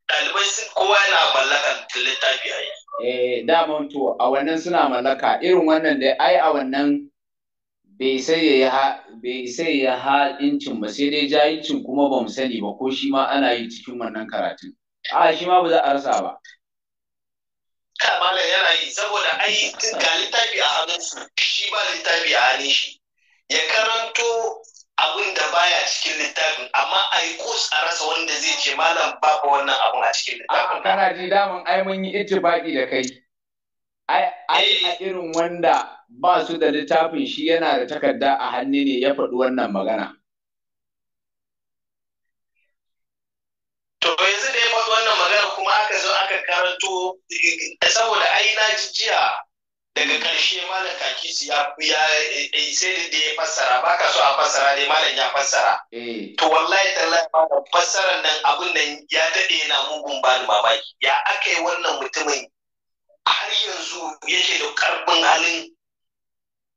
ɗalibai kowa yana mallakan littafi a yi. eh daman to a wannan suna mallaka irin wannan da ai a wannan bai sai ya ha bai sai ya ha incin ba sai dai cin kuma ba mu sani ba ko shi ma ana yi cikin wannan karatun a shi ma ba za a rasa ba kamala malam yana yi saboda ai ga littafi a hannunsu shi ba littafi a hannun shi ya karanto abin da baya cikin littafin amma a yi kus a rasa wanda zai ce malam babu wannan abun a cikin littafin. A'a kana ji daman ai mun yi ittifaqi da kai. Ai eh. a irin wanda ba su da littafin shi yana da takarda a hannu ne ya faɗi wannan magana. To yanzu da ya faɗi wannan magana kuma aka zo aka karanto eh, eh, saboda ai na ji jiya daga ƙarshe malam kakisi ya eh, sai da ya fassara ba ka so a fassara dai malam ya fassara eh. to wallahi tallahi malam fassarar nan abin nan ya daɗe yana mugun ba ni mamaki ya aka yi wannan mutumin har yanzu yake da ƙarfin halin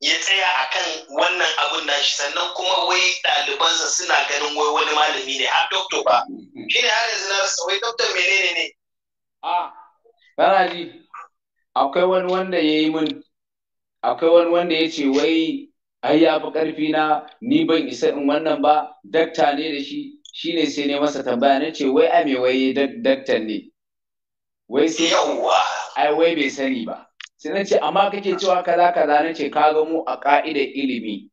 ya tsaya akan wannan abin shi, sannan kuma wai ɗalibansa suna ganin wai wani malami ne har doktor ba mm-hmm. shi ne har yanzu na rasa wai doktor menene ne ah, a ji akwai wani wanda ya yi min akwai wani wanda ya ce wai ai ya fi ƙarfi na ni ban isa in wannan ba dakta ne da shi shi ne sai ne masa tambaya na ce wai a me wai daktan ne wai sai ai wai bai sani ba sai na ce amma kake cewa kaza kaza na ce ka ga mu a ka'idar ilimi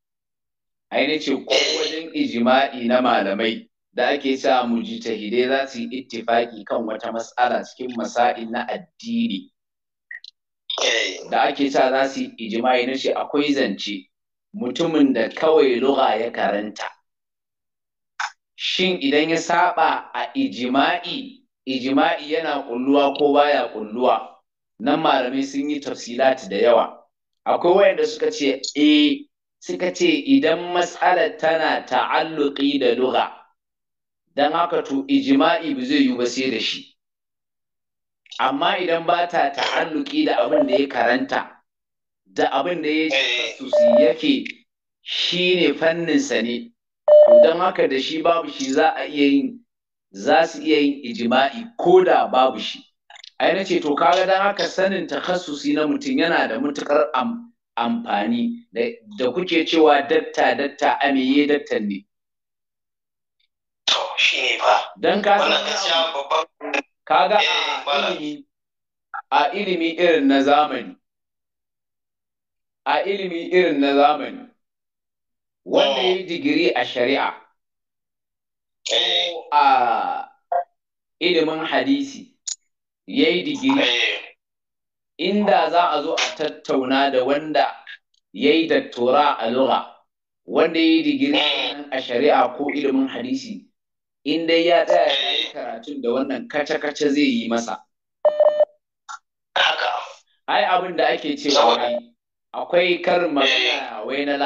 ai na ce ko wajen ijima'i na malamai da ake sa mujtahidai za su yi ittifaki kan wata mas'ala cikin masa'il na addini da ake sa za su yi ijimai na shi akwai zance mutumin da kawai lura ya karanta shin idan ya saba a ijima'i ijima'i yana ƙulluwa ko baya ƙulluwa, nan malamai sun yi tafsilati da yawa akwai wayanda suka ce eh suka ce idan matsalar tana ta'alluƙi da lura don haka to ijima'i ba zai yi ba sai da shi amma idan ba ta ta'alluki da abin da ya karanta da abin da ya tasusi eh. yake shi ne fanninsa ne don haka da shi babu shi za a iya yin za su iya yin ijima'i ko da babu shi ai na ce to kaga don haka sanin takhasusi na mutum yana da matukar amfani da kuke cewa datta datta ameye dattan ne to shi ne ba don ka babban kaga a eh, ilimi a ilimi irin na zamani a ilimi irin na zamani wanda oh. ya yi digiri a shari'a ko eh. a ilimin hadisi ya yi digiri eh. inda za a zo a tattauna da wanda ya yi dattora a lura wanda ya yi digiri a shari'a ko ilimin hadisi in dai ya tsaya ya yi karatun da wannan kace-kace zai yi masa. Ai abin da ake cewa wani akwai karin magana eh. wai na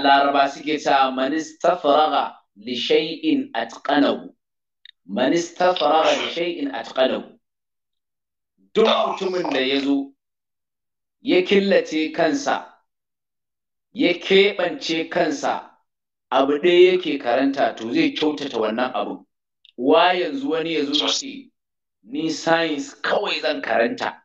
laraba suke sa manistafaraga li shay'in atqanahu manistafaraga li shay'in atqanahu duk mutumin da ya zo ya killace kansa ya keɓance kansa abu ɗaya yake karanta to zai kyautata wannan abu wa yanzu wani ya zo ce ni science kawai zan karanta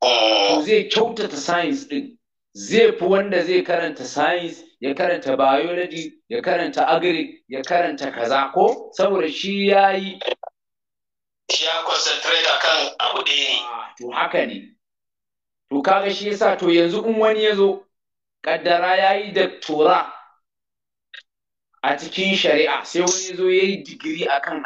to zai kyautata science ɗin zai fi wanda zai karanta science ya karanta biology ya karanta agri ya karanta kaza ko saboda shi ya yi ya concentrate kan abu ɗaya ne ah, to haka ne to kaga shi yasa to yanzu in wani ya zo kaddara ya yi da tura a cikin shari'a sai wani ya zo ya yi digiri a kan